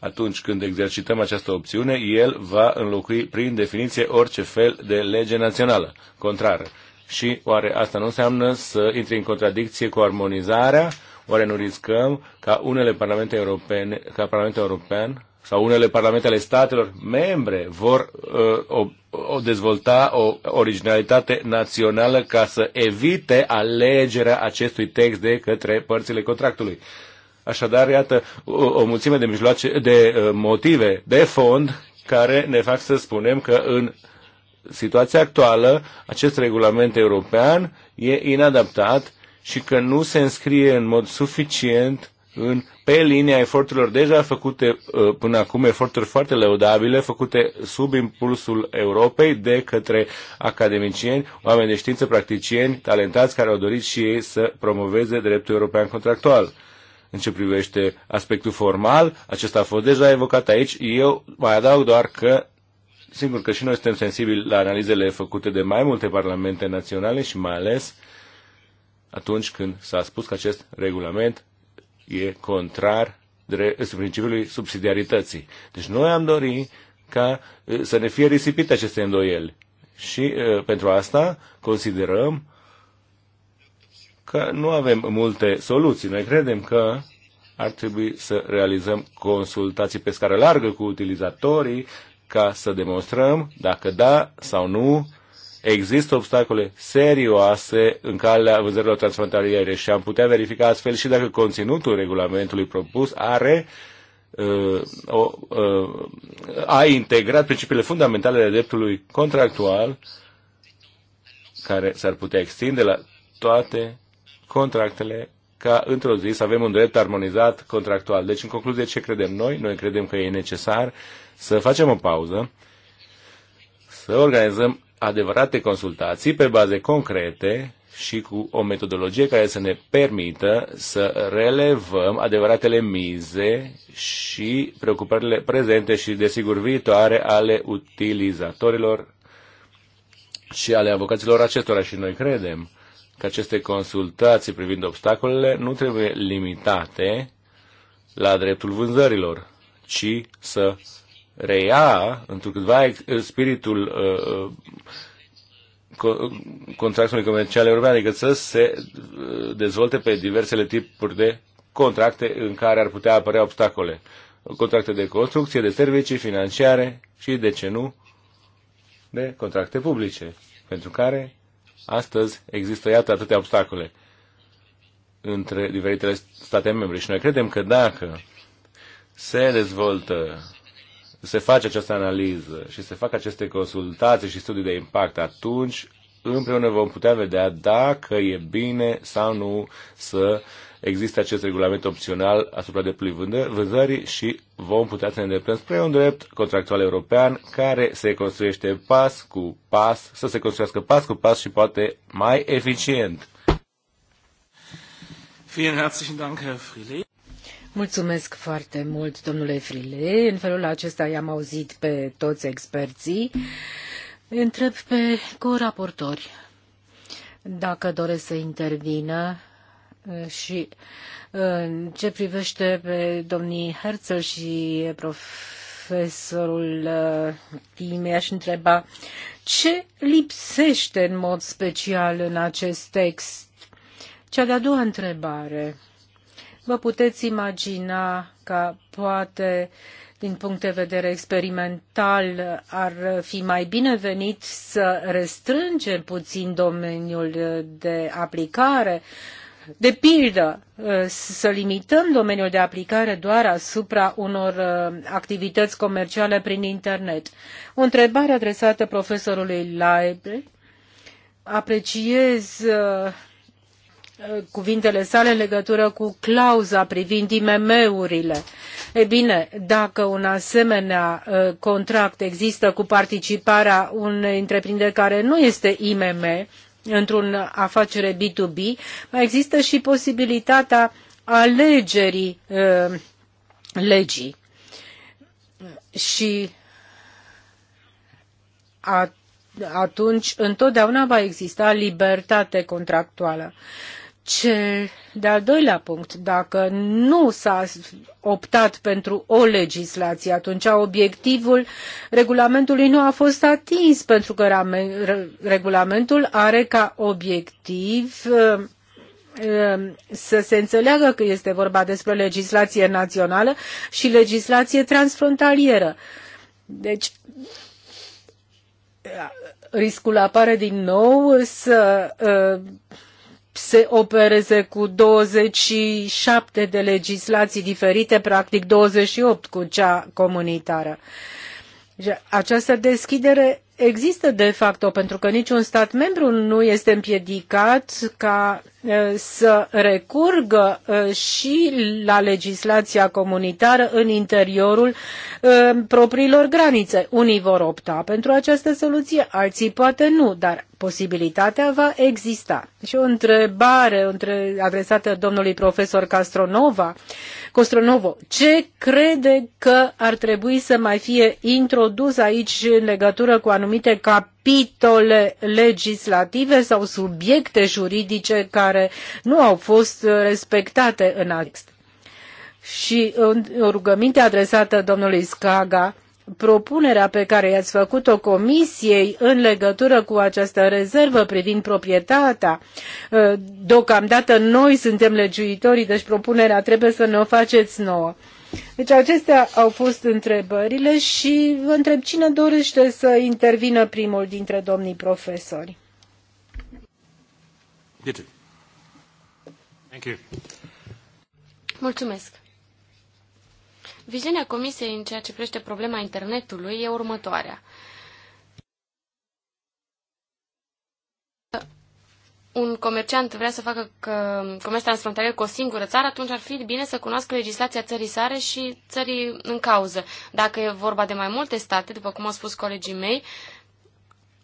atunci când exercităm această opțiune, el va înlocui prin definiție orice fel de lege națională contrară. Și oare asta nu înseamnă să intri în contradicție cu armonizarea? Oare nu riscăm ca unele parlamente europene, ca Parlamentul European sau unele parlamente ale statelor membre vor uh, o, o dezvolta o originalitate națională ca să evite alegerea acestui text de către părțile contractului? Uh, Așadar, iată, o, o mulțime de mijloace, de uh, motive, de fond, care ne fac să spunem că în situația actuală acest regulament european e inadaptat și că nu se înscrie în mod suficient în, pe linia eforturilor deja făcute uh, până acum, eforturi foarte lăudabile, făcute sub impulsul Europei de către academicieni, oameni de știință, practicieni, talentați, care au dorit și ei să promoveze dreptul european contractual. În ce privește aspectul formal, acesta a fost deja evocat aici. Eu mai adaug doar că, sigur că și noi suntem sensibili la analizele făcute de mai multe parlamente naționale și mai ales atunci când s-a spus că acest regulament e contrar principiului subsidiarității. Deci noi am dorit ca eh, să ne fie risipite aceste îndoieli. Și eh, pentru asta considerăm că nu avem multe soluții. Noi credem că ar trebui să realizăm consultații pe scară largă cu utilizatorii ca să demonstrăm dacă da sau nu există obstacole serioase în calea vânzărilor transfrontaliere și am putea verifica astfel și dacă conținutul regulamentului propus are uh, o, uh, a integrat principiile fundamentale ale dreptului contractual care s-ar putea extinde la toate contractele ca într-o zi să avem un drept armonizat contractual. Deci, în concluzie, ce credem noi? Noi credem că e necesar să facem o pauză, să organizăm adevărate consultații pe baze concrete și cu o metodologie care să ne permită să relevăm adevăratele mize și preocupările prezente și, desigur, viitoare ale utilizatorilor și ale avocaților acestora. Și noi credem că aceste consultații privind obstacolele nu trebuie limitate la dreptul vânzărilor, ci să reia, întrucâtva, spiritul uh, uh contractului comercial european, adică să se uh, dezvolte pe diversele tipuri de contracte în care ar putea apărea obstacole. Contracte de construcție, de servicii financiare și, de ce nu, de contracte publice, pentru care Astăzi există, iată, atâtea obstacole între diferitele state membre și noi credem că dacă se dezvoltă, se face această analiză și se fac aceste consultații și studii de impact, atunci împreună vom putea vedea dacă e bine sau nu să uh, există acest regulament opțional asupra de vânzării și vom putea să ne îndreptăm spre un drept contractual european care se construiește pas cu pas, să se construiască pas cu pas și poate mai eficient. Vielen herzlichen Dank, Herr Mulțumesc foarte mult, domnule Frile. În felul acesta i-am auzit pe toți experții. Întreb pe coraportori dacă doresc să intervină Eh, și eh, în ce privește pe domnii Herzl și profesorul Timi, eh, aș întreba ce lipsește în mod special în acest text? Cea de-a doua întrebare. Vă puteți imagina că poate din punct de vedere experimental ar fi mai bine venit să restrângem puțin domeniul de aplicare de pildă, să limităm domeniul de aplicare doar asupra unor uh, activități comerciale prin internet. O întrebare adresată profesorului Laibre. Apreciez uh, uh, cuvintele sale în legătură cu clauza privind IMM-urile. E bine, dacă un asemenea contract există cu participarea unei întreprinderi care nu este IMM, într-un afacere B2B, mai există și posibilitatea alegerii uh, legii. Și atunci întotdeauna va exista libertate contractuală. Cel de-al doilea punct, dacă nu s-a optat pentru o legislație, atunci obiectivul regulamentului nu a fost atins, pentru că regulamentul are ca obiectiv uh, uh, să se înțeleagă că este vorba despre legislație națională și legislație transfrontalieră. Deci, uh, riscul apare din nou să uh, se opereze cu 27 de legislații diferite, practic 28 cu cea comunitară. Această deschidere există de facto, pentru că niciun stat membru nu este împiedicat ca să recurgă și la legislația comunitară în interiorul propriilor granițe. Unii vor opta pentru această soluție, alții poate nu, dar posibilitatea va exista. Și o întrebare între, adresată domnului profesor Castronova Costronovo, ce crede că ar trebui să mai fie introdus aici în legătură cu anumite capitole legislative sau subiecte juridice care nu au fost respectate în text? Și o rugăminte adresată domnului Scaga, propunerea pe care i-ați făcut-o comisiei în legătură cu această rezervă privind proprietatea. Uh, deocamdată noi suntem legiuitorii, deci propunerea trebuie să ne o faceți nouă. Deci acestea au fost întrebările și vă întreb cine dorește să intervină primul dintre domnii profesori. Bitte. Mulțumesc. Viziunea Comisiei în ceea ce privește problema internetului e următoarea. un comerciant vrea să facă comerț transfrontalier cu o singură țară, atunci ar fi bine să cunoască legislația țării sare și țării în cauză. Dacă e vorba de mai multe state, după cum au spus colegii mei,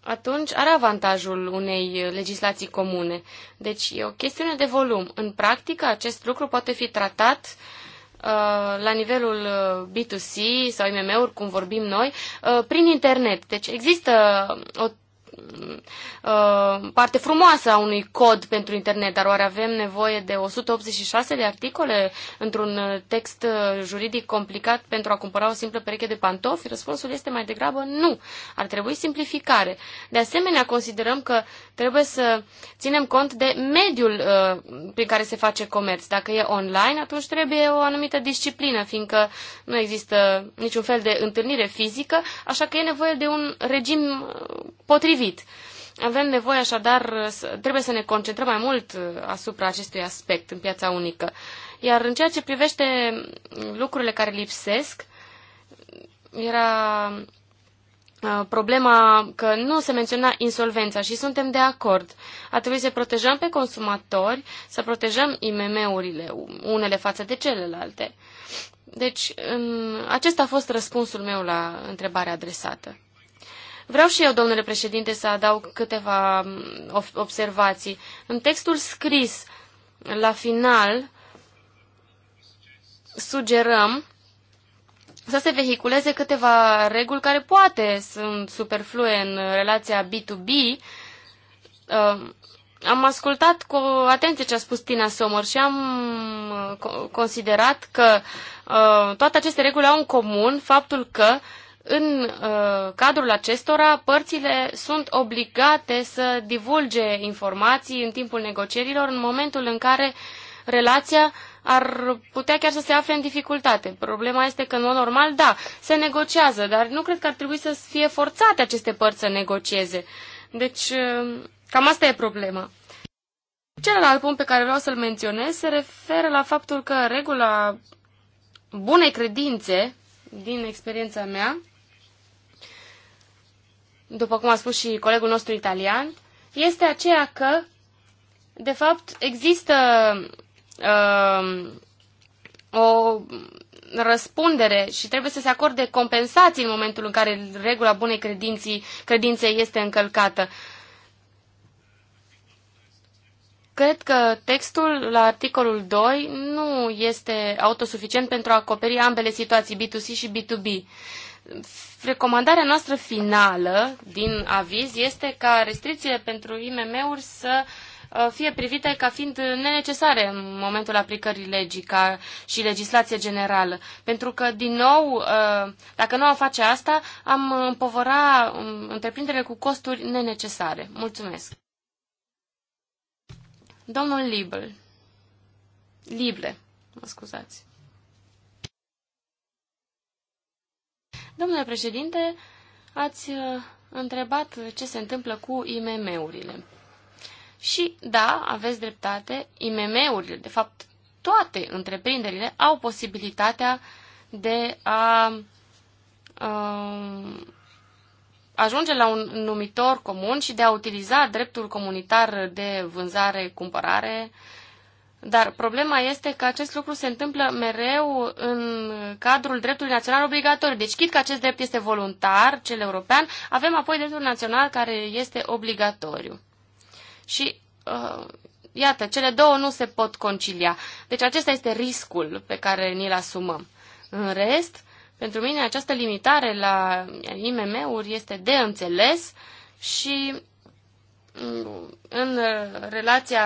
atunci are avantajul unei legislații comune. Deci e o chestiune de volum. În practică, acest lucru poate fi tratat uh, Uh, la nivelul uh, B2C sau IMM-uri, cum vorbim noi, uh, prin internet. Deci există o Uh, parte frumoasă a unui cod pentru internet, dar oare avem nevoie de 186 de articole într-un uh, text uh, juridic complicat pentru a cumpăra o simplă pereche de pantofi? Răspunsul este mai degrabă nu. Ar trebui simplificare. De asemenea, considerăm că trebuie să ținem cont de mediul uh, prin care se face comerț. Dacă e online, atunci trebuie o anumită disciplină, fiindcă nu există niciun fel de întâlnire fizică, așa că e nevoie de un regim potrivit limit. Avem nevoie așadar, trebuie să ne concentrăm mai mult uh, asupra acestui aspect în piața unică. Iar în ceea ce privește mm, lucrurile care lipsesc, era uh, problema că nu se menționa insolvența și suntem de acord. A trebuit să protejăm pe consumatori, să protejăm IMM-urile unele față de celelalte. Deci, acesta a fost răspunsul meu la întrebarea adresată. Vreau și eu, domnule președinte, să adaug câteva mm, observații. În textul scris, la final, sugerăm să se vehiculeze câteva reguli care poate sunt superflue în relația B2B. Uh, am ascultat cu atenție ce a spus Tina Somor, și am uh, considerat că uh, toate aceste reguli au în comun faptul că în uh, cadrul acestora, părțile sunt obligate să divulge informații în timpul negocierilor, în momentul în care relația ar putea chiar să se afle în dificultate. Problema este că, în mod normal, da, se negociază, dar nu cred că ar trebui să fie forțate aceste părți să negocieze. Deci, uh, cam asta e problema. Celălalt punct pe care vreau să-l menționez se referă la faptul că regula bunei credințe, din experiența mea, după cum a spus și colegul nostru italian, este aceea că, de fapt, există uh, o răspundere și trebuie să se acorde compensații în momentul în care regula bunei credinții, credinței este încălcată. Cred că textul la articolul 2 nu este autosuficient pentru a acoperi ambele situații, B2C și B2B. Recomandarea noastră finală din aviz este ca restricțiile pentru IMM-uri să uh, fie privite ca fiind nenecesare în momentul aplicării legii ca și legislație generală. Pentru că, din nou, uh, dacă nu am face asta, am împovăra um, întreprinderile cu costuri nenecesare. Mulțumesc. Domnul Libel. Lible, mă scuzați. Domnule președinte, ați uh, întrebat ce se întâmplă cu IMM-urile. Și da, aveți dreptate, IMM-urile, de fapt toate întreprinderile, au posibilitatea de a a um, ajunge la un numitor comun și de a utiliza dreptul comunitar de vânzare-cumpărare dar problema este că acest lucru se întâmplă mereu în cadrul dreptului național obligatoriu. Deci, chit că acest drept este voluntar, cel european, avem apoi dreptul național care este obligatoriu. Și, uh, iată, cele două nu se pot concilia. Deci acesta este riscul pe care ni-l asumăm. În rest, pentru mine această limitare la IMM-uri este de înțeles și în uh, relația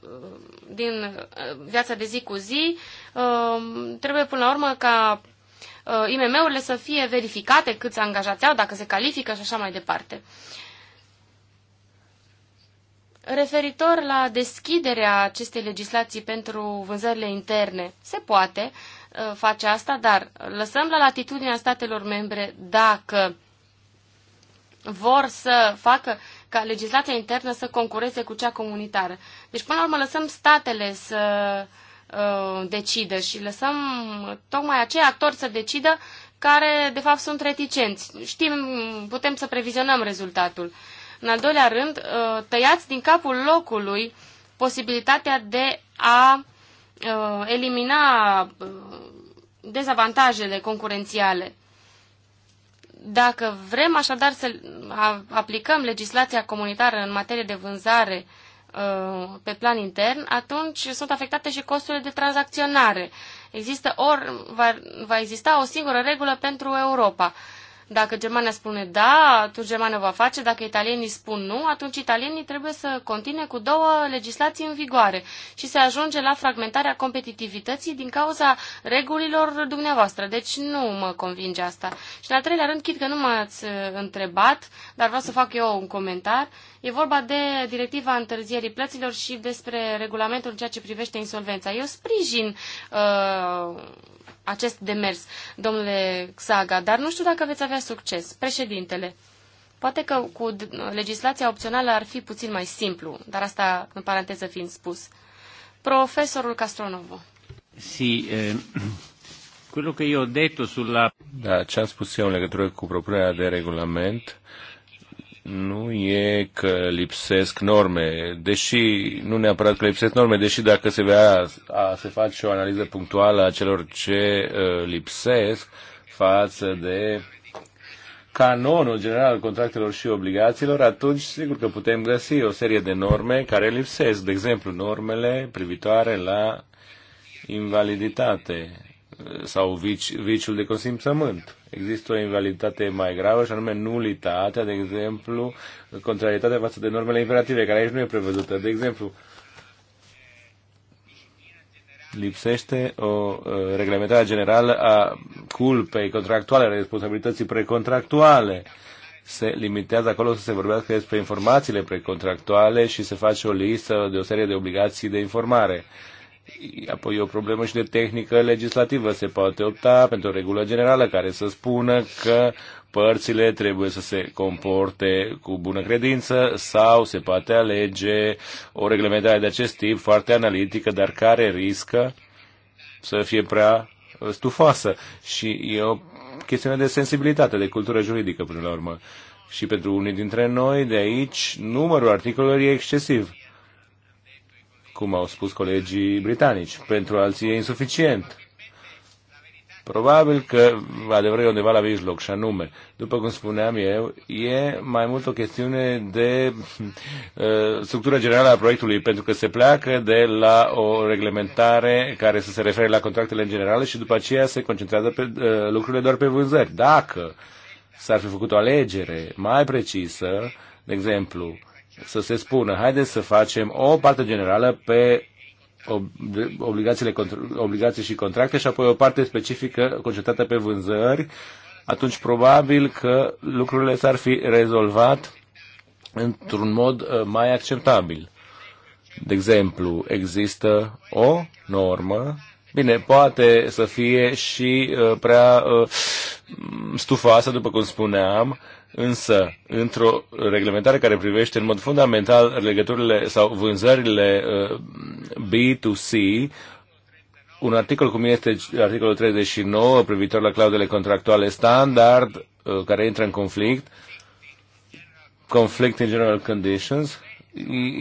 uh, din uh, viața de zi cu zi, um, trebuie până la urmă ca IMM-urile să fie verificate câți angajați au, dacă se califică și așa mai departe. Referitor la deschiderea acestei legislații pentru vânzările interne, se poate face asta, dar lăsăm la latitudinea statelor membre dacă vor să facă uh, ca legislația internă să concureze cu cea comunitară. Deci, până la urmă, lăsăm statele să uh, decidă și lăsăm tocmai acei actori să decidă care, de fapt, sunt reticenți. Știm, putem să previzionăm rezultatul. În al doilea rând, uh, tăiați din capul locului posibilitatea de a uh, elimina dezavantajele concurențiale. Dacă vrem așadar să aplicăm legislația comunitară în materie de vânzare uh, pe plan intern, atunci sunt afectate și costurile de tranzacționare. Există or, va, va exista o singură regulă pentru Europa. Dacă Germania spune da, atunci Germania va face. Dacă italienii spun nu, atunci italienii trebuie să continue cu două legislații în vigoare și se ajunge la fragmentarea competitivității din cauza regulilor dumneavoastră. Deci nu mă convinge asta. Și în al treilea rând, chit că nu m-ați uh, întrebat, dar vreau să fac eu un comentar. E vorba de directiva întârzierii plăților și despre regulamentul în ceea ce privește insolvența. Eu sprijin uh, acest demers, domnule Xaga, dar nu știu dacă veți avea succes. Președintele, poate că cu legislația opțională ar fi puțin mai simplu, dar asta în paranteză fiind spus. Profesorul Castronovo. Si, eh, quello che io ho detto sulla... Da, ce am spus eu în legătură cu propunerea de regulament nu e că lipsesc norme, deși nu neapărat că lipsesc norme, deși dacă se, vrea a, se face o analiză punctuală a celor ce uh, lipsesc față de canonul general al contractelor și obligațiilor, atunci sigur că putem găsi o serie de norme care lipsesc, de exemplu normele privitoare la invaliditate sau vici, viciul de consimțământ. Există o invaliditate mai gravă și anume nulitatea, de exemplu, contrarietatea față de normele imperative, care aici nu e prevăzută. De exemplu, lipsește o uh, reglementare generală a culpei contractuale, responsabilității precontractuale. Se limitează acolo să se vorbească despre informațiile precontractuale și se face o listă de o serie de obligații de informare. Apoi e o problemă și de tehnică legislativă. Se poate opta pentru o regulă generală care să spună că părțile trebuie să se comporte cu bună credință sau se poate alege o reglementare de acest tip foarte analitică, dar care riscă să fie prea stufoasă. Și e o chestiune de sensibilitate, de cultură juridică până la urmă. Și pentru unii dintre noi de aici, numărul articolelor e excesiv cum au spus colegii britanici. Pentru alții e insuficient. Probabil că adevărul e undeva la mijloc, și anume, după cum spuneam eu, e mai mult o chestiune de uh, structură generală a proiectului, pentru că se pleacă de la o reglementare care să se refere la contractele în general și după aceea se concentrează pe uh, lucrurile doar pe vânzări. Dacă s-ar fi făcut o alegere mai precisă, de exemplu, să se spună, haideți să facem o parte generală pe obligațiile, obligații și contracte și apoi o parte specifică concentrată pe vânzări, atunci probabil că lucrurile s-ar fi rezolvat într-un mod uh, mai acceptabil. De exemplu, există o normă, bine, poate să fie și uh, prea uh, stufoasă, după cum spuneam, Însă, într-o reglementare care privește în mod fundamental legăturile sau vânzările uh, B2C, un articol cum este articolul 39 privitor la clauzele contractuale standard uh, care intră în conflict, conflict in general conditions,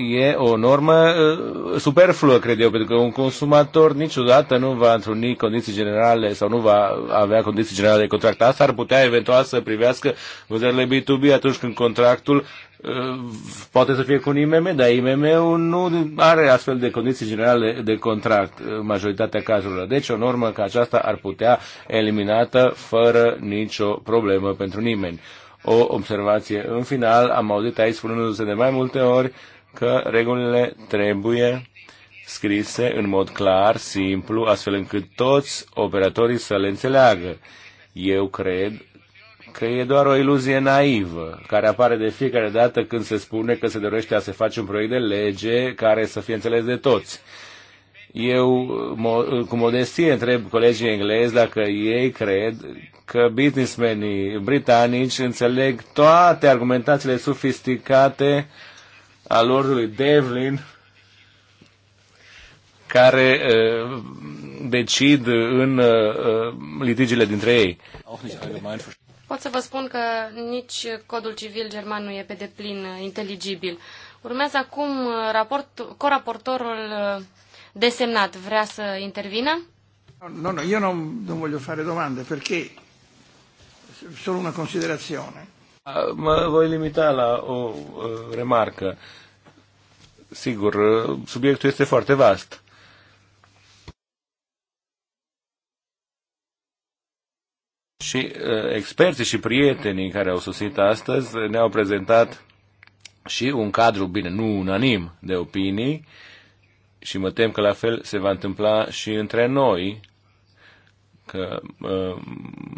e o normă uh, superfluă, cred eu, pentru că un consumator niciodată nu va întruni condiții generale sau nu va avea condiții generale de contract. Asta ar putea eventual să privească vânzările B2B atunci când contractul uh, poate să fie cu un IMM, dar IMM-ul nu are astfel de condiții generale de contract în majoritatea cazurilor. Deci o normă ca aceasta ar putea eliminată fără nicio problemă pentru nimeni o observație. În final, am auzit aici spunându-se de mai multe ori că regulile trebuie scrise în mod clar, simplu, astfel încât toți operatorii să le înțeleagă. Eu cred că e doar o iluzie naivă, care apare de fiecare dată când se spune că se dorește a se face un proiect de lege care să fie înțeles de toți. Eu, cu modestie, întreb colegii englezi dacă ei cred că businessmenii britanici înțeleg toate argumentațiile sofisticate a lordului Devlin care uh, decid în uh, uh, litigiile dintre ei. Pot să vă spun că nici codul civil german nu e pe deplin inteligibil. Urmează acum raport, coraportorul desemnat vrea să intervină? No, no, eu non, non voglio fare domande perché solo una considerazione. Ah, mă voi limita la o uh, remarcă. Sigur, uh, subiectul este foarte vast. Și uh, experții și prietenii care au susținut astăzi ne-au prezentat și un cadru, bine, nu unanim, de opinii, și mă tem că la fel se va întâmpla și între noi, că uh,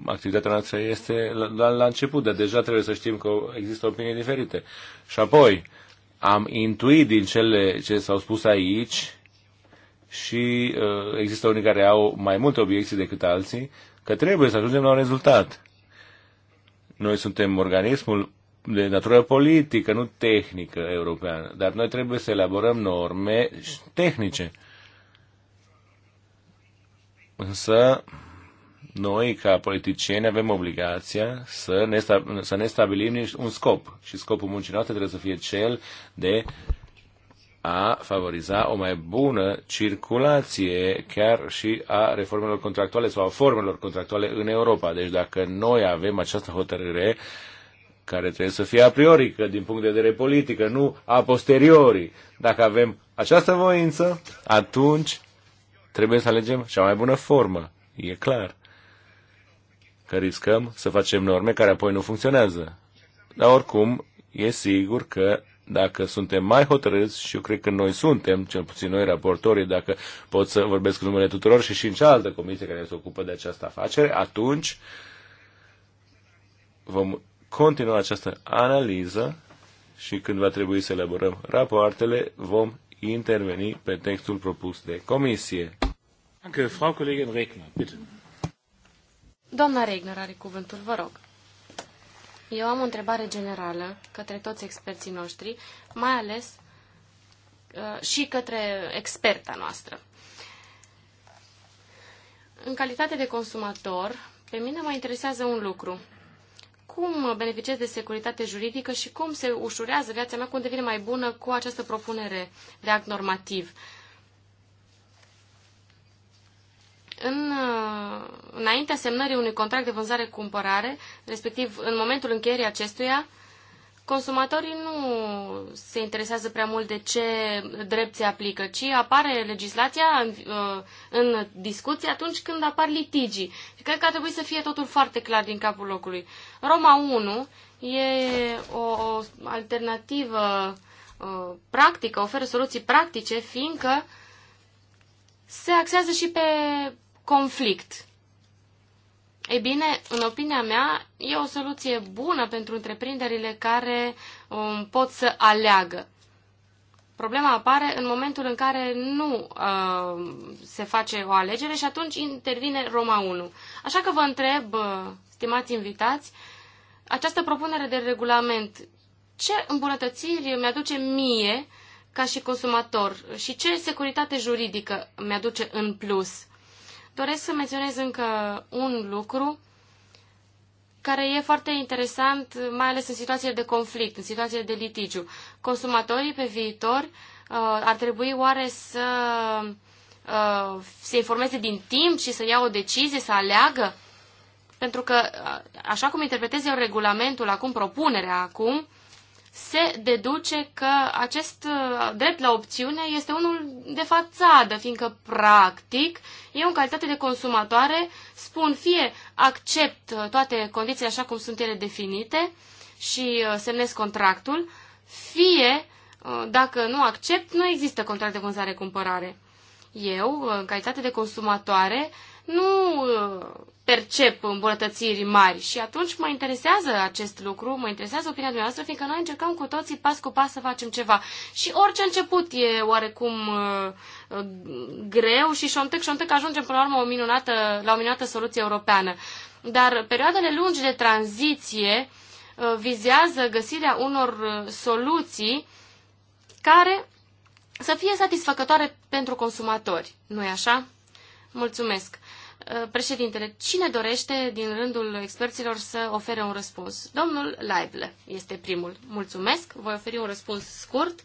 activitatea noastră este la, la început, dar deja trebuie să știm că există opinii diferite. Și apoi, am intuit din cele ce s-au spus aici și uh, există unii care au mai multe obiecții decât alții, că trebuie să ajungem la un rezultat. Noi suntem organismul de natură politică, nu tehnică europeană. Dar noi trebuie să elaborăm norme tehnice. Însă, noi, ca politicieni, avem obligația să ne, să ne stabilim un scop. Și scopul muncii noastre trebuie să fie cel de a favoriza o mai bună circulație chiar și a reformelor contractuale sau a formelor contractuale în Europa. Deci dacă noi avem această hotărâre care trebuie să fie a priori, că din punct de vedere politică, nu a posteriori. Dacă avem această voință, atunci trebuie să alegem cea mai bună formă. E clar că riscăm să facem norme care apoi nu funcționează. Dar oricum, e sigur că dacă suntem mai hotărâți, și eu cred că noi suntem, cel puțin noi raportorii, dacă pot să vorbesc în numele tuturor și și în cealaltă comisie care se ocupă de această afacere, atunci vom continua această analiză și când va trebui să elaborăm rapoartele, vom interveni pe textul propus de comisie. Danke, Frau Kollegin Regner, bitte. Doamna Regner are cuvântul, vă rog. Eu am o întrebare generală către toți experții noștri, mai ales uh, și către experta noastră. În calitate de consumator, pe mine mă interesează un lucru cum beneficiez de securitate juridică și cum se ușurează viața mea, cum devine mai bună cu această propunere de act normativ. În, înaintea semnării unui contract de vânzare-cumpărare, respectiv în momentul încheierii acestuia, consumatorii nu se interesează prea mult de ce drept se aplică, ci apare legislația în, uh, în discuție atunci când apar litigii. Cred că ar trebui să fie totul foarte clar din capul locului. Roma 1 e o, o alternativă uh, practică, oferă soluții practice, fiindcă se axează și pe conflict. Ei bine, în opinia mea, e o soluție bună pentru întreprinderile care um, pot să aleagă. Problema apare în momentul în care nu uh, se face o alegere și atunci intervine Roma 1. Așa că vă întreb, uh, stimați invitați, această propunere de regulament, ce îmbunătățiri mi-aduce mie ca și consumator și ce securitate juridică mi-aduce în plus? Doresc să menționez încă un lucru care e foarte interesant, mai ales în situații de conflict, în situații de litigiu. Consumatorii pe viitor uh, ar trebui oare să uh, se informeze din timp și să ia o decizie, să aleagă? Pentru că, uh, așa cum interpretez eu regulamentul acum, propunerea acum, se deduce că acest uh, drept la opțiune este unul de fațadă, fiindcă, practic, eu, în calitate de consumatoare, spun fie accept uh, toate condițiile așa cum sunt ele definite și uh, semnez contractul, fie, dacă nu accept, nu există contract de vânzare-cumpărare. Eu, în calitate de consumatoare, nu uh, percep îmbunătățiri mari și atunci mă interesează acest lucru, mă interesează opinia dumneavoastră, fiindcă noi încercăm cu toții pas cu pas să facem ceva. Și orice început e oarecum uh, uh, greu și șontec, șontec ajungem până la urmă o minunată, la o minunată soluție europeană. Dar perioadele lungi de tranziție uh, vizează găsirea unor uh, soluții care să fie satisfăcătoare pentru consumatori, nu e așa? Mulțumesc! Eh, președintele, cine dorește din rândul experților să ofere un răspuns? Domnul Laible este primul. Mulțumesc, voi oferi un răspuns scurt.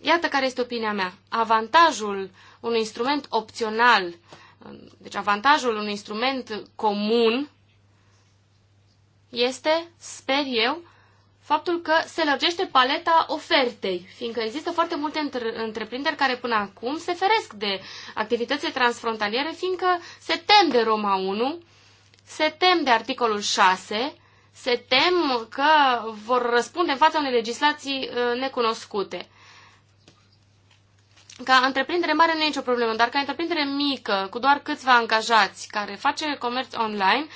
Iată care este opinia mea. Avantajul unui instrument opțional, eh, deci avantajul unui instrument comun, este, sper eu, faptul că se lărgește paleta ofertei, fiindcă există foarte multe întreprinderi care până acum se feresc de activitățile transfrontaliere, fiindcă se tem de Roma 1, se tem de articolul 6, se tem că vor răspunde în fața unei legislații uh, necunoscute. Ca întreprindere mare nu e nicio problemă, dar ca întreprindere mică, cu doar câțiva angajați, care face comerț online,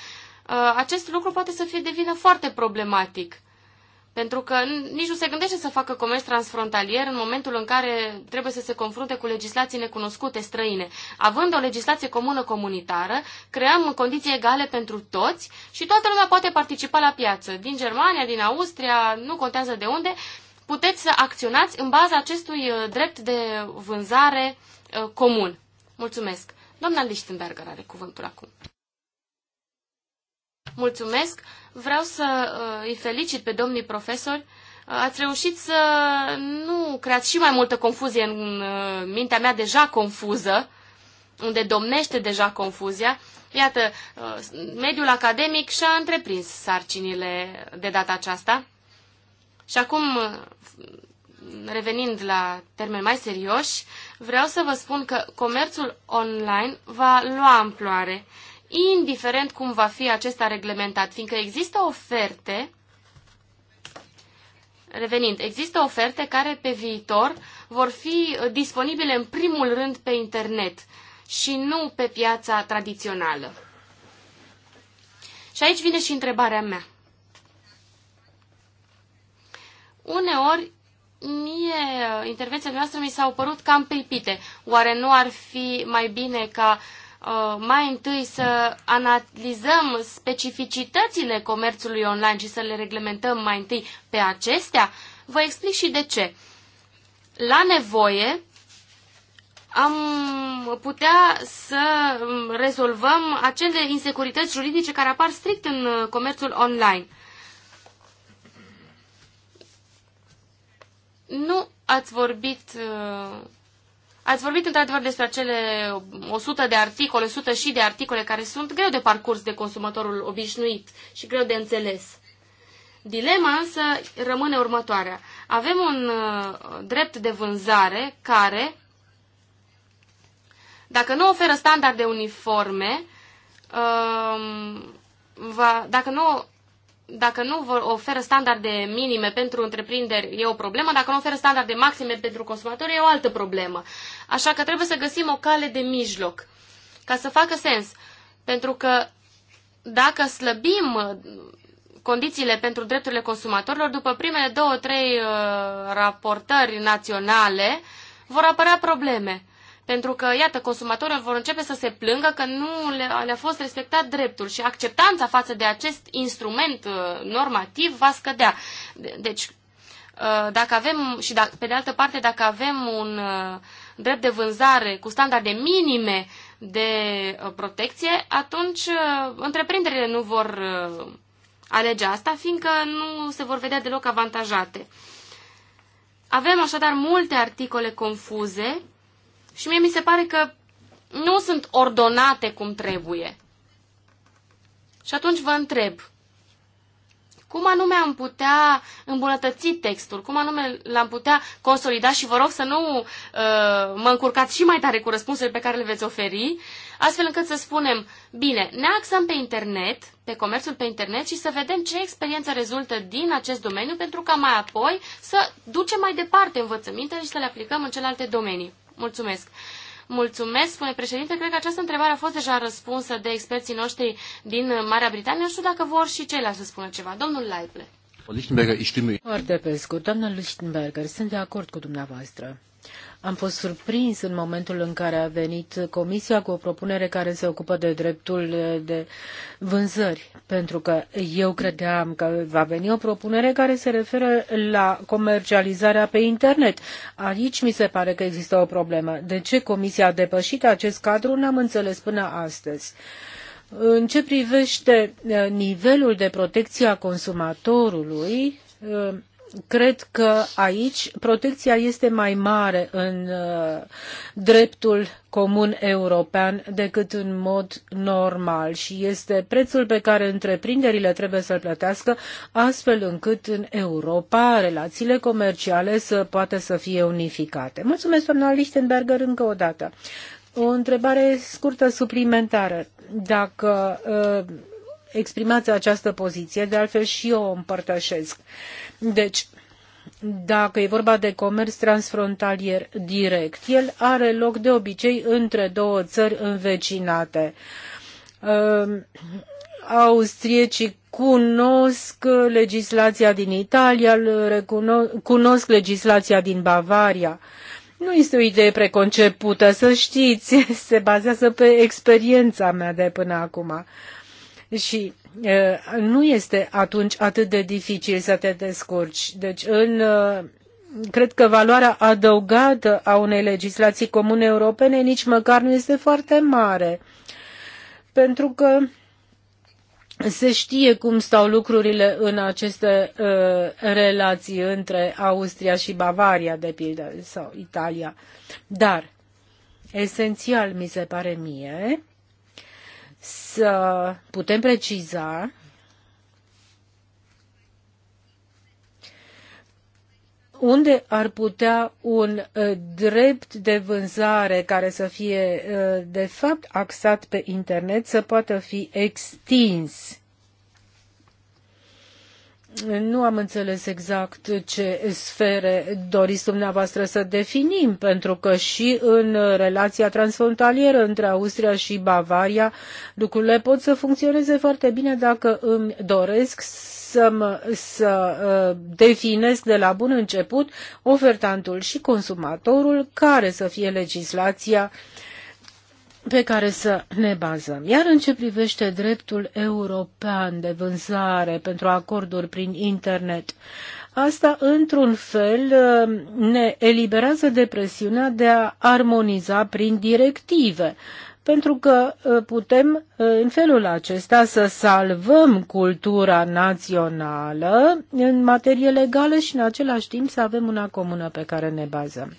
uh, acest lucru poate să fie devină foarte problematic pentru că nici nu se gândește să facă comerț transfrontalier în momentul în care trebuie să se confrunte cu legislații necunoscute străine. Având o legislație comună comunitară, creăm condiții egale pentru toți și toată lumea poate participa la piață. Din Germania, din Austria, nu contează de unde, puteți să acționați în baza acestui uh, drept de vânzare uh, comun. Mulțumesc. Doamna Lichtenberger are cuvântul acum. Mulțumesc. Vreau să uh, îi felicit pe domnii profesori. Uh, ați reușit să nu creați și mai multă confuzie în uh, mintea mea deja confuză, unde domnește deja confuzia. Iată, mediul academic și-a întreprins sarcinile de data aceasta. Și acum, revenind la termeni mai serioși, vreau să vă spun că comerțul online va lua amploare indiferent cum va fi acesta reglementat, fiindcă există oferte, revenind, există oferte care pe viitor vor fi disponibile în primul rând pe internet și nu pe piața tradițională. Și aici vine și întrebarea mea. Uneori, mie, intervențiile noastre mi s-au părut cam pripite. Oare nu ar fi mai bine ca Uh, mai întâi să analizăm specificitățile comerțului online și să le reglementăm mai întâi pe acestea? Vă explic și de ce. La nevoie am putea să um, rezolvăm acele insecurități juridice care apar strict în uh, comerțul online. Nu ați vorbit uh, Ați vorbit într-adevăr despre acele 100 de articole, 100 și de articole care sunt greu de parcurs de consumatorul obișnuit și greu de înțeles. Dilema însă rămâne următoarea. Avem un uh, drept de vânzare care, dacă nu oferă standarde uniforme, uh, va, dacă nu dacă nu oferă standarde minime pentru întreprinderi, e o problemă, dacă nu oferă standarde maxime pentru consumatori, e o altă problemă. Așa că trebuie să găsim o cale de mijloc, ca să facă sens. Pentru că dacă slăbim uh, condițiile pentru drepturile consumatorilor, după primele două, trei uh, raportări naționale, vor apărea probleme. Pentru că, iată, consumatorii vor începe să se plângă că nu le-a le fost respectat dreptul și acceptanța față de acest instrument uh, normativ va scădea. Deci, uh, dacă avem, și da, pe de altă parte, dacă avem un uh, drept de vânzare cu standarde minime de protecție, atunci întreprinderile nu vor alege asta, fiindcă nu se vor vedea deloc avantajate. Avem așadar multe articole confuze și mie mi se pare că nu sunt ordonate cum trebuie. Și atunci vă întreb, cum anume am putea îmbunătăți textul, cum anume l-am putea consolida și vă rog să nu uh, mă încurcați și mai tare cu răspunsurile pe care le veți oferi, astfel încât să spunem, bine, ne axăm pe internet, pe comerțul pe internet și să vedem ce experiență rezultă din acest domeniu pentru ca mai apoi să ducem mai departe învățămintele și să le aplicăm în celelalte domenii. Mulțumesc. Mulțumesc, spune președinte. Cred că această întrebare a fost deja răspunsă de experții noștri din Marea Britanie. Nu știu dacă vor și ceilalți să spună ceva. Domnul Leiple. Foarte pe scurt, doamnă Lichtenberger, sunt de acord cu dumneavoastră. Am fost surprins în momentul în care a venit Comisia cu o propunere care se ocupă de dreptul uh, de vânzări, pentru că eu credeam că va veni o propunere care se referă la comercializarea pe internet. Aici mi se pare că există o problemă. De ce Comisia a depășit acest cadru, n-am înțeles până astăzi. În ce privește uh, nivelul de protecție a consumatorului, uh, cred că aici protecția este mai mare în uh, dreptul comun european decât în mod normal și este prețul pe care întreprinderile trebuie să-l plătească astfel încât în Europa relațiile comerciale să poată să fie unificate. Mulțumesc, doamna Lichtenberger, încă o dată. O întrebare scurtă suplimentară. Dacă uh, exprimați această poziție, de altfel și eu o împărtășesc. Deci, dacă e vorba de comerț transfrontalier direct, el are loc de obicei între două țări învecinate. Ehm, austriecii cunosc legislația din Italia, cunosc legislația din Bavaria. Nu este o idee preconcepută, să știți, se bazează pe experiența mea de până acum și nu este atunci atât de dificil să te descurci. Deci în cred că valoarea adăugată a unei legislații comune europene nici măcar nu este foarte mare. Pentru că se știe cum stau lucrurile în aceste uh, relații între Austria și Bavaria, de pildă, sau Italia. Dar, esențial mi se pare mie, să putem preciza unde ar putea un uh, drept de vânzare care să fie uh, de fapt axat pe internet să poată fi extins nu am înțeles exact ce sfere doriți dumneavoastră să definim, pentru că și în relația transfrontalieră între Austria și Bavaria lucrurile pot să funcționeze foarte bine dacă îmi doresc să, mă, să uh, definesc de la bun început ofertantul și consumatorul, care să fie legislația uh, pe care să ne bazăm. Iar în ce privește dreptul european de vânzare pentru acorduri prin internet, asta într-un fel ne eliberează de presiunea de a armoniza prin directive, pentru că uh, putem uh, în felul acesta să salvăm cultura națională în materie legală și în același timp să avem una comună pe care ne bazăm.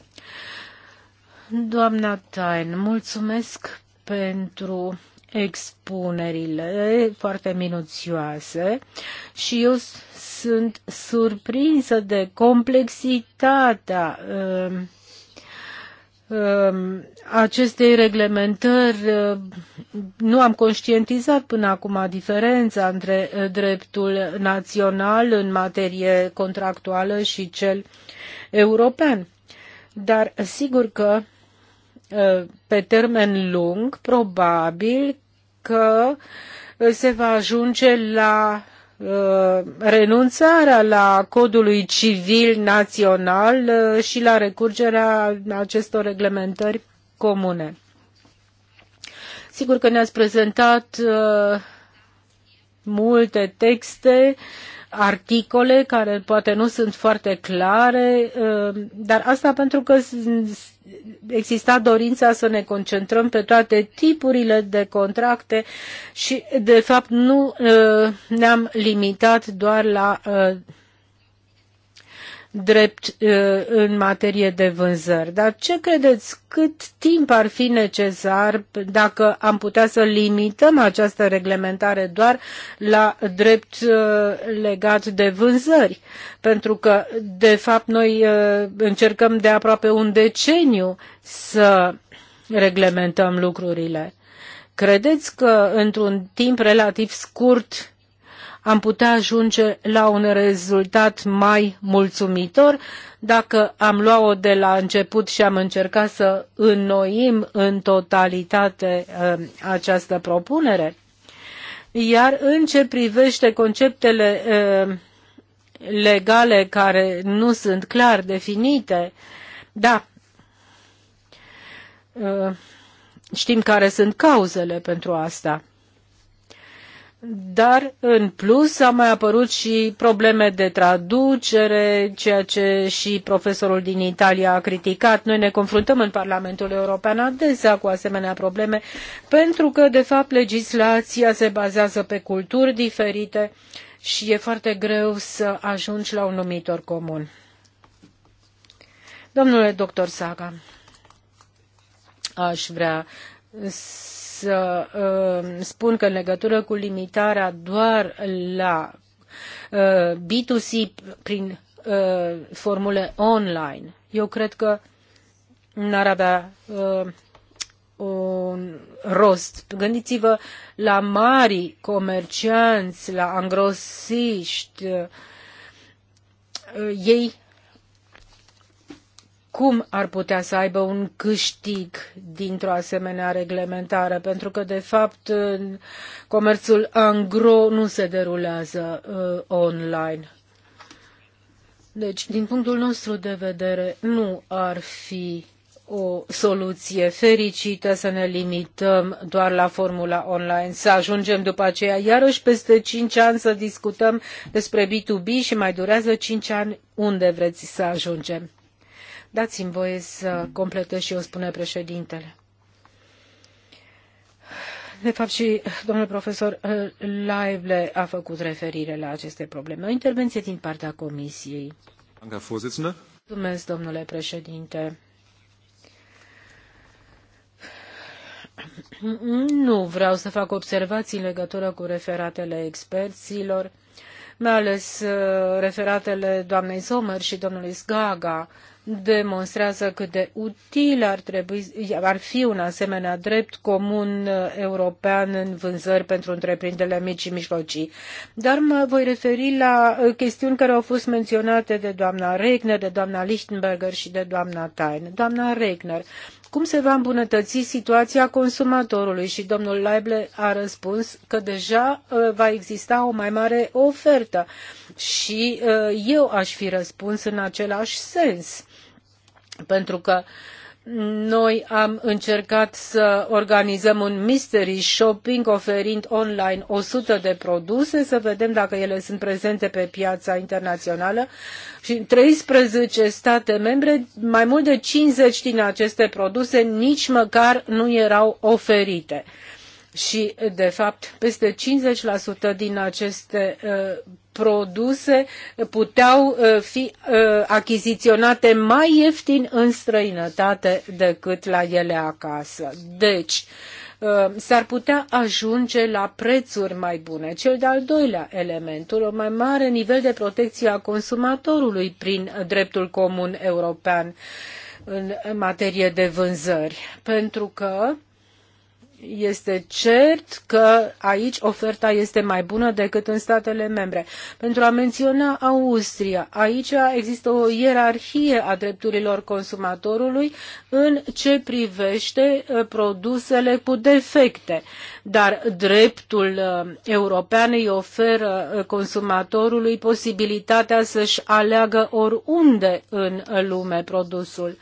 Doamna Tain, mulțumesc pentru expunerile foarte minuțioase și eu sunt surprinsă de complexitatea um, um, acestei reglementări nu am conștientizat până acum diferența între uh, dreptul național în materie contractuală și cel european. Dar sigur că pe termen lung, probabil că se va ajunge la uh, renunțarea la codului civil național uh, și la recurgerea acestor reglementări comune. Sigur că ne-ați prezentat uh, multe texte uh, articole care poate nu sunt foarte clare, ă, dar asta pentru că exista dorința să ne concentrăm pe toate tipurile de contracte și, de fapt, nu ă, ne-am limitat doar la ă, drept uh, în materie de vânzări. Dar ce credeți cât timp ar fi necesar dacă am putea să limităm această reglementare doar la drept uh, legat de vânzări? Pentru că, de fapt, noi uh, încercăm de aproape un deceniu să reglementăm lucrurile. Credeți că într-un timp relativ scurt am putea ajunge la un rezultat mai mulțumitor dacă am luat-o de la început și am încercat să înnoim în totalitate um, această propunere. Iar în ce privește conceptele um, legale care nu sunt clar definite, da, uh, știm care sunt cauzele pentru asta. Dar, în plus, au mai apărut și probleme de traducere, ceea ce și profesorul din Italia a criticat. Noi ne confruntăm în Parlamentul European adesea cu asemenea probleme, pentru că, de fapt, legislația se bazează pe culturi diferite și e foarte greu să ajungi la un numitor comun. Domnule doctor Saga, aș vrea să uh, spun că în legătură cu limitarea doar la uh, B2C prin uh, formule online, eu cred că n-ar avea un rost. Gândiți-vă la mari comercianți, la angrosiști, ei cum ar putea să aibă un câștig dintr-o asemenea reglementare, pentru că, de fapt, comerțul angro nu se derulează uh, online. Deci, din punctul nostru de vedere, nu ar fi o soluție fericită să ne limităm doar la formula online, să ajungem după aceea iarăși peste 5 ani să discutăm despre B2B și mai durează 5 ani unde vreți să ajungem. Dați-mi voie să completez și eu, spune președintele. De fapt, și domnul profesor uh, Laivle a făcut referire la aceste probleme. O intervenție din partea Comisiei. Mulțumesc, domnule președinte. Nu vreau să fac observații în legătură cu referatele experților, mai ales uh, referatele doamnei Sommer și domnului Sgaga, demonstrează cât de util ar, trebui, ar fi un asemenea drept comun european în vânzări pentru întreprinderile mici și mijlocii. Dar mă voi referi la chestiuni care au fost menționate de doamna Regner, de doamna Lichtenberger și de doamna Tain. Doamna Regner, cum se va îmbunătăți situația consumatorului și domnul Leible a răspuns că deja uh, va exista o mai mare ofertă și uh, eu aș fi răspuns în același sens pentru că noi am încercat să organizăm un mystery shopping oferind online 100 de produse, să vedem dacă ele sunt prezente pe piața internațională și în 13 state membre, mai mult de 50 din aceste produse nici măcar nu erau oferite. Și, de fapt, peste 50% din aceste uh, produse puteau uh, fi uh, achiziționate mai ieftin în străinătate decât la ele acasă. Deci, uh, s-ar putea ajunge la prețuri mai bune. Cel de-al doilea element, un mai mare nivel de protecție a consumatorului prin dreptul comun european în materie de vânzări, pentru că este cert că aici oferta este mai bună decât în statele membre. Pentru a menționa Austria, aici există o ierarhie a drepturilor consumatorului în ce privește uh, produsele cu defecte, dar dreptul uh, european îi oferă uh, consumatorului posibilitatea să-și aleagă oriunde în lume produsul.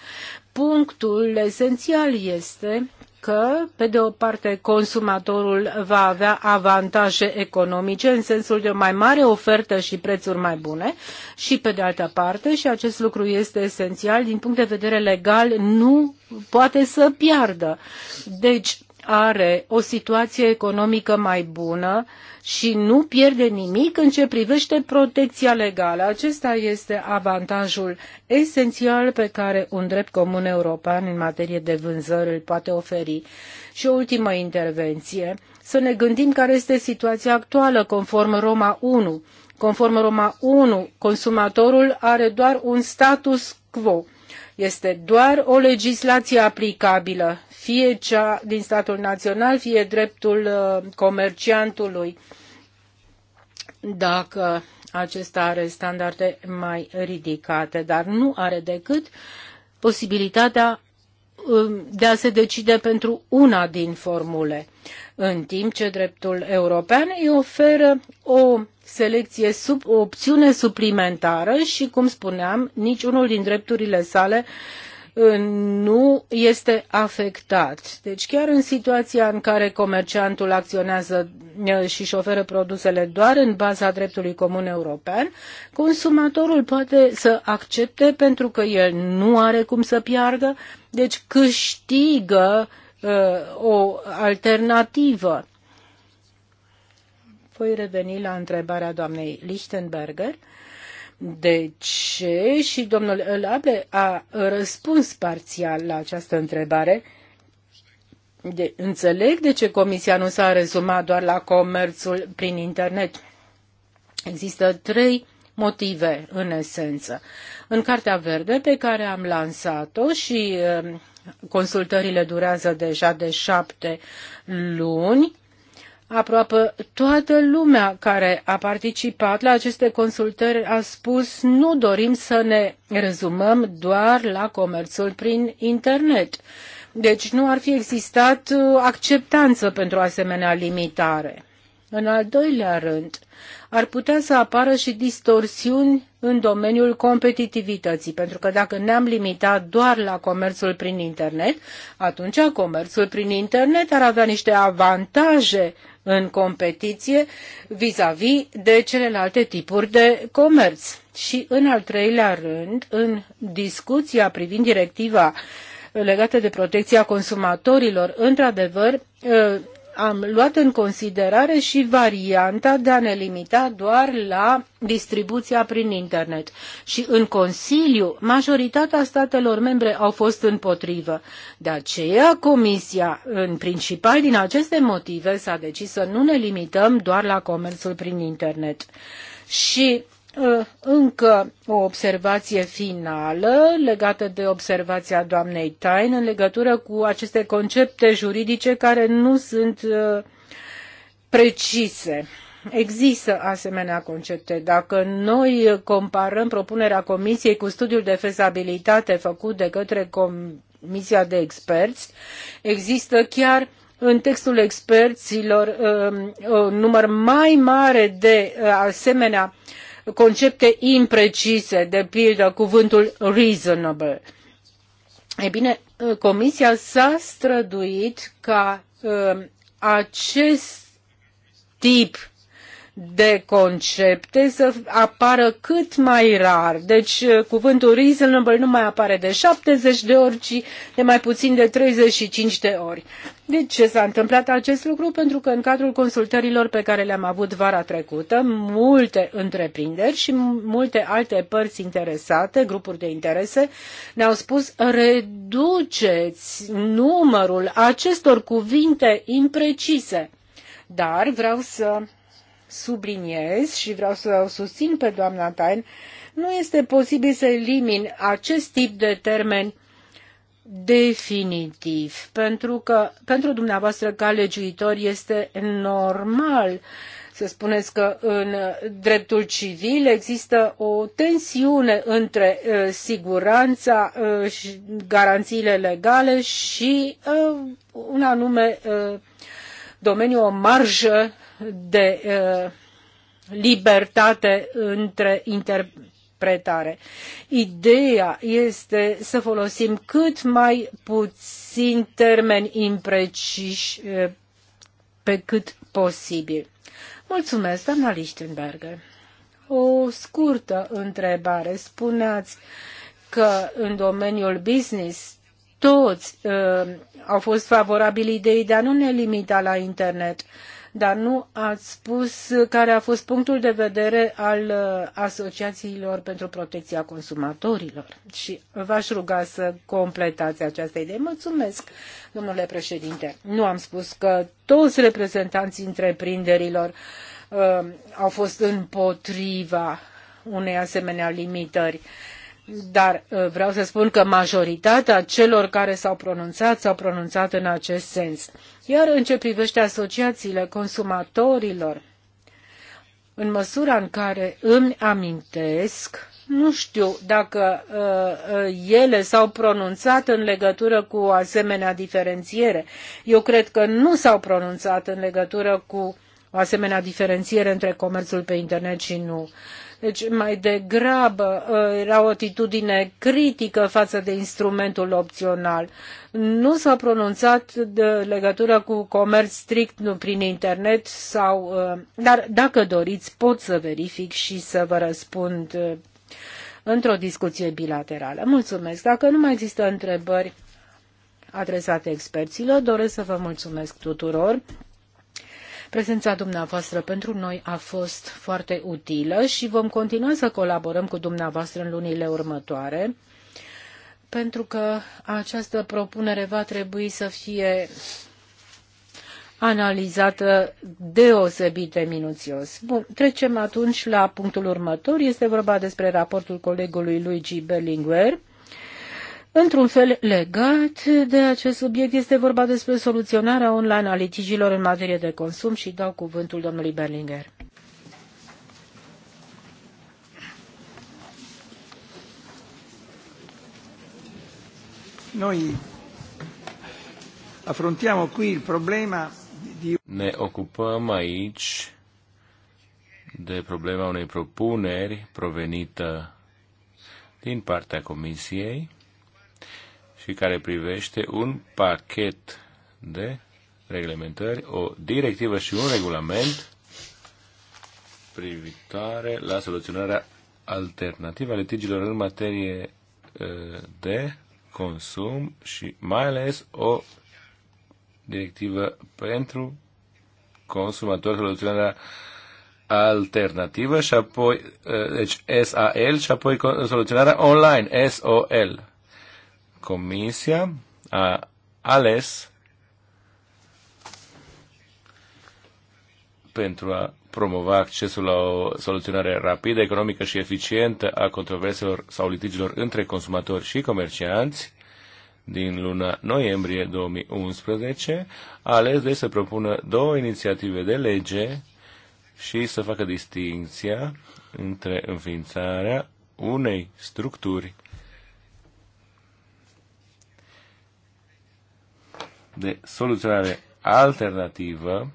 Punctul esențial este că, pe de o parte, consumatorul va avea avantaje economice în sensul de o mai mare ofertă și prețuri mai bune și, pe de altă parte, și acest lucru este esențial, din punct de vedere legal, nu poate să piardă. Deci, are o situație economică mai bună, uh, și nu pierde nimic în ce privește protecția legală. Acesta este avantajul esențial pe care un drept comun european în materie de vânzări îl poate oferi. Și o ultimă intervenție. Să ne gândim care este situația actuală conform Roma 1. Conform Roma 1, consumatorul are doar un status quo. Este doar o legislație aplicabilă fie cea din statul național, fie dreptul uh, comerciantului, dacă acesta are standarde mai ridicate, dar nu are decât posibilitatea um, de a se decide pentru una din formule, în timp ce dreptul european îi oferă o selecție sub o opțiune suplimentară și, cum spuneam, niciunul din drepturile sale uh, nu este afectat. Deci chiar în situația în care comerciantul acționează și își oferă produsele doar în baza dreptului comun european, consumatorul poate să accepte pentru că el nu are cum să piardă, deci câștigă uh, o alternativă. Voi reveni la întrebarea doamnei Lichtenberger. Uh, de ce și domnul Labe a răspuns parțial la această întrebare. De, înțeleg de ce Comisia nu s-a rezumat doar la comerțul prin internet. Există trei motive, în esență. În Cartea Verde, pe care am lansat-o și um, consultările durează deja de șapte luni, aproape toată lumea care a participat la aceste consultări a spus nu dorim să ne rezumăm doar la comerțul prin internet. Deci nu ar fi existat uh, acceptanță pentru asemenea limitare. În al doilea rând, ar putea să apară și distorsiuni în domeniul competitivității, pentru că dacă ne-am limitat doar la comerțul prin internet, atunci comerțul prin internet ar avea niște avantaje în competiție vis-a-vis -vis de celelalte tipuri de comerț. Și în al treilea rând, în discuția privind directiva legată de protecția consumatorilor, într-adevăr, am luat în considerare și varianta de a ne limita doar la distribuția prin internet. Și în Consiliu, majoritatea statelor membre au fost împotrivă. De aceea, Comisia, în principal din aceste motive, s-a decis să nu ne limităm doar la comerțul prin internet. Și Uh, încă o observație finală legată de observația doamnei Tain în legătură cu aceste concepte juridice care nu sunt uh, precise. Există asemenea concepte. Dacă noi comparăm propunerea Comisiei cu studiul de fezabilitate făcut de către Comisia de Experți, există chiar în textul experților uh, un număr mai mare de asemenea uh, concepte imprecise, de pildă cuvântul reasonable. E bine, Comisia s-a străduit ca uh, acest tip de concepte să apară cât mai rar. Deci uh, cuvântul reasonable nu mai apare de 70 de ori, ci de mai puțin de 35 de ori. De ce s-a întâmplat acest lucru? Pentru că în cadrul consultărilor pe care le-am avut vara trecută, multe întreprinderi și multe alte părți interesate, grupuri de interese, ne-au spus reduceți numărul acestor cuvinte imprecise. Dar vreau să subliniez și vreau să o susțin pe doamna Tain, nu este posibil să elimin acest tip de termen definitiv, pentru că pentru dumneavoastră ca legiuitor este normal să spuneți că în dreptul civil există o tensiune între uh, siguranța uh, și garanțiile legale și uh, un anume uh, domeniu, o marjă de libertate între interpretare. Ideea este să folosim cât mai puțin termeni impreciși pe cât posibil. Mulțumesc, doamna Lichtenberger. O scurtă întrebare. Spuneați că în domeniul business toți uh, au fost favorabili ideii de a nu ne limita la internet. Uh, dar nu ați spus care a fost punctul de vedere al uh, asociațiilor pentru protecția consumatorilor. Și v-aș ruga să completați această idee. Mulțumesc, domnule președinte. Nu am spus că toți reprezentanții întreprinderilor uh, au fost împotriva unei asemenea limitări. Uh, dar uh, vreau să spun că majoritatea celor care s-au pronunțat s-au pronunțat în acest sens. Iar în ce privește asociațiile consumatorilor, în măsura în care îmi amintesc, nu știu dacă uh, uh ele s-au pronunțat în legătură cu asemenea diferențiere. Eu cred că nu s-au pronunțat în legătură cu o asemenea diferențiere între comerțul pe internet și nu. Uh, deci mai degrabă uh, era o atitudine critică față de instrumentul opțional. Nu s-a pronunțat de legătură cu comerț strict nu prin internet sau uh, dar dacă doriți pot să verific și să vă răspund uh, într-o discuție bilaterală. Mulțumesc. Dacă nu mai există întrebări adresate experților, doresc să vă mulțumesc tuturor. Prezența dumneavoastră pentru noi a fost foarte utilă și vom continua să colaborăm cu dumneavoastră în lunile următoare pentru că această propunere va trebui să fie analizată deosebit de minuțios. Bun, trecem atunci la punctul următor. Este vorba despre raportul colegului Luigi Berlinguer Într-un fel legat de acest subiect este vorba despre soluționarea online a litigilor în materie de consum și dau cuvântul domnului Berlinger. Noi affrontiamo qui il problema di... Ne ocupăm aici de problema unei propuneri provenită din partea Comisiei și care privește un pachet de reglementări, o directivă și un regulament privitoare la soluționarea alternativă a litigilor în materie uh, de consum și mai ales o directivă pentru consumatori, soluționarea alternativă și apoi, uh, deci SAL și apoi soluționarea online, SOL. Comisia a ales pentru a promova accesul la o soluționare rapidă, economică și eficientă a controverselor sau litigilor între consumatori și comercianți din luna noiembrie 2011, a ales de să propună două inițiative de lege și să facă distinția între înființarea unei structuri de soluționare alternativă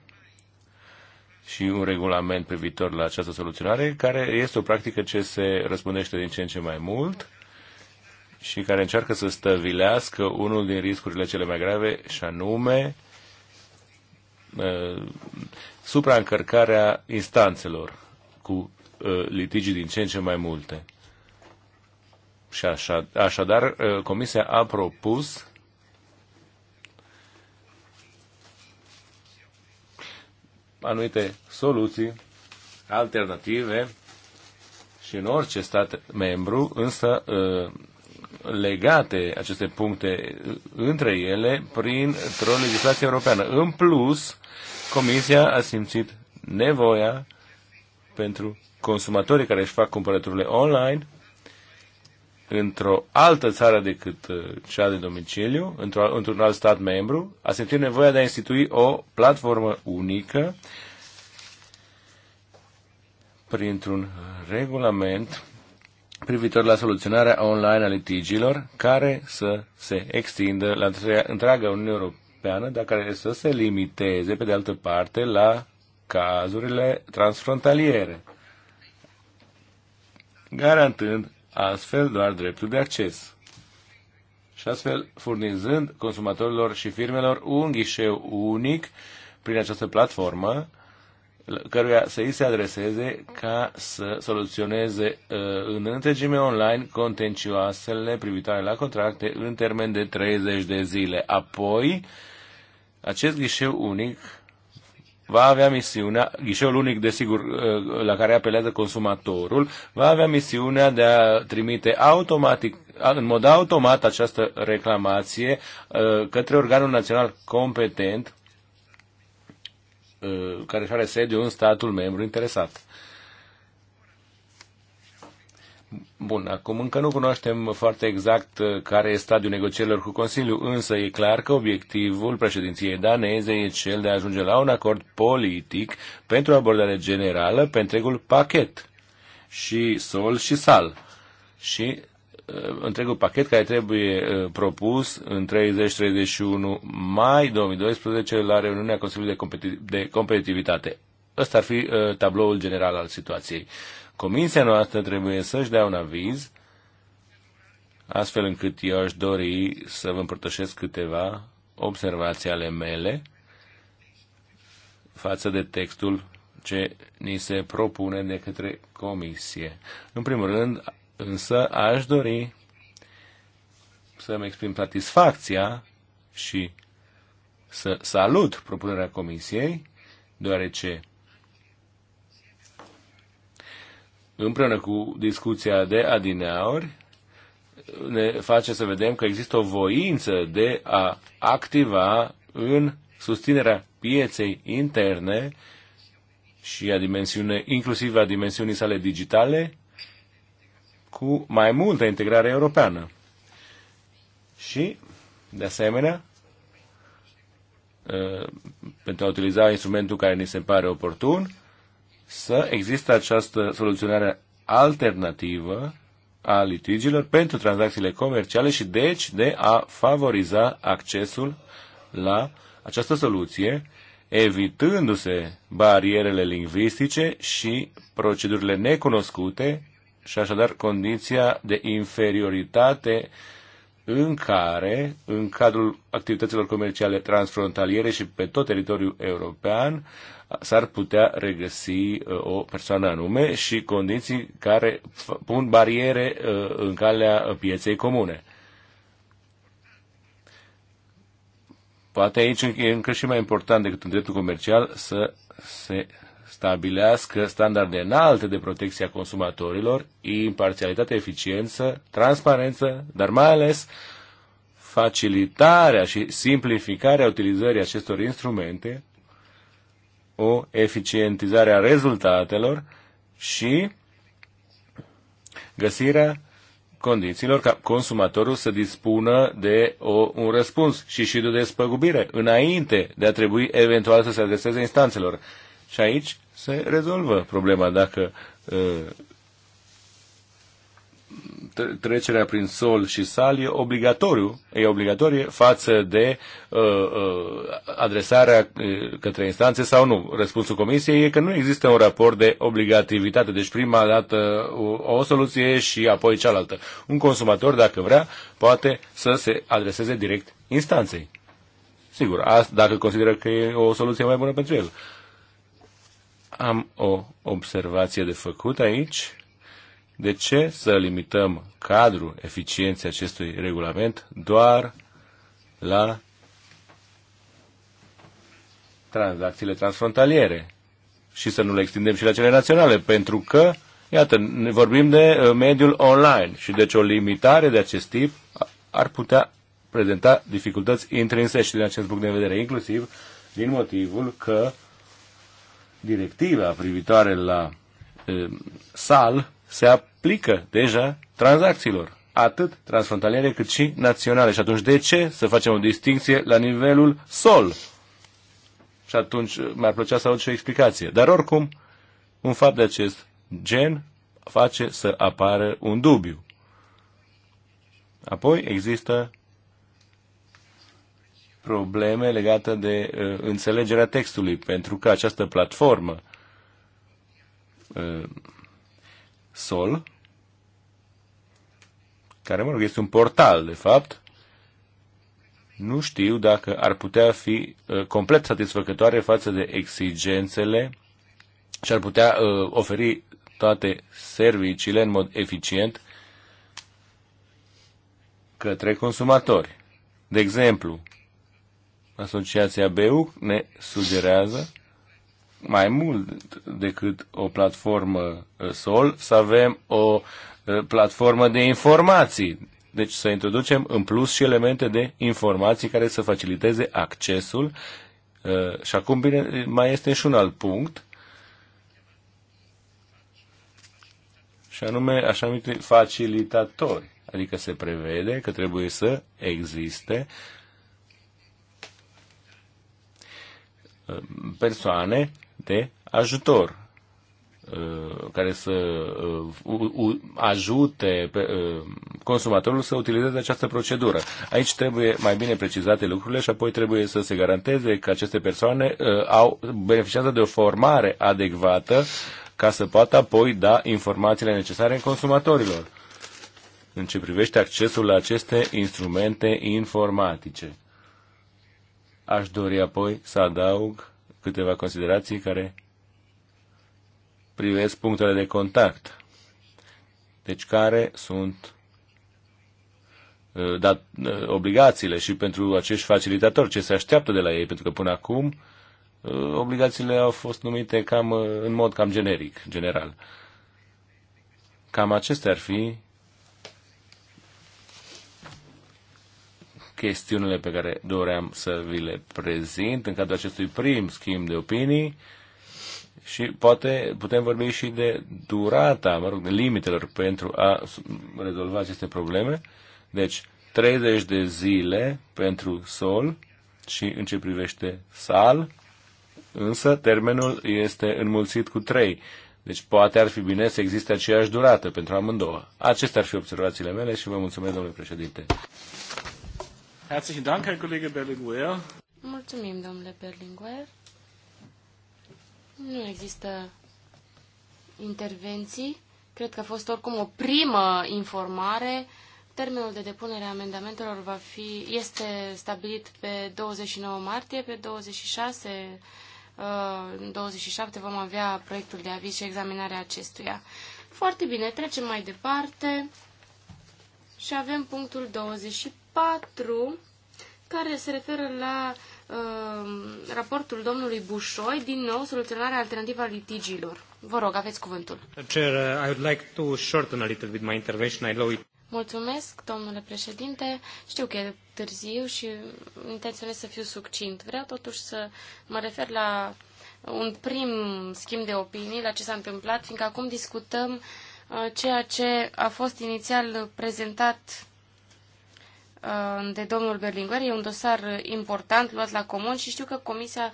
și un regulament privitor la această soluționare, care este o practică ce se răspundește din ce în ce mai mult și care încearcă să stăvilească unul din riscurile cele mai grave, și anume uh, supraîncărcarea instanțelor cu uh, litigi din ce în ce mai multe. Și așa, așadar, uh, Comisia a propus anumite soluții alternative și în orice stat membru, însă ă, legate aceste puncte ă, între ele prin o legislație europeană. În plus, Comisia a simțit nevoia pentru consumatorii care își fac cumpărăturile online într-o altă țară decât uh, cea de domiciliu, într-un într alt stat membru, a simțit nevoia de a institui o platformă unică printr-un regulament privitor la soluționarea online a litigiilor care să se extindă la întreaga Uniune Europeană, dar care să se limiteze, pe de altă parte, la cazurile transfrontaliere, garantând astfel doar dreptul de acces. Și astfel furnizând consumatorilor și firmelor un ghișeu unic prin această platformă căruia să îi se adreseze ca să soluționeze uh, în întregime online contencioasele privitoare la contracte în termen de 30 de zile. Apoi, acest ghișeu unic va avea misiunea, ghișeul unic, desigur, la care apelează consumatorul, va avea misiunea de a trimite automatic, în mod automat această reclamație uh, către organul național competent uh, care își are sediu în statul membru interesat. Bun, acum încă nu cunoaștem foarte exact uh, care e stadiul negocierilor cu Consiliul, însă e clar că obiectivul președinției daneze e cel de a ajunge la un acord politic pentru o abordare generală pe întregul pachet și sol și sal și uh, întregul pachet care trebuie uh, propus în 30-31 mai 2012 la reuniunea Consiliului de, Competi- de Competitivitate. Ăsta ar fi tabloul general al situației. Comisia noastră trebuie să-și dea un aviz, astfel încât eu aș dori să vă împărtășesc câteva observații ale mele față de textul ce ni se propune de către Comisie. În primul rând, însă, aș dori să-mi exprim satisfacția și să salut propunerea Comisiei, deoarece împreună cu discuția de adineauri, ne face să vedem că există o voință de a activa în susținerea pieței interne și a dimensiune, inclusiv a dimensiunii sale digitale, cu mai multă integrare europeană. Și, de asemenea, uh, pentru a utiliza instrumentul care ni se pare oportun, să există această soluționare alternativă a litigiilor pentru tranzacțiile comerciale și deci de a favoriza accesul la această soluție, evitându-se barierele lingvistice și procedurile necunoscute și așadar condiția de inferioritate în care, în cadrul activităților comerciale transfrontaliere și pe tot teritoriul european, s-ar putea regăsi uh, o persoană anume și condiții care pun bariere uh, în calea pieței comune. Poate aici e încă și mai important decât în dreptul comercial să se stabilească standarde înalte de protecție a consumatorilor, imparțialitate, eficiență, transparență, dar mai ales facilitarea și simplificarea utilizării acestor instrumente, o eficientizare a rezultatelor și găsirea condițiilor ca consumatorul să dispună de o, un răspuns și și de despăgubire înainte de a trebui eventual să se adreseze instanțelor. Și aici se rezolvă problema dacă trecerea prin sol și sal e obligatoriu, e obligatorie față de uh, uh, adresarea către instanțe sau nu. Răspunsul comisiei e că nu există un raport de obligativitate, deci prima dată o, o soluție și apoi cealaltă. Un consumator, dacă vrea, poate să se adreseze direct instanței. Sigur, asta, dacă consideră că e o soluție mai bună pentru el. Uh, am o observație de făcut aici. De ce să limităm cadrul eficienței acestui regulament doar la tranzacțiile transfrontaliere și să nu le extindem și la cele naționale, pentru că, iată, ne vorbim de uh, mediul online și deci o limitare de acest tip ar putea prezenta dificultăți intrinsești din acest punct de vedere, inclusiv din motivul că directiva privitoare la e, sal se aplică deja tranzacțiilor, atât transfrontaliere cât și naționale. Și atunci de ce să facem o distinție la nivelul sol? Și atunci mi-ar plăcea să aud și o explicație. Dar oricum, un fapt de acest gen face să apară un dubiu. Apoi există probleme legate de uh, înțelegerea textului, pentru că această platformă uh, Sol, care, mă rog, este un portal, de fapt, nu știu dacă ar putea fi uh, complet satisfăcătoare față de exigențele și ar putea uh, oferi toate serviciile în mod eficient către consumatori. De exemplu, Asociația BEU ne sugerează mai mult decât o platformă uh, SOL, să avem o uh, platformă de informații. Deci să introducem în plus și elemente de informații care să faciliteze accesul. Uh, și acum, bine, mai este și un alt punct. Și anume, așa numite facilitatori. Adică se prevede că trebuie să existe uh, persoane de ajutor uh, care să uh, ajute uh, consumatorul să utilizeze această procedură. Aici trebuie mai bine precizate lucrurile și apoi trebuie să se garanteze că aceste persoane au beneficiază de o formare adecvată ca să poată apoi da informațiile necesare în consumatorilor în ce privește accesul la aceste instrumente informatice. Aș dori apoi să adaug câteva considerații care privesc punctele de contact. Deci care sunt uh, dat, uh, obligațiile și pentru acești facilitatori, ce se așteaptă de la ei, pentru că până acum uh, obligațiile au fost numite cam în mod cam generic, general. Cam acestea ar fi chestiunile pe care doream să vi le prezint în cadrul acestui prim schimb de opinii și poate putem vorbi și de durata, mă rog, de limitelor pentru a rezolva aceste probleme. Deci, 30 de zile pentru sol și în ce privește sal, însă termenul este înmulțit cu 3. Deci poate ar fi bine să existe aceeași durată pentru amândouă. Acestea ar fi observațiile mele și vă mulțumesc, domnule președinte. Herzlichen Dank, Herr Kollege Berlinguer. Mulțumim, domnule Berlinguer. Nu există intervenții. Cred că a fost oricum o primă informare. Termenul de depunere a amendamentelor va fi, este stabilit pe 29 martie, pe 26 27 uh, vom avea proiectul de aviz și examinarea acestuia. Foarte bine, trecem mai departe și avem punctul 24. 4, care se referă la uh, raportul domnului Bușoi, din nou soluționarea alternativă a litigiilor. Vă rog, aveți cuvântul. Chair, uh, I would like to shorten a little bit my intervention. I know it Mulțumesc, domnule președinte. Știu că e târziu și intenționez să fiu succint. Vreau totuși să mă refer la un prim schimb de opinii, la ce s-a întâmplat, fiindcă acum discutăm uh, ceea ce a fost inițial prezentat Uh, de domnul Berlinguer. E un dosar important luat la comun și știu că Comisia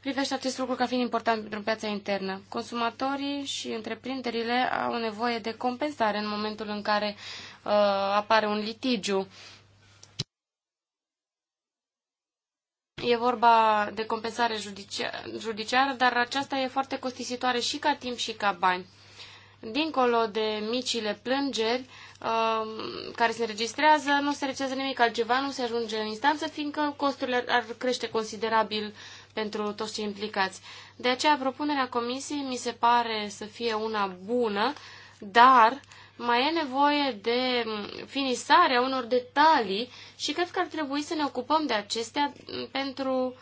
privește acest lucru ca fiind important pentru piața internă. Consumatorii și întreprinderile au nevoie de compensare în momentul în care uh, apare un litigiu. E vorba de compensare judicia- judiciară, dar aceasta e foarte costisitoare și ca timp și ca bani dincolo de micile plângeri uh, care se înregistrează, nu se registrează nimic altceva, nu se ajunge în instanță, fiindcă costurile ar crește considerabil pentru toți cei implicați. De aceea, propunerea comisiei mi se pare să fie una bună, dar mai e nevoie de finisarea unor detalii și cred că ar trebui să ne ocupăm de acestea pentru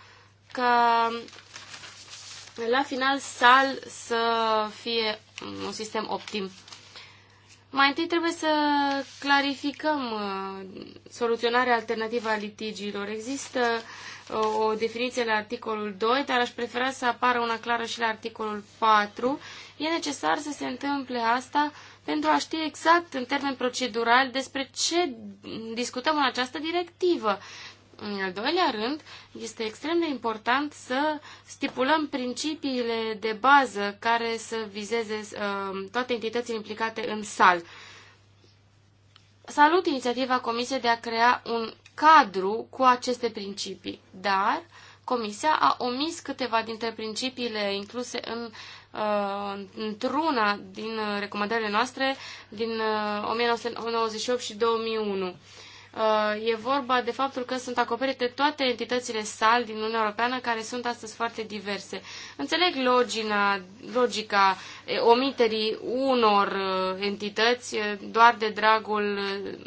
ca la final sal să fie un sistem optim. Mai întâi trebuie să clarificăm uh, soluționarea alternativă a litigiilor. Există uh, o definiție la articolul 2, dar aș prefera să apară una clară și la articolul 4. E necesar să se întâmple asta pentru a ști exact în termen procedural despre ce discutăm în această directivă. În al doilea rând, este extrem de important să stipulăm principiile de bază care să vizeze uh, toate entitățile implicate în sal. Salut inițiativa Comisiei de a crea un cadru cu aceste principii, dar Comisia a omis câteva dintre principiile incluse în uh, într-una din uh, recomandările noastre din uh, 1998 și 2001. Uh, e vorba de faptul că sunt acoperite toate entitățile sal din Uniunea Europeană, care sunt astăzi foarte diverse. Înțeleg logina, logica omiterii unor uh, entități doar de dragul uh,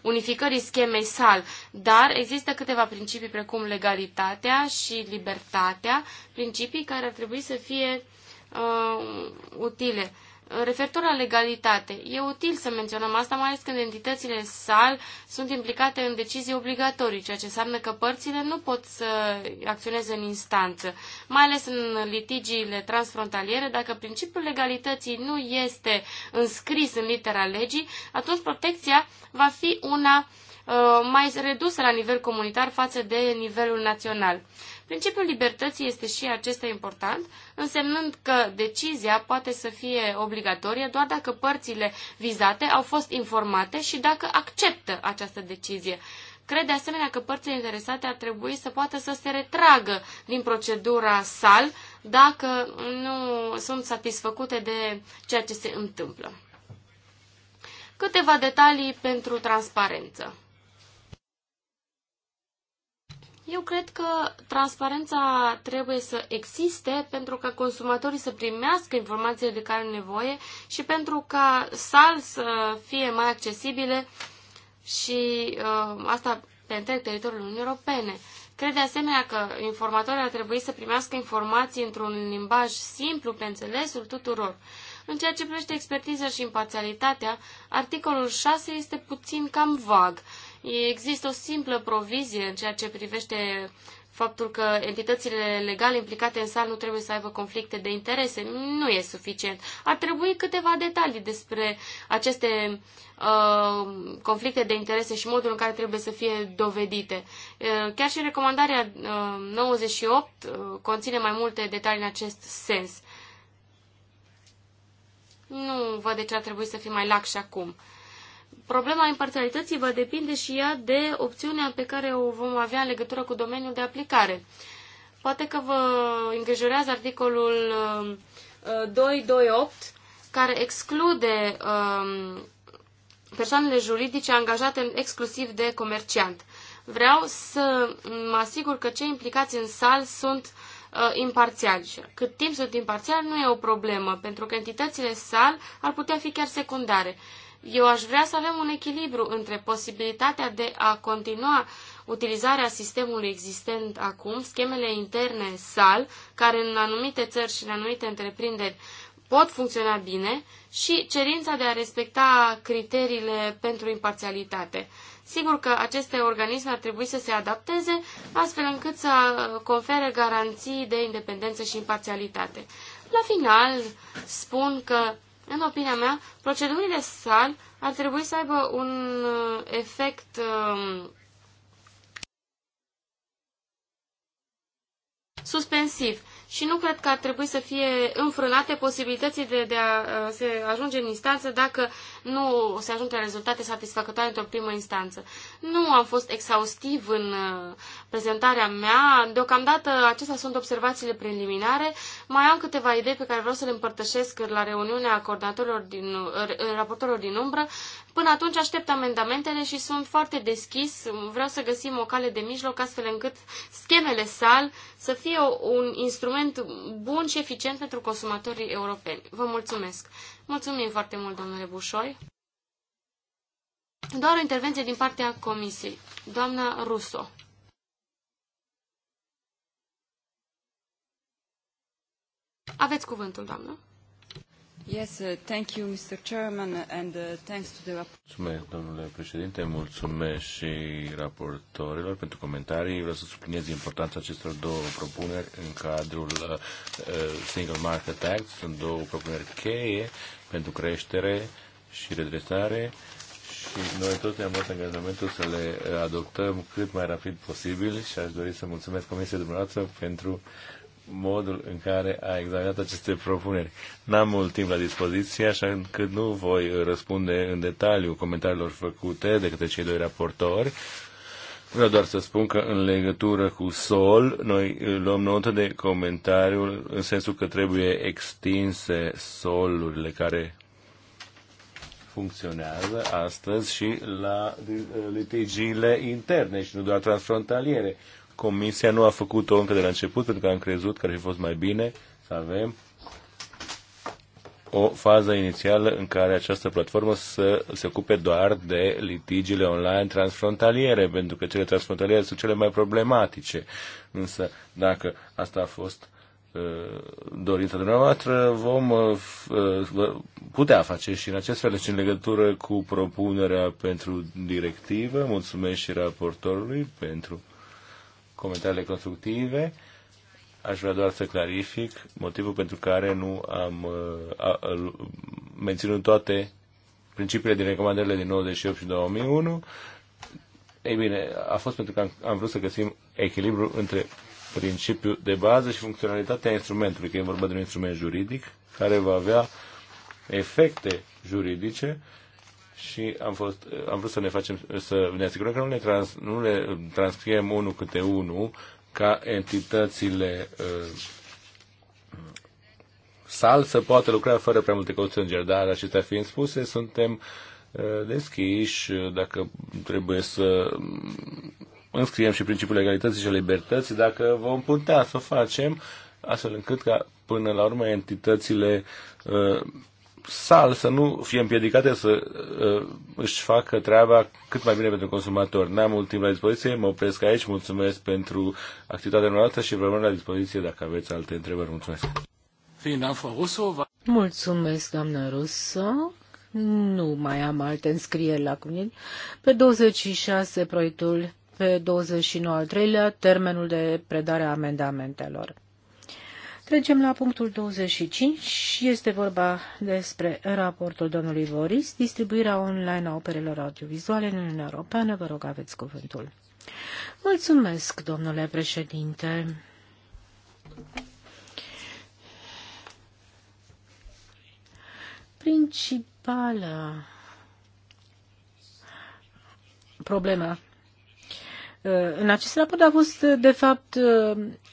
unificării schemei sal, dar există câteva principii precum legalitatea și libertatea, principii care ar trebui să fie uh, utile. Uh, Referitor la legalitate, e util să menționăm asta, mai ales când entitățile SAL sunt implicate în decizii obligatorii, ceea ce înseamnă că părțile nu pot să acționeze în instanță, mai ales în litigiile transfrontaliere. Dacă principiul legalității nu este înscris în litera legii, atunci protecția va fi una uh, Uh, mai redusă la nivel comunitar față de nivelul național. Principiul libertății este și acesta important, însemnând că decizia poate să fie obligatorie doar dacă părțile vizate au fost informate și dacă acceptă această decizie. Cred de asemenea că părțile interesate ar trebui să poată să se retragă din procedura SAL dacă nu sunt satisfăcute de ceea ce se întâmplă. Câteva detalii pentru transparență. Eu cred că transparența trebuie să existe pentru ca consumatorii să primească informațiile de care au nevoie și pentru ca sal să fie mai accesibile și uh, asta pe întreg teritoriul Uniunii Europene. Cred de asemenea că informatorii ar trebui să primească informații într-un limbaj simplu pe înțelesul tuturor. În ceea ce privește expertiza și imparțialitatea, articolul 6 este puțin cam vag. Există o simplă provizie în ceea ce privește faptul că entitățile legale implicate în sal nu trebuie să aibă conflicte de interese. Nu e suficient. Ar trebui câteva detalii despre aceste uh, conflicte de interese și modul în care trebuie să fie dovedite. Uh, chiar și recomandarea uh, 98 uh, conține mai multe detalii în acest sens. Nu văd de ce ar trebui să fie mai lax și acum. Uh, Problema imparțialității va depinde și ea de opțiunea pe care o vom avea în legătură cu domeniul de aplicare. Poate că vă îngrijorează articolul 228, uh, uh, care exclude um, persoanele juridice angajate exclusiv de comerciant. Vreau să mă asigur că cei implicați în sal sunt uh, imparțiali. Cât timp sunt imparțiali nu e o problemă, pentru că entitățile sal ar putea fi chiar secundare. Uh, eu aș vrea să avem un echilibru între posibilitatea de a continua utilizarea sistemului existent acum, schemele interne SAL, care în anumite țări și în anumite întreprinderi pot funcționa bine, și cerința de a respecta criteriile pentru imparțialitate. Sigur că aceste organisme ar trebui să se adapteze astfel încât să confere garanții de independență și imparțialitate. La final, spun că în opinia mea, procedurile sal ar trebui să aibă un uh, efect um, suspensiv și nu cred că ar trebui să fie înfrânate posibilitățile de a uh, se ajunge în instanță dacă nu se ajunge la rezultate satisfăcătoare într-o primă instanță. Nu am fost exhaustiv în uh, prezentarea mea. Deocamdată acestea sunt observațiile preliminare. Mai am câteva idei pe care vreau să le împărtășesc la reuniunea coordonatorilor din, uh, raportorilor din umbră. Până atunci aștept amendamentele și sunt foarte deschis. Vreau să găsim o cale de mijloc astfel încât schemele SAL să fie un instrument bun și eficient pentru consumatorii europeni. Vă mulțumesc! Mulțumim foarte mult, domnule Bușoi. Doar o intervenție din partea Comisiei. Doamna Russo. Aveți cuvântul, doamnă. Yes, uh, thank you, Mr. Chairman, and uh, thanks to the Mulțumesc, domnule președinte, mulțumesc și raportorilor pentru comentarii. Vreau să subliniez importanța acestor două propuneri în cadrul uh, Single Market Act. Sunt două propuneri cheie pentru creștere și redresare și noi toți am luat angajamentul să le adoptăm cât mai rapid posibil și aș dori să mulțumesc Comisiei dumneavoastră pentru modul în care a examinat aceste propuneri. N-am mult timp la dispoziție, așa încât nu voi răspunde în detaliu comentariilor făcute de către cei doi raportori. Vreau doar să spun că în legătură cu sol, noi luăm notă de comentariul în sensul că trebuie extinse solurile care funcționează astăzi și la litigiile interne și nu doar transfrontaliere. Comisia nu a făcut-o încă de la început, pentru că am crezut că ar fi fost mai bine să avem o fază inițială în care această platformă să se ocupe doar de litigiile online transfrontaliere, pentru că cele transfrontaliere sunt cele mai problematice. Însă, dacă asta a fost uh, dorința dumneavoastră, vom uh, uh putea face și în acest fel, și deci în legătură cu propunerea pentru directivă, mulțumesc și raportorului pentru comentariile constructive. Aș vrea doar să clarific motivul pentru care nu am uh, a, a, menținut toate principiile din recomandările din 98 și 2001. Ei bine, a fost pentru că am, am vrut să găsim echilibru între principiul de bază și funcționalitatea instrumentului, că e vorba de un instrument juridic care va avea efecte juridice și am, fost, am vrut să ne facem, să ne asigurăm că nu le, trans, nu le transcriem unul câte unul ca entitățile uh, sal să poată lucra fără prea multe constrângeri, dar acestea fiind spuse, suntem uh, deschiși dacă trebuie să înscriem și principiul egalității și libertății, dacă vom putea să o facem, astfel încât ca până la urmă entitățile uh, sal să nu fie împiedicate să uh, își facă treaba cât mai bine pentru consumator. N-am mult timp la dispoziție, mă opresc aici, mulțumesc pentru activitatea noastră și vă rămân la dispoziție dacă aveți alte întrebări. Mulțumesc! Mulțumesc, doamnă Rusă! Nu mai am alte înscrieri la cuvânt. Pe 26 proiectul, pe 29 al treilea, termenul de predare a amendamentelor. Trecem la punctul 25. și Este vorba despre raportul domnului Boris, distribuirea online a operelor audiovizuale în Uniunea Europeană. Vă rog, aveți cuvântul. Mulțumesc, domnule președinte. Principala problema în acest raport a fost, de fapt,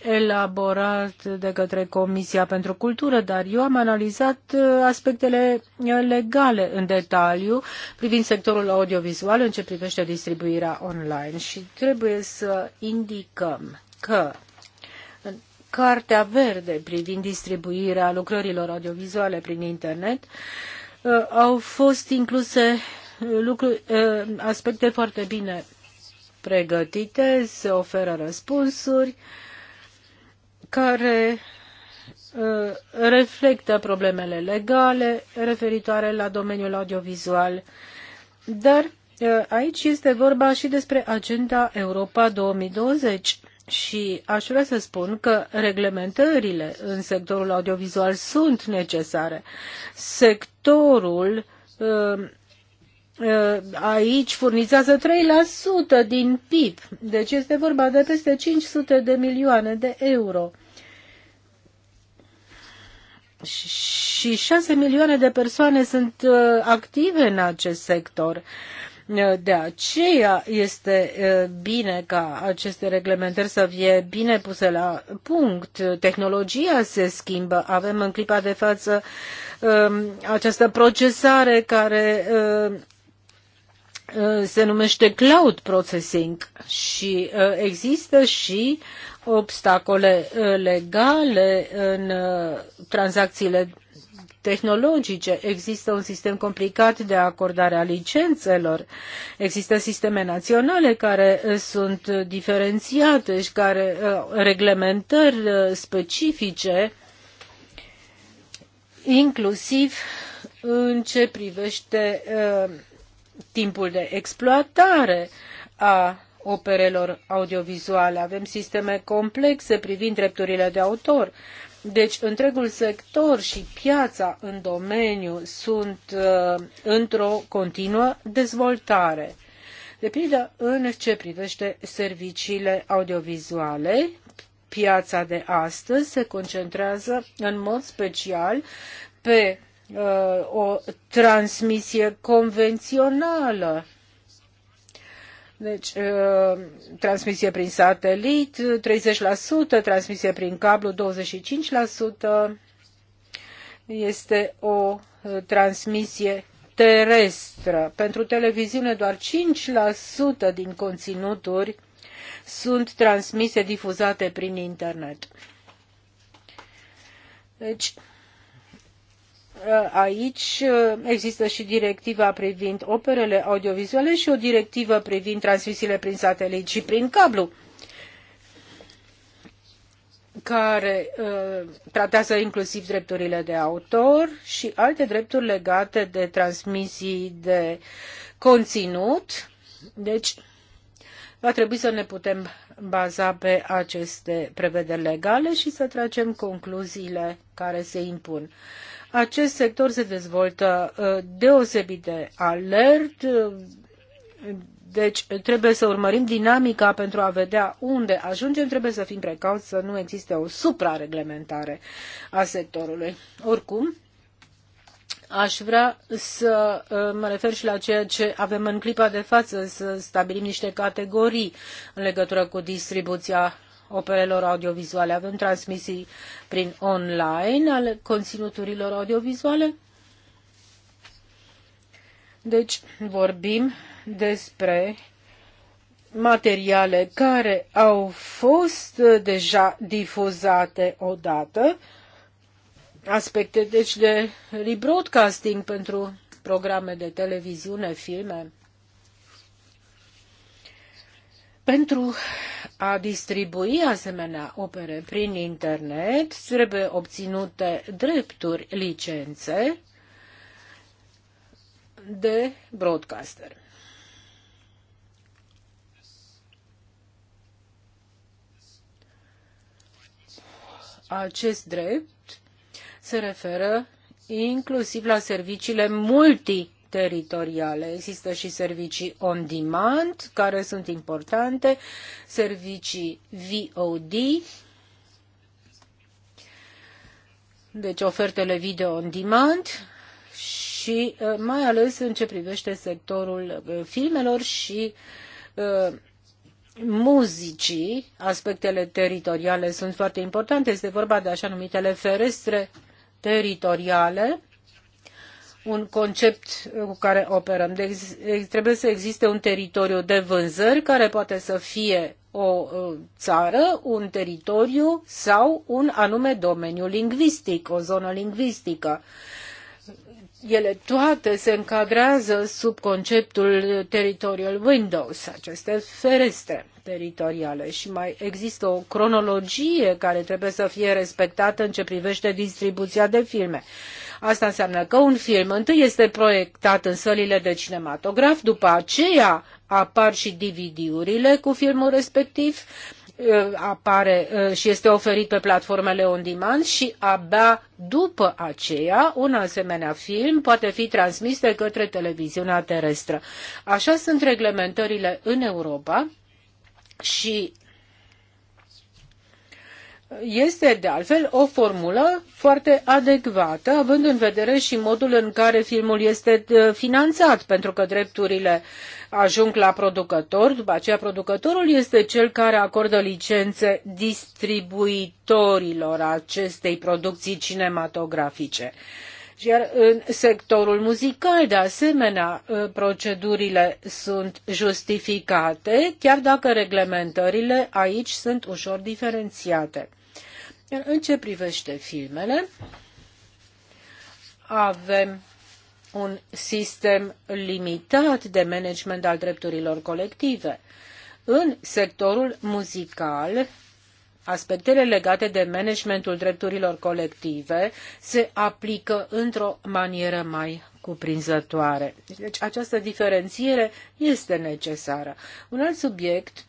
elaborat de către Comisia pentru Cultură, dar eu am analizat aspectele legale în detaliu privind sectorul audiovizual în ce privește distribuirea online și trebuie să indicăm că în Cartea Verde privind distribuirea lucrărilor audiovizuale prin internet uh, au fost incluse lucruri, uh, aspecte foarte bine pregătite, se oferă răspunsuri care uh, reflectă problemele legale referitoare la domeniul audiovizual, dar uh, aici este vorba și despre agenda Europa 2020 și aș vrea să spun că reglementările în sectorul audiovizual sunt necesare. Sectorul uh, Uh, aici furnizează 3% din PIB, deci este vorba de peste 500 de milioane de euro. Și 6 milioane de persoane sunt uh, active în acest sector. Uh, de aceea este bine ca aceste reglementări să fie bine puse la punct. Tehnologia se schimbă. Avem în clipa de față um, această procesare care Uh, se numește cloud processing și uh, există și obstacole uh, legale în tranzacțiile tehnologice, există un sistem complicat de acordare a licențelor, există sisteme naționale care sunt diferențiate și care reglementări specifice, inclusiv în ce privește uh, timpul de exploatare a operelor audiovizuale. Avem sisteme complexe privind drepturile de autor. Deci, întregul sector și piața în domeniu sunt uh, într-o continuă dezvoltare. De pildă, în ce privește serviciile audiovizuale, piața de astăzi se concentrează în mod special pe Uh, o transmisie convențională. Deci, uh, transmisie prin satelit, 30%, transmisie prin cablu, 25%, este o uh, transmisie terestră. Pentru televiziune, doar 5% din conținuturi sunt transmise, difuzate prin internet. Deci, Uh, aici uh, există și directiva privind operele audiovizuale și o directivă privind transmisiile prin satelit și prin cablu care uh, tratează inclusiv drepturile de autor și alte drepturi legate de transmisii de conținut. Deci, va trebui să ne putem baza pe aceste prevederi legale și să tragem concluziile care se impun. Acest sector se dezvoltă uh, deosebit de alert, uh, deci trebuie să urmărim dinamica pentru a vedea unde ajungem, trebuie să fim precauți să nu existe o suprareglementare a sectorului. Oricum, aș vrea să uh, mă refer și la ceea ce avem în clipa de față, să stabilim niște categorii în legătură cu distribuția operelor audiovizuale. Avem transmisii prin online ale conținuturilor audiovizuale. Deci vorbim despre materiale care au fost uh, deja difuzate odată, aspecte deci de rebroadcasting pentru programe de televiziune, filme. Pentru a distribui asemenea opere prin internet trebuie obținute drepturi licențe de broadcaster. Acest drept se referă inclusiv la serviciile multi teritoriale. Există și servicii on-demand, care sunt importante, servicii VOD, deci ofertele video on-demand și uh, mai ales în ce privește sectorul uh, filmelor și uh, muzicii, aspectele teritoriale sunt foarte importante. Este vorba de așa numitele ferestre teritoriale un concept cu care operăm. Deci, trebuie să existe un teritoriu de vânzări care poate să fie o uh, țară, un teritoriu sau un anume domeniu lingvistic, o zonă lingvistică. Ele toate se încadrează sub conceptul teritorial Windows, aceste ferestre teritoriale și mai există o cronologie care trebuie să fie respectată în ce privește distribuția de filme. Asta înseamnă că un film întâi este proiectat în sălile de cinematograf, după aceea apar și DVD-urile cu filmul respectiv, apare și este oferit pe platformele on demand și abia după aceea un asemenea film poate fi transmis de către televiziunea terestră. Așa sunt reglementările în Europa și este de altfel o formulă foarte adecvată, având în vedere și modul în care filmul este uh, finanțat, pentru că drepturile ajung la producător, după aceea producătorul este cel care acordă licențe distribuitorilor acestei producții cinematografice. Iar în sectorul muzical, de asemenea, uh, procedurile sunt justificate, chiar dacă reglementările aici sunt ușor diferențiate. Iar în ce privește filmele, avem un sistem limitat de management al drepturilor colective. În sectorul muzical, aspectele legate de managementul drepturilor colective se aplică într-o manieră mai cuprinzătoare. Deci această diferențiere este necesară. Un alt subiect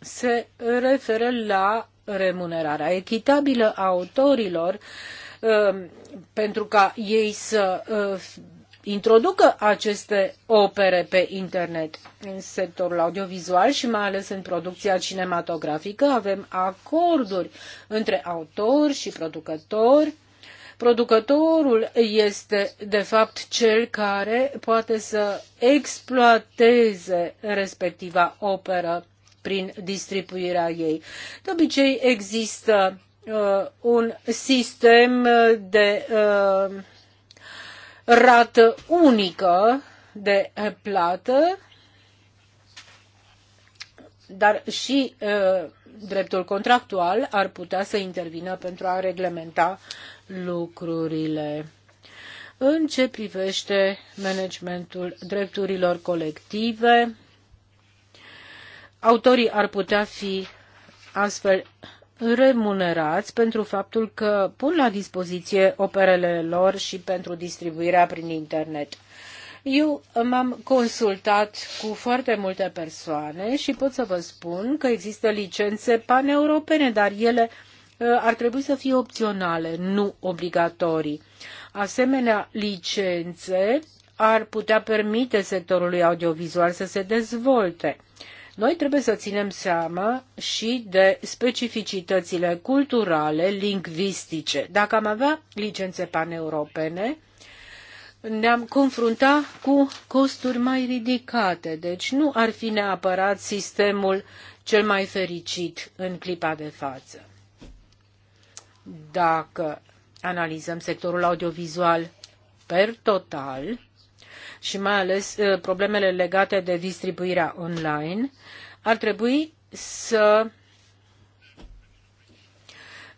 se referă la remunerarea echitabilă a autorilor um, pentru ca ei să uh, introducă aceste opere pe internet. În sectorul audiovizual și mai ales în producția cinematografică avem acorduri între autori și producători. Producătorul este, de fapt, cel care poate să exploateze respectiva operă prin distribuirea ei. De obicei există uh, un sistem de uh, rată unică de plată, dar și uh, dreptul contractual ar putea să intervină pentru a reglementa lucrurile. În ce privește managementul drepturilor colective, autorii ar putea fi astfel remunerați pentru faptul că pun la dispoziție operele lor și pentru distribuirea prin internet. Eu m-am consultat cu foarte multe persoane și pot să vă spun că există licențe paneuropene, dar ele uh, ar trebui să fie opționale, nu obligatorii. Asemenea, licențe ar putea permite sectorului audiovizual să se dezvolte. Uh, noi trebuie să ținem seama și de specificitățile culturale, lingvistice. Dacă am avea licențe paneuropene, ne-am confrunta cu costuri mai ridicate, deci nu ar fi neapărat sistemul cel mai fericit în clipa de față. Dacă analizăm sectorul audiovizual per total, și mai ales uh, problemele legate de distribuirea online, ar trebui să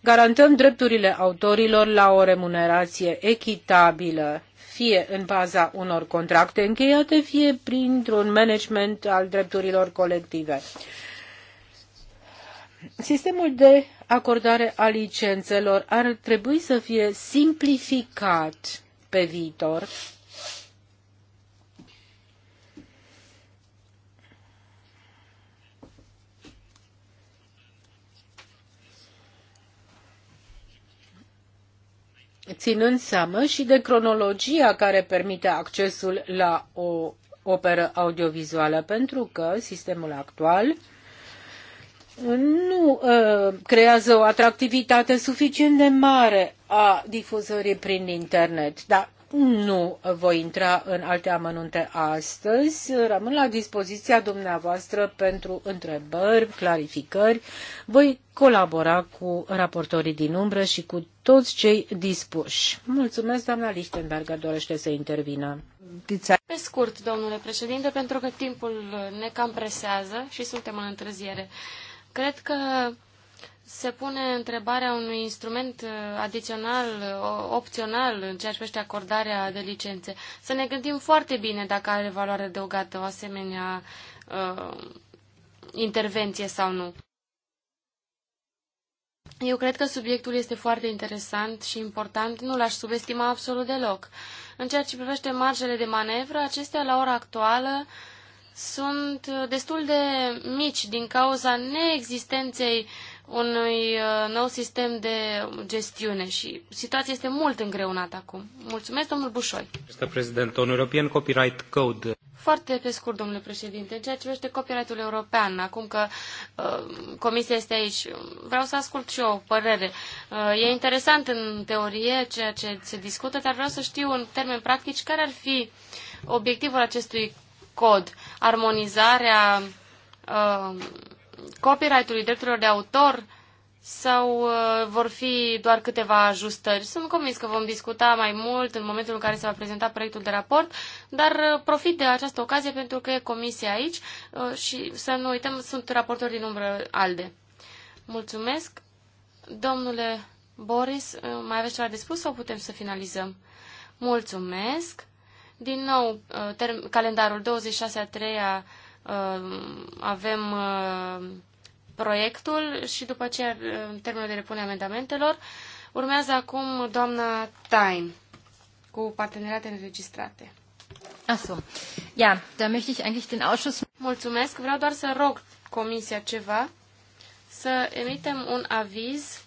garantăm drepturile autorilor la o remunerație echitabilă, fie în baza unor contracte încheiate, fie printr-un management al drepturilor colective. Sistemul de acordare a licențelor ar trebui să fie simplificat pe viitor ținând seama și de cronologia care permite accesul la o operă audiovizuală, pentru că sistemul actual nu uh, creează o atractivitate suficient de mare a difuzării prin internet. Dar nu voi intra în alte amănunte astăzi. Rămân la dispoziția dumneavoastră pentru întrebări, clarificări. Voi colabora cu raportorii din umbră și cu toți cei dispuși. Mulțumesc, doamna Lichtenberger, dorește să intervină. Pe scurt, domnule președinte, pentru că timpul ne cam presează și suntem în întârziere. Cred că se pune întrebarea unui instrument uh, adițional, opțional, în ceea ce privește acordarea de licențe. Să ne gândim foarte bine dacă are valoare adăugată o asemenea uh, intervenție sau nu. Eu cred că subiectul este foarte interesant și important, nu l-aș subestima absolut deloc. În ceea ce privește marjele de manevră, acestea la ora actuală sunt destul de mici din cauza neexistenței unui uh, nou sistem de gestiune și situația este mult îngreunată acum. Mulțumesc, domnul Bușoi. Este prezident, un European Copyright Code foarte pe scurt, domnule președinte, în ceea ce privește copyright european, acum că uh, comisia este aici, vreau să ascult și eu o părere. Uh, e interesant în teorie ceea ce se discută, dar vreau să știu în termeni practici care ar fi obiectivul acestui cod, armonizarea uh, copyright-ului drepturilor de autor uh, sau uh, vor fi doar câteva ajustări. Sunt convins că vom discuta mai mult în momentul în care se va prezenta proiectul de raport, dar uh, profit de această ocazie pentru că e comisia aici uh, și să nu uităm, sunt raportori din umbră ALDE. Mulțumesc. Domnule Boris, mai aveți ceva de spus sau putem să finalizăm? Mulțumesc. Din nou, calendarul 26 a 3 -a, avem proiectul și după aceea termenul de repune amendamentelor. Urmează acum doamna Tain cu parteneriate înregistrate. Așa. Ia, da möchte ich eigentlich den Ausschuss... Mulțumesc. Vreau doar să rog comisia ceva, să emitem un aviz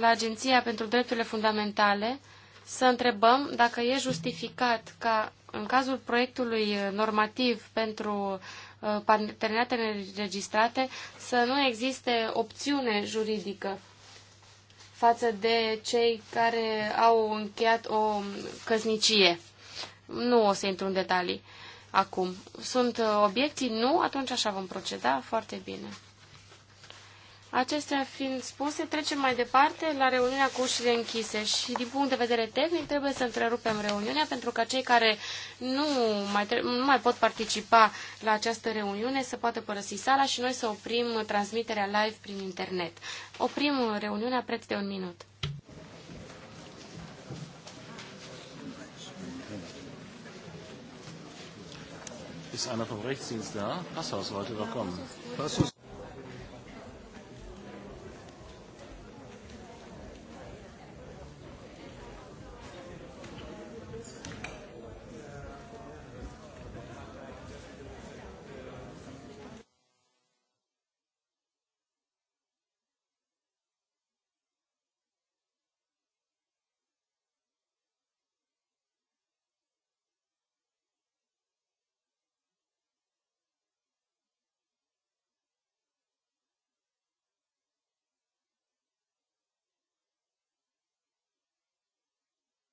la Agenția pentru Drepturile Fundamentale, să întrebăm dacă e justificat ca în cazul proiectului normativ pentru Uh, parteneriatele înregistrate să nu existe opțiune juridică față de cei care au încheiat o căsnicie. Nu o să intru în detalii acum. Sunt uh, obiecții? Nu? Atunci așa vom proceda foarte bine. Acestea fiind spuse, trecem mai departe la reuniunea cu ușile închise și din punct de vedere tehnic trebuie să întrerupem reuniunea pentru ca cei care nu mai, nu mai pot participa la această reuniune să poată părăsi sala și noi să oprim transmiterea live prin internet. Oprim reuniunea preț de un minut. Ist einer vom Rechtsdienst da? Passhaus wollte doch kommen. Passhaus.